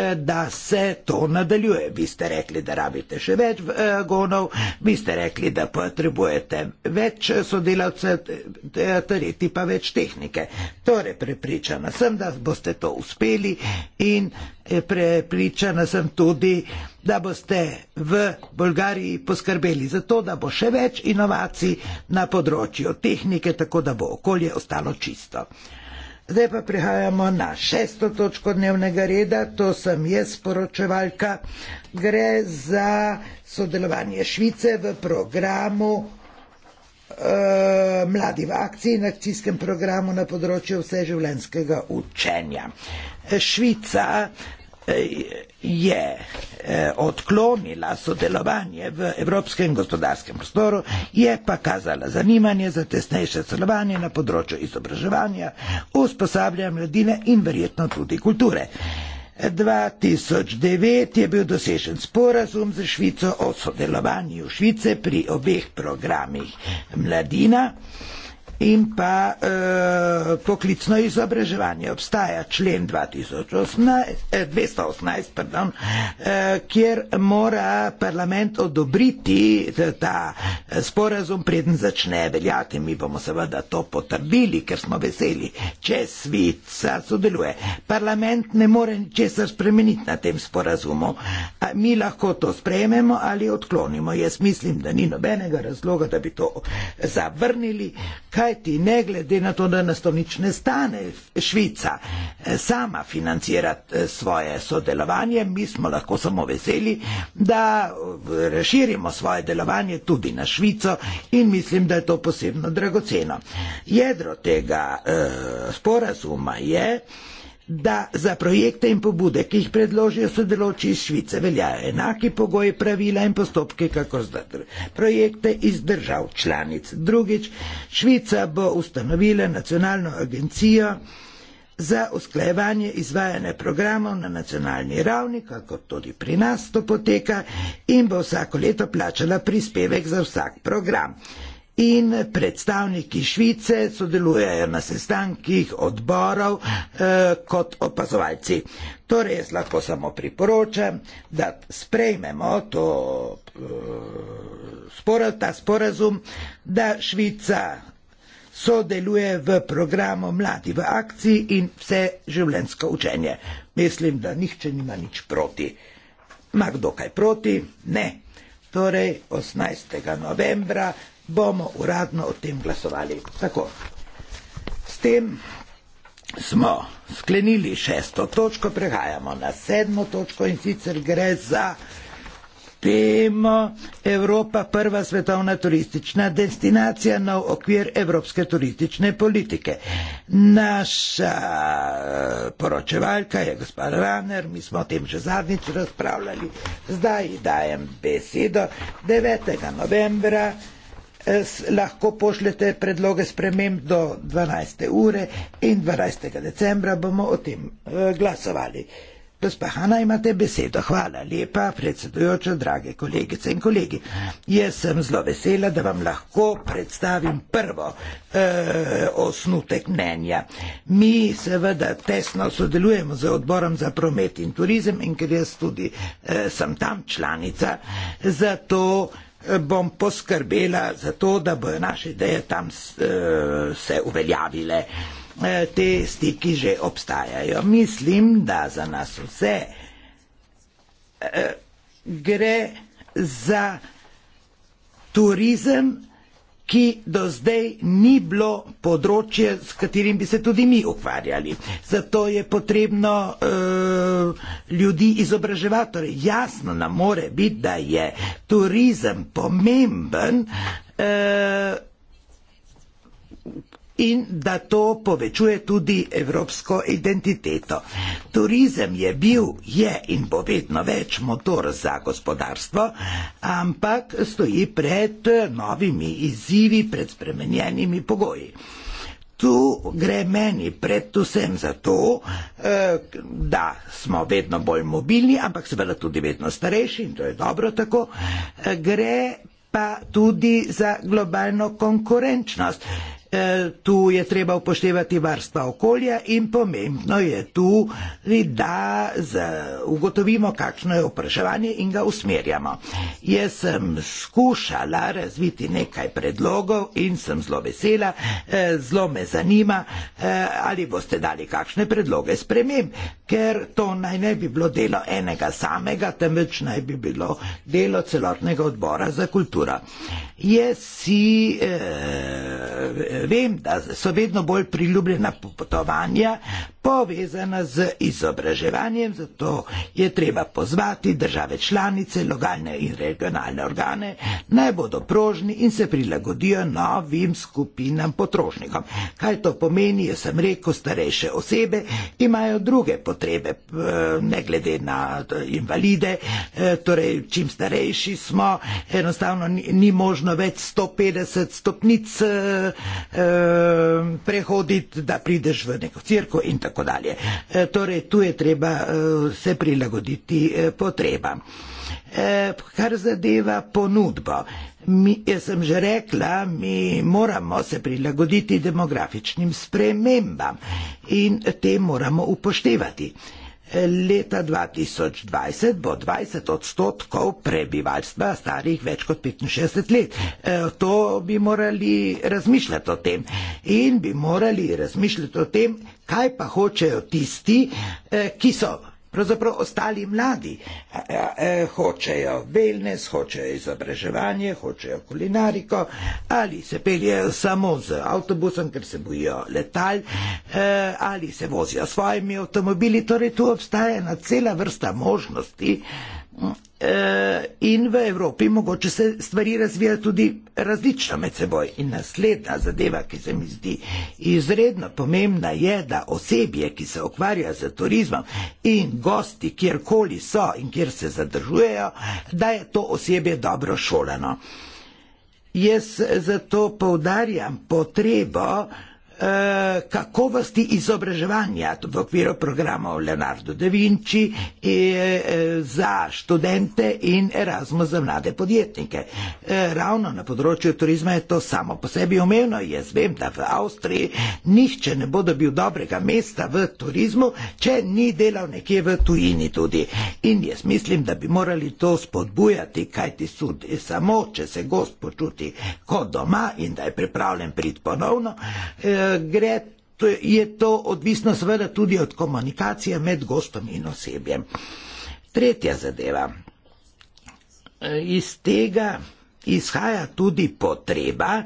[SPEAKER 2] Eh, da se to nadaljuje. Vi ste rekli, da rabite še več eh, gonov, vi ste rekli, da potrebujete več sodelavcev, tariti torej pa več tehnike. Torej, prepričana sem, da boste to uspeli in eh, prepričana sem tudi, da boste v Bolgariji poskrbeli za to, da bo še več inovacij na področju tehnike, tako da bo okolje ostalo čisto. Zdaj pa prihajamo na šesto točko dnevnega reda, to sem jaz, poročevalka. Gre za sodelovanje Švice v programu e, Mladi v akciji in akcijskem programu na področju vseživljenskega učenja. Švica je eh, odklonila sodelovanje v evropskem gospodarskem prostoru, je pa kazala zanimanje za tesnejše sodelovanje na področju izobraževanja, usposabljanja mladine in verjetno tudi kulture. 2009 je bil dosežen sporazum z Švico o sodelovanju Švice pri obeh programih Mladina in pa uh, poklicno izobraževanje. Obstaja člen 2018, eh, 218, pardon, eh, kjer mora parlament odobriti eh, ta eh, sporazum, preden začne veljati. Mi bomo seveda to potrdili, ker smo veseli, če Svica sodeluje. Parlament ne more ničesar spremeniti na tem sporazumu. A mi lahko to sprejmemo ali odklonimo. Jaz mislim, da ni nobenega razloga, da bi to zavrnili. Kaj kajti ne glede na to, da nas to nič ne stane, Švica eh, sama financira eh, svoje sodelovanje, mi smo lahko samo veseli, da eh, razširimo svoje delovanje tudi na Švico in mislim, da je to posebno dragoceno. Jedro tega eh, sporazuma je, da za projekte in pobude, ki jih predložijo sodelovci iz Švice, veljajo enaki pogoji, pravila in postopke, kakor za projekte iz držav članic. Drugič, Švica bo ustanovila nacionalno agencijo za usklajevanje izvajanja programov na nacionalni ravni, kako tudi pri nas to poteka, in bo vsako leto plačala prispevek za vsak program in predstavniki Švice sodelujejo na sestankih odborov eh, kot opazovalci. Torej, jaz lahko samo priporočam, da sprejmemo to, eh, sporaz, ta sporazum, da Švica sodeluje v programu Mladi v akciji in vse življensko učenje. Mislim, da nihče nima nič proti. Ma kdo kaj proti? Ne. Torej, 18. novembra bomo uradno o tem glasovali. Tako. S tem smo sklenili šesto točko, prehajamo na sedmo točko in sicer gre za temo Evropa prva svetovna turistična destinacija na okvir evropske turistične politike. Naša poročevalka je gospod Raner, mi smo o tem že zadnjič razpravljali, zdaj dajem besedo 9. novembra lahko pošljete predloge sprememb do 12. ure in 12. decembra bomo o tem eh, glasovali. Gospa Hanna, imate besedo. Hvala lepa, predsedujoča, drage kolegice in kolegi. Jaz sem zelo vesela, da vam lahko predstavim prvo eh, osnutek mnenja. Mi seveda tesno sodelujemo z odborom za promet in turizem in ker jaz tudi eh, sem tam članica, zato bom poskrbela za to, da bojo naše ideje tam eh, se uveljavile. Eh, te stiki že obstajajo. Mislim, da za nas vse eh, gre za turizem ki do zdaj ni bilo področje, s katerim bi se tudi mi ukvarjali. Zato je potrebno uh, ljudi izobraževati. Torej, jasno nam more biti, da je turizem pomemben. Uh, in da to povečuje tudi evropsko identiteto. Turizem je bil, je in bo vedno več motor za gospodarstvo, ampak stoji pred novimi izzivi, pred spremenjenimi pogoji. Tu gre meni predvsem zato, eh, da smo vedno bolj mobilni, ampak seveda tudi vedno starejši in to je dobro tako. Eh, gre pa tudi za globalno konkurenčnost. Eh, tu je treba upoštevati varstva okolja in pomembno je tudi, da ugotovimo, kakšno je opraševanje in ga usmerjamo. Jaz sem skušala razviti nekaj predlogov in sem zelo vesela, eh, zelo me zanima, eh, ali boste dali kakšne predloge sprememb, ker to naj ne bi bilo delo enega samega, temveč naj bi bilo delo celotnega odbora za kulturo. Jaz si eh, vem, da so vedno bolj priljubljena popotovanja, povezana z izobraževanjem, zato je treba pozvati države članice, lokalne in regionalne organe, naj bodo prožni in se prilagodijo novim skupinam potrošnikom. Kaj to pomeni, jaz sem rekel, starejše osebe imajo druge potrebe, ne glede na invalide, e, torej čim starejši smo, enostavno ni možno več 150 stopnic e, prehoditi, da prideš v neko cirko in tako tako dalje. E, torej, tu je treba e, se prilagoditi e, potrebam. Kar zadeva ponudbo. Mi, jaz sem že rekla, mi moramo se prilagoditi demografskim spremembam in te moramo upoštevati. Leta 2020 bo 20 odstotkov prebivalstva starih več kot 65 let. E, to bi morali razmišljati o tem in bi morali razmišljati o tem, kaj pa hočejo tisti, e, ki so pravzaprav ostali mladi. E, e, hočejo wellness, hočejo izobraževanje, hočejo kulinariko ali se peljejo samo z avtobusom, ker se bojijo letal e, ali se vozijo s svojimi avtomobili. Torej, tu obstaja ena cela vrsta možnosti. Eh, in v Evropi mogoče se stvari razvijajo tudi različno med seboj. In naslednja zadeva, ki se mi zdi izredno pomembna, je, da osebje, ki se ukvarja z turizmom in gosti, kjerkoli so in kjer se zadržujejo, da je to osebje dobro šolano. Jaz zato poudarjam potrebo, Eh, kakovosti izobraževanja v okviru programov Leonardo da Vinci eh, eh, za študente in Erasmus za mlade podjetnike. Ravno na področju turizma je to samo po sebi omejeno. Jaz vem, da v Avstriji nihče ne bo dobil dobrega mesta v turizmu, če ni delal nekje v tujini tudi. In jaz mislim, da bi morali to spodbujati, kajti sudi samo, če se gost počuti kot doma in da je pripravljen priti ponovno. E, gre. To je, je to odvisno seveda tudi od komunikacije med gostom in osebjem. Tretja zadeva. Iz tega izhaja tudi potreba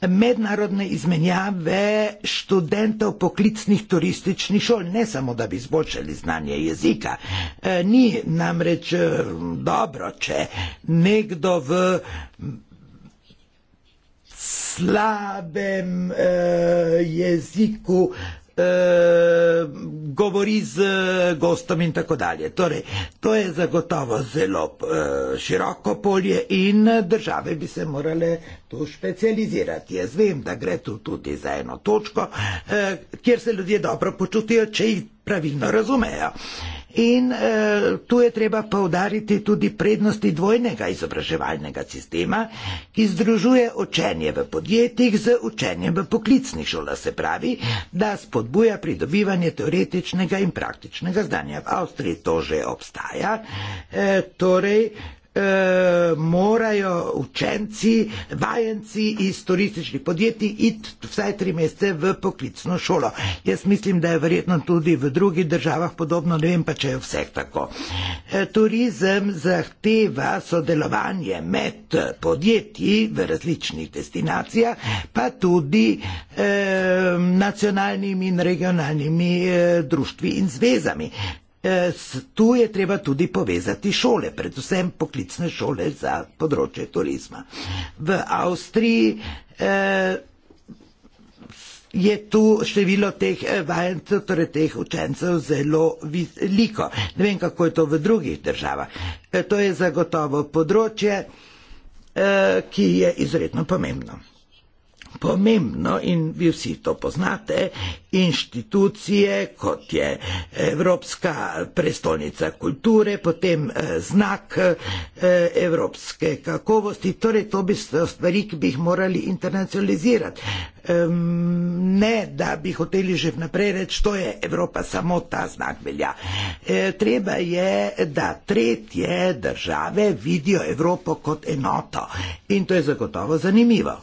[SPEAKER 2] mednarodne izmenjave študentov poklicnih turističnih šol, ne samo da bi izboljšali znanje jezika. E, ni namreč e, dobro, če nekdo v slabem uh, jeziku uh, govori z gostom in tako dalje. Torej, to je zagotovo zelo uh, široko polje in države bi se morale tu specializirati. Jaz vem, da gre tu tudi za eno točko, uh, kjer se ljudje dobro počutijo, če jih pravilno razumejo. Uh, In eh, tu je treba povdariti tudi prednosti dvojnega izobraževalnega sistema, ki združuje učenje v podjetjih z učenjem v poklicnih šolah, se pravi, da spodbuja pridobivanje teoretičnega in praktičnega znanja. V Avstriji to že obstaja. Eh, torej, Eh, morajo učenci, vajenci iz turističnih podjetij iti vsaj tri mesece v poklicno šolo. Jaz mislim, da je verjetno tudi v drugih državah podobno, ne vem pa, če je vseh tako. Eh, turizem zahteva sodelovanje med podjetji v različnih destinacijah, pa tudi eh, nacionalnimi in regionalnimi eh, društvi in zvezami. Eh, tu je treba tudi povezati šole, predvsem poklicne šole za področje turizma. V Avstriji eh, je tu število teh eh, vajencev, torej teh učencev, zelo veliko. Ne vem, kako je to v drugih državah. To je zagotovo področje, ki je izredno pomembno pomembno in vi vsi to poznate, inštitucije kot je Evropska prestolnica kulture, potem eh, znak eh, evropske kakovosti, torej to bi stvari, ki bi jih morali internacionalizirati. Ne, da bi hoteli že vnaprej reči, to je Evropa, samo ta znak velja. Eh, treba je, da tretje države vidijo Evropo kot enoto in to je zagotovo zanimivo.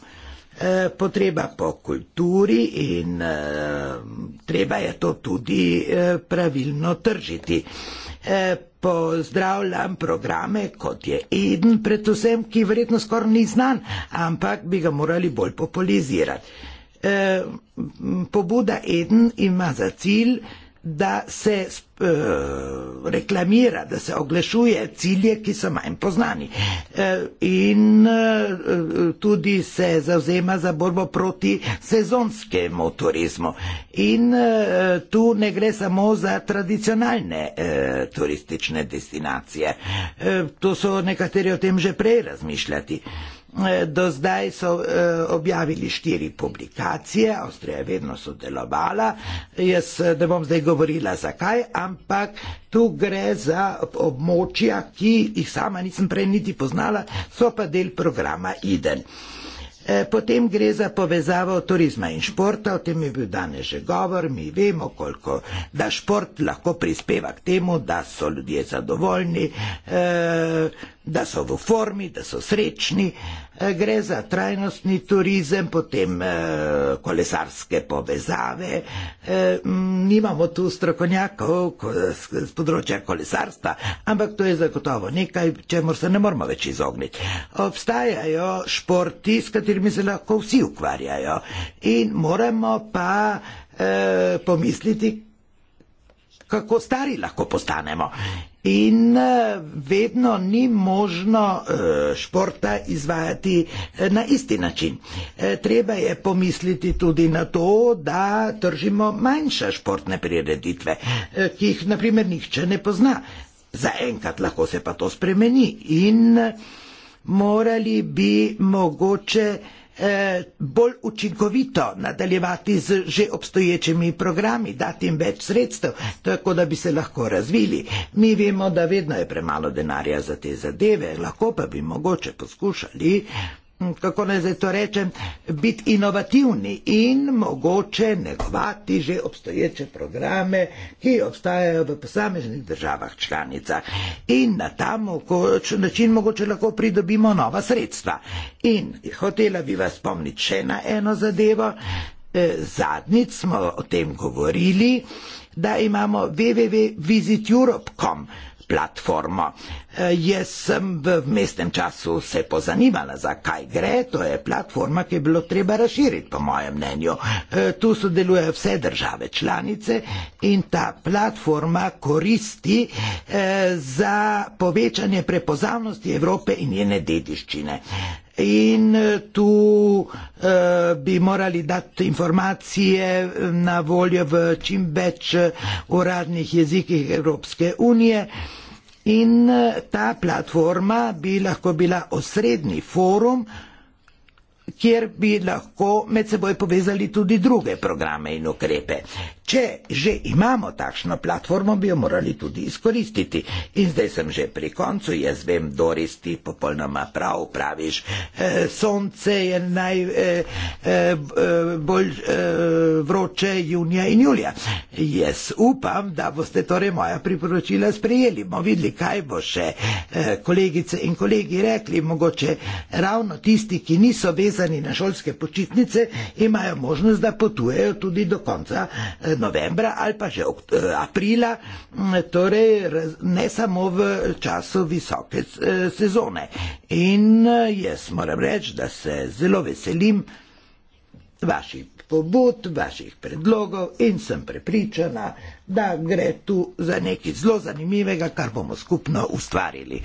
[SPEAKER 2] Eh, potreba po kulturi in eh, treba je to tudi eh, pravilno tržiti. Pozdravljam programe kot je Eden, predvsem, ki verjetno skoraj ni znan, ampak bi ga morali bolj popularizirati. Pobuda Eden ima za cilj, da se eh, reklamira, da se oglašuje cilje, ki so manj poznani. Eh, in eh, tudi se zauzema za borbo proti sezonskemu turizmu. In eh, tu ne gre samo za tradicionalne eh, turistične destinacije. Eh, to so nekateri o tem že prej razmišljati. Eh, Eh, do zdaj so eh, objavili štiri publikacije, Avstrija je vedno sodelovala. Jaz eh, ne bom zdaj govorila, zakaj, ampak tu gre za območja, ki jih sama nisem prej niti poznala, so pa del programa IDEN. Potem gre za povezavo turizma in športa, o tem je bil danes že govor, mi vemo, koliko da šport lahko prispeva k temu, da so ljudje zadovoljni, da so v formi, da so srečni. Eh, gre za trajnostni turizem, potem eh, kolesarske povezave. Eh, nimamo tu strokovnjakov z področja kolesarstva, ampak to je zagotovo nekaj, čemu se ne moramo več izogniti. Obstajajo športi, s katerimi se lahko vsi ukvarjajo in moramo pa pomisliti, kako stari lahko postanemo in eh, vedno ni možno eh, športa izvajati eh, na isti način. Treba je pomisliti tudi na to, da držimo manjše športne prireditve, ki jih naprimer nihče ne pozna. Zaenkrat lahko se pa to spremeni in morali bi mogoče Eh, bolj učinkovito nadaljevati z že obstoječimi programi, dati jim več sredstev, tako da bi se lahko razvili. Mi vemo, da vedno je premalo denarja za te zadeve, lahko pa bi mogoče poskušali kako naj zdaj to rečem, biti inovativni in mogoče negovati že obstoječe programe, ki obstajajo v posameznih državah članicah. In na ta mogoč, način mogoče lahko pridobimo nova sredstva. In hotela bi vas spomniti še na eno zadevo. E, zadnjič smo o tem govorili, da imamo www.visit Europe.com platformo. E, jaz sem v mestnem času se pozanimala, zakaj gre. To je platforma, ki je bilo treba razširiti, po mojem mnenju. E, tu sodelujejo vse države članice in ta platforma koristi e, za povečanje prepoznavnosti Evrope in njene dediščine in eh, tu eh, bi morali dati informacije eh, na voljo v čim več uradnih jezikih Evropske unije. In ta platforma bi lahko bila osrednji forum, kjer bi lahko med seboj povezali tudi druge programe in ukrepe. Če že imamo takšno platformo, bi jo morali tudi izkoristiti. In zdaj sem že pri koncu, jaz vem, Doris, ti popolnoma prav praviš. E, sonce je najbolj e, e, e, e, vroče junija in julija. Jaz upam, da boste torej moja priporočila sprejeli. Bomo videli, kaj bo še e, kolegice in kolegi rekli. Mogoče ravno tisti, ki niso vezani na šolske počitnice, imajo možnost, da potujejo tudi do konca. E, novembra ali pa že eh, aprila, torej ne samo v času visoke eh, sezone. In eh, jaz moram reči, da se zelo veselim vaših pobud, vaših predlogov in sem prepričana, da gre tu za nekaj zelo zanimivega, kar bomo skupno ustvarili.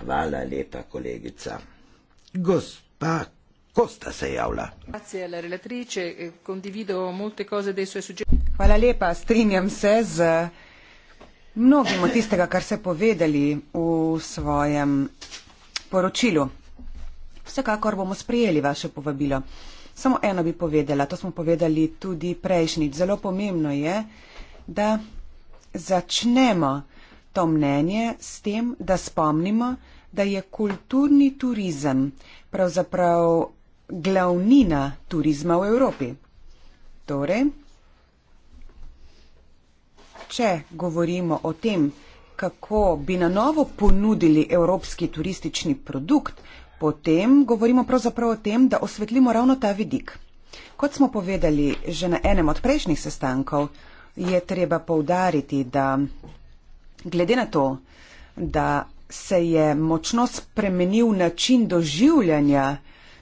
[SPEAKER 2] Hvala lepa, kolegica. Gospa.
[SPEAKER 5] Costa se javlja. Grazie alla relatrice, condivido molte cose dei suoi suggerimenti. Hvala lepa. Strinjam se z mnogim od tistega, kar ste povedali v svojem poročilu. Vsekakor bomo sprejeli vaše povabilo. Samo eno bi povedala, to smo povedali tudi prejšnjič. Zelo pomembno je, da začnemo to mnenje s tem, da spomnimo, da je kulturni turizem pravzaprav glavnina turizma v Evropi. Torej, če govorimo o tem, kako bi na novo ponudili evropski turistični produkt, potem govorimo pravzaprav o tem, da osvetlimo ravno ta vidik. Kot smo povedali že na enem od prejšnjih sestankov, je treba povdariti, da glede na to, da se je močno spremenil način doživljanja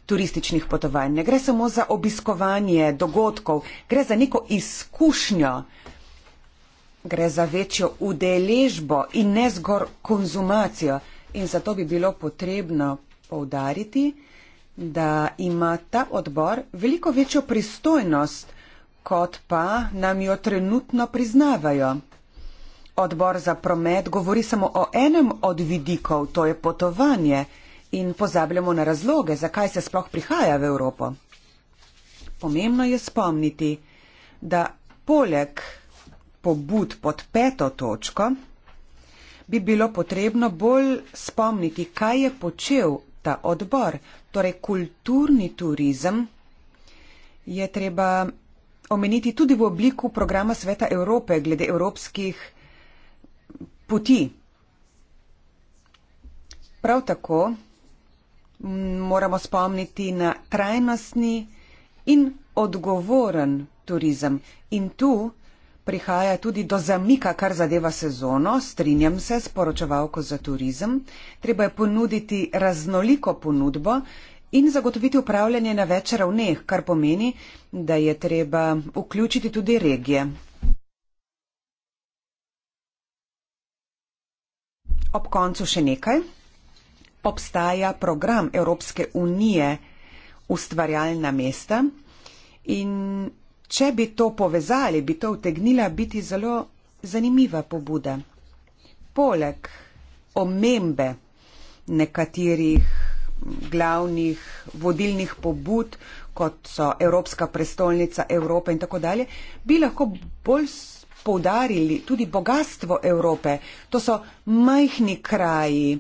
[SPEAKER 5] turističnih potovanj, ne gre samo za obiskovanje dogodkov, gre za neko izkušnjo, gre za večjo udeležbo in ne zgolj konzumacijo. In zato bi bilo potrebno povdariti, da ima ta odbor veliko večjo pristojnost, kot pa nam jo trenutno priznavajo. Odbor za promet govori samo o enem od vidikov, to je potovanje in pozabljamo na razloge, zakaj se sploh prihaja v Evropo. Pomembno je spomniti, da poleg pobud pod peto točko, bi bilo potrebno bolj spomniti, kaj je počel ta odbor. Torej, kulturni turizem je treba omeniti tudi v obliku programa Sveta Evrope glede evropskih poti. Prav tako moramo spomniti na trajnostni in odgovoren turizem. In tu prihaja tudi do zamika, kar zadeva sezono, strinjam se s poročevalko za turizem. Treba je ponuditi raznoliko ponudbo in zagotoviti upravljanje na več ravneh, kar pomeni, da je treba vključiti tudi regije. Ob koncu še nekaj. Obstaja program Evropske unije ustvarjalna mesta in če bi to povezali, bi to vtegnila biti zelo zanimiva pobuda. Poleg omembe nekaterih glavnih vodilnih pobud, kot so Evropska prestolnica Evrope in tako dalje, bi lahko bolj poudarili tudi bogatstvo Evrope. To so majhni kraji,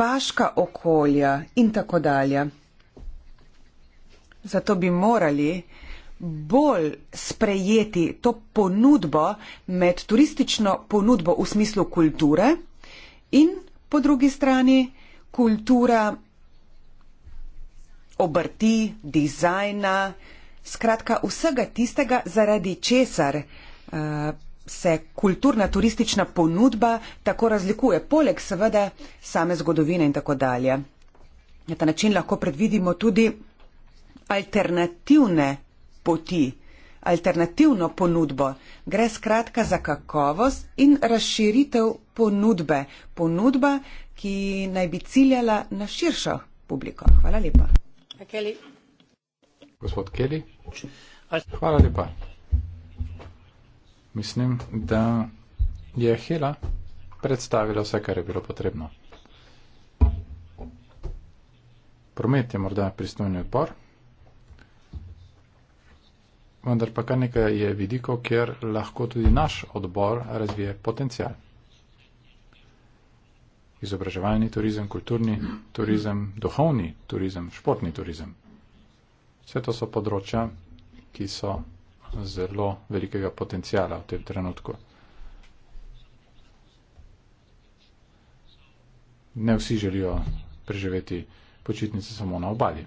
[SPEAKER 5] vaška okolja in tako dalje. Zato bi morali bolj sprejeti to ponudbo med turistično ponudbo v smislu kulture in po drugi strani kultura obrti, dizajna, skratka vsega tistega, zaradi česar uh, se kulturna turistična ponudba tako razlikuje, poleg seveda same zgodovine in tako dalje. Na ta način lahko predvidimo tudi alternativne poti, alternativno ponudbo. Gre skratka za kakovost in razširitev ponudbe. Ponudba, ki naj bi ciljala na širšo publiko. Hvala lepa.
[SPEAKER 1] Kelly.
[SPEAKER 3] Gospod Keli. Hvala lepa. Mislim, da je Hila predstavila vse, kar je bilo potrebno. Promet je morda pristojni odpor vendar pa kar nekaj je vidikov, kjer lahko tudi naš odbor razvije potencial. Izobraževalni turizem, kulturni turizem, duhovni turizem, športni turizem. Vse to so področja, ki so zelo velikega potencijala v tem trenutku. Ne vsi želijo preživeti počitnice samo na obali.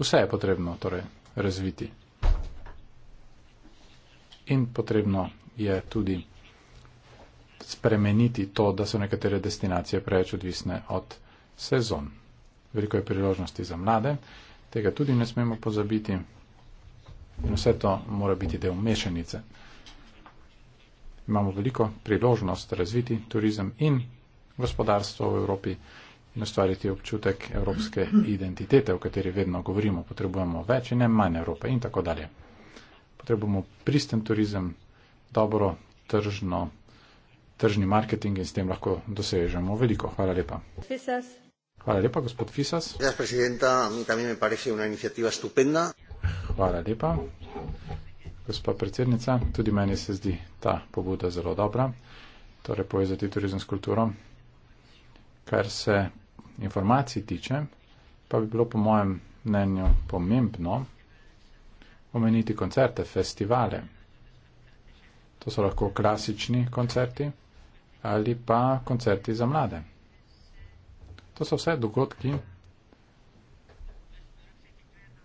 [SPEAKER 3] Vse je potrebno torej razviti in potrebno je tudi spremeniti to, da so nekatere destinacije preveč odvisne od sezon. Veliko je priložnosti za mlade, tega tudi ne smemo pozabiti in vse to mora biti del mešanice. Imamo veliko priložnost razviti turizem in gospodarstvo v Evropi in ustvariti občutek evropske identitete, o kateri vedno govorimo, potrebujemo več in ne manj Evrope in tako dalje potrebujemo pristen turizem, dobro tržno, tržni marketing in s tem lahko dosežemo veliko. Hvala lepa. Fisas. Hvala lepa, gospod Fisas. Gracias, Hvala lepa, gospa predsednica. Tudi meni se zdi ta pobuda zelo dobra, torej povezati turizem s kulturo. Kar se informacij tiče, pa bi bilo po mojem mnenju pomembno, omeniti koncerte, festivale. To so lahko klasični koncerti ali pa koncerti za mlade. To so vse dogodki,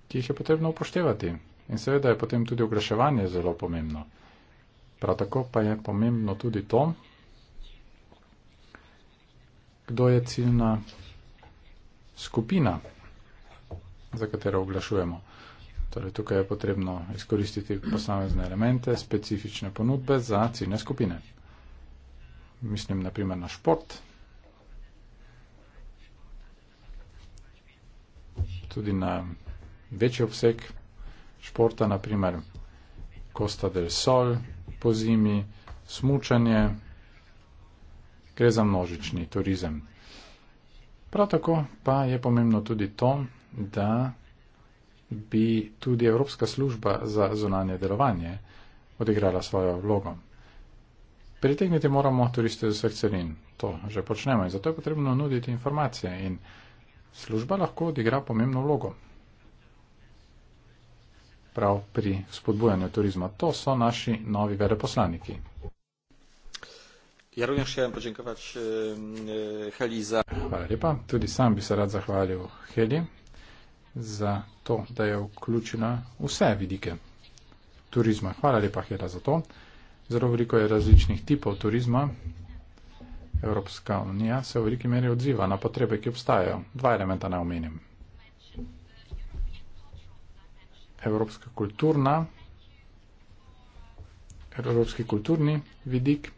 [SPEAKER 3] ki jih je potrebno upoštevati. In seveda je potem tudi oglaševanje zelo pomembno. Prav tako pa je pomembno tudi to, kdo je ciljna skupina, za katero oglašujemo. Torej, tukaj je potrebno izkoristiti posamezne elemente, specifične ponudbe za ciljne skupine. Mislim naprimer na šport. Tudi na večji obseg športa, naprimer Costa del Sol po zimi, smučanje, gre za množični turizem. Prav tako pa je pomembno tudi to, da bi tudi Evropska služba za zunanje delovanje odigrala svojo vlogo. Pritegniti moramo turiste z vseh celin, to že počnemo in zato je potrebno nuditi informacije in služba lahko odigra pomembno vlogo. Prav pri spodbujanju turizma, to so naši novi veleposlaniki. Ja, rovnjo še en počinkovač Heli za. Hvala lepa, tudi sam bi se rad zahvalil Heli za to, da je vključena vse vidike turizma. Hvala lepa, Hela, za to. Zelo veliko je različnih tipov turizma. Evropska unija se v veliki meri odziva na potrebe, ki obstajajo. Dva elementa naj omenim. Evropska kulturna, evropski kulturni vidik.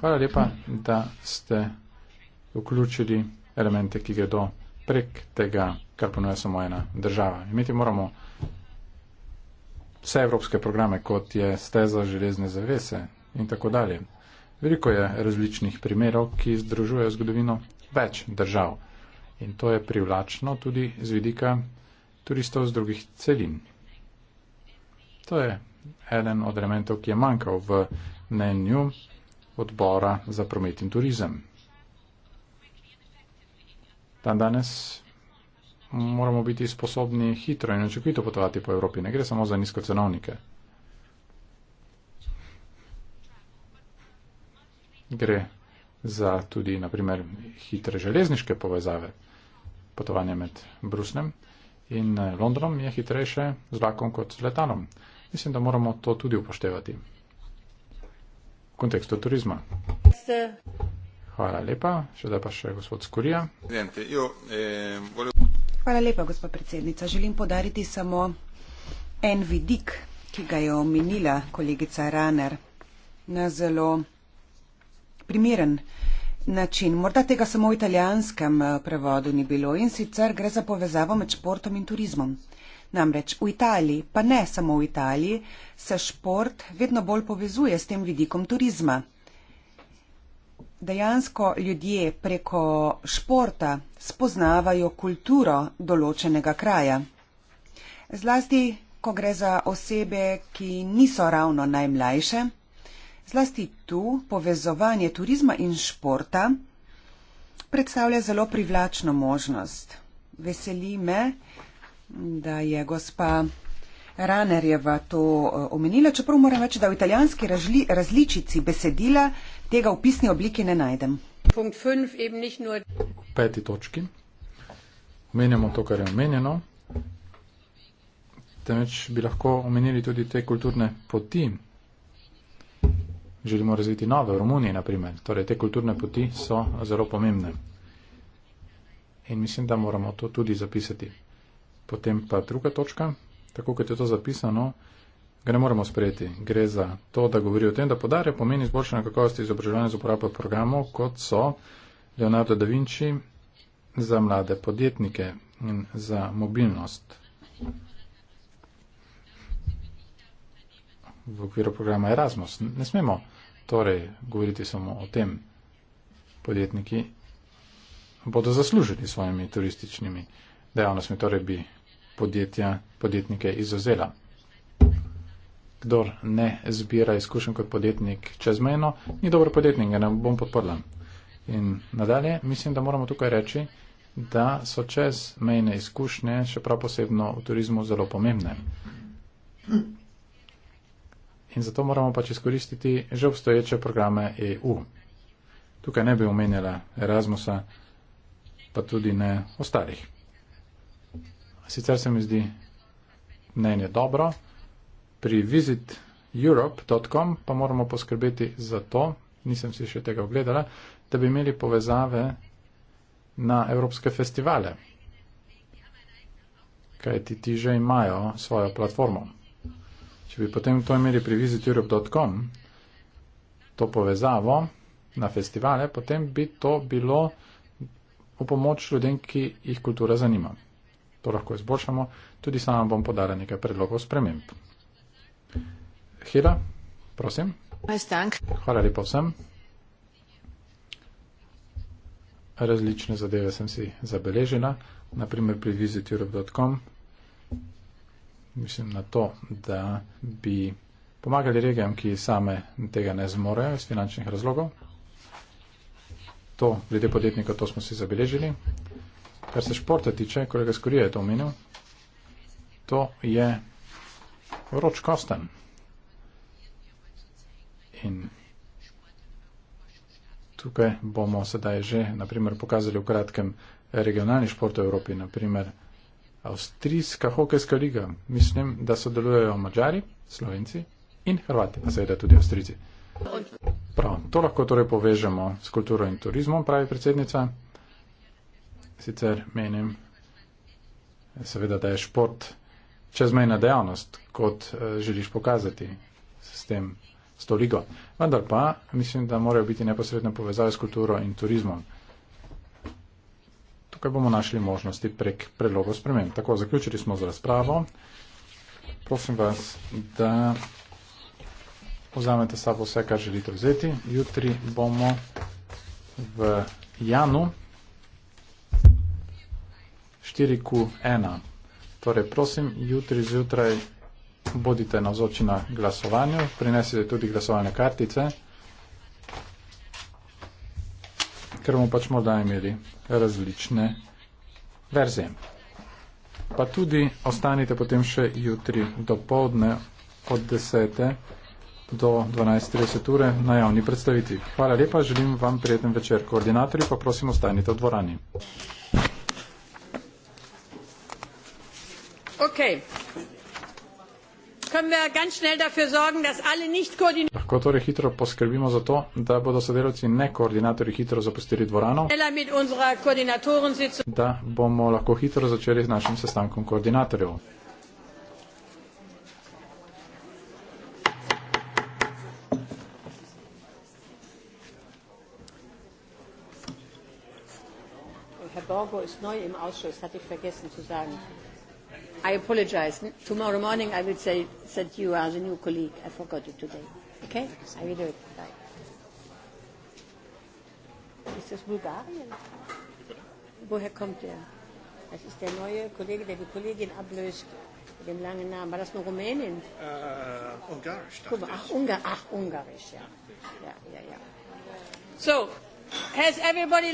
[SPEAKER 3] Hvala lepa, da ste vključili elemente, ki gredo prek tega kar ponuja samo ena država. Imeti moramo vse evropske programe, kot je steza železne zavese in tako dalje. Veliko je različnih primerov, ki združujejo zgodovino več držav in to je privlačno tudi z vidika turistov z drugih celin. To je eden od elementov, ki je manjkal v mnenju odbora za promet in turizem. Dan danes moramo biti sposobni hitro in očekito potovati po Evropi. Ne gre samo za nizko cenovnike. Gre za tudi, naprimer, hitre železniške povezave. Potovanje med Brusnem in eh, Londonom je hitrejše z vlakom kot z letalom. Mislim, da moramo to tudi upoštevati v kontekstu turizma. Hvala lepa. Še zdaj pa še gospod Skurija.
[SPEAKER 5] Hvala lepa, gospod predsednica. Želim podariti samo en vidik, ki ga je omenila kolegica Raner na zelo primeren način. Morda tega samo v italijanskem eh, prevodu ni bilo in sicer gre za povezavo med športom in turizmom. Namreč v Italiji, pa ne samo v Italiji, se šport vedno bolj povezuje s tem vidikom turizma dejansko ljudje preko športa spoznavajo kulturo določenega kraja. Zlasti, ko gre za osebe, ki niso ravno najmlajše, zlasti tu povezovanje turizma in športa predstavlja zelo privlačno možnost. Veseli me, da je gospa Raner je v to e, omenila, čeprav moram reči, da v italijanski razli, različici besedila tega v pisni obliki ne najdem.
[SPEAKER 1] V
[SPEAKER 3] peti točki omenjamo to, kar je omenjeno, temveč bi lahko omenili tudi te kulturne poti. Želimo razviti nove v Romuniji, naprimer. Torej, te kulturne poti so zelo pomembne. In mislim, da moramo to tudi zapisati. Potem pa druga točka, tako kot je to zapisano, ga ne moremo sprejeti. Gre za to, da govori o tem, da podarja pomeni izboljšanje kakovosti izobraževanja z uporabo programov, kot so Leonardo da Vinci za mlade podjetnike in za mobilnost. V okviru programa Erasmus ne smemo torej govoriti samo o tem. Podjetniki bodo zaslužili svojimi turističnimi dejavnostmi, torej bi podjetja, podjetnike izuzela. Kdor ne zbira izkušen kot podjetnik čezmejno, ni dober podjetnik, ga ne bom podprla. In nadalje mislim, da moramo tukaj reči, da so čezmejne izkušnje, še prav posebno v turizmu, zelo pomembne. In zato moramo pač izkoristiti že obstoječe programe EU. Tukaj ne bi omenjala Erasmusa, pa tudi ne ostalih. Sicer se mi zdi mnenje dobro. Pri visiteurope.com pa moramo poskrbeti za to, nisem si še tega ogledala, da bi imeli povezave na evropske festivale. Kaj ti ti že imajo svojo platformo. Če bi potem to imeli pri visiteurope.com, to povezavo na festivale, potem bi to bilo v pomoč ljudem, ki jih kultura zanima to lahko izboljšamo, tudi sama bom podala nekaj predlogov sprememb. Hila, prosim. Hvala lepa vsem. Različne zadeve sem si zabeležila, naprimer pri visiteurope.com. Mislim na to, da bi pomagali regijam, ki same tega ne zmorejo iz finančnih razlogov. To, glede podjetnika, to smo si zabeležili kar se športa tiče, kolega Skorija je to omenil, to je vroč kosten. In tukaj bomo sedaj že, naprimer, pokazali v kratkem regionalni šport v Evropi, naprimer Avstrijska hokejska liga. Mislim, da sodelujejo Mačari, Slovenci in Hrvati, pa seveda tudi Avstrici. Prav, to lahko torej povežemo s kulturo in turizmom, pravi predsednica sicer menim, seveda, da je šport čezmejna dejavnost, kot eh, želiš pokazati s tem, s to ligo. Vendar pa mislim, da morajo biti neposredne povezave s kulturo in turizmom. Tukaj bomo našli možnosti prek predlogov sprememb. Tako, zaključili smo z razpravo. Prosim vas, da vzamete s sabo vse, kar želite vzeti. Jutri bomo v Janu. 4Q1. Torej, prosim, jutri zjutraj bodite navzoči na glasovanju, prinesite tudi glasovalne kartice, ker bomo pač morda imeli različne verzije. Pa tudi ostanite potem še jutri do povdne od 10. do 12.30 ure na javni predstavitvi. Hvala lepa, želim vam prijeten večer. Koordinatorji pa prosim ostanite v dvorani. Okay. Lahko torej hitro poskrbimo za to, da bodo sodelovci in ne koordinatorji hitro zapustili dvorano, da bomo lahko hitro začeli z našim sestankom koordinatorjev.
[SPEAKER 1] Herr Borgo je nov v ausschuss, hatte ich vergessen zu sagen. I apologize. Tomorrow morning I will say that you are the new colleague. I forgot it today. Okay? I will do it. Bye. Is this Bulgarien? Woher kommt der? Das ist der neue Kollege, der die Kollegin ablöst. Mit dem langen Namen. War das nur Rumänien?
[SPEAKER 2] Uh, Ungarisch. Guck mal, ach, Ungar,
[SPEAKER 1] ach, Ungarisch, ja. Ja, ja, ja. So, has everybody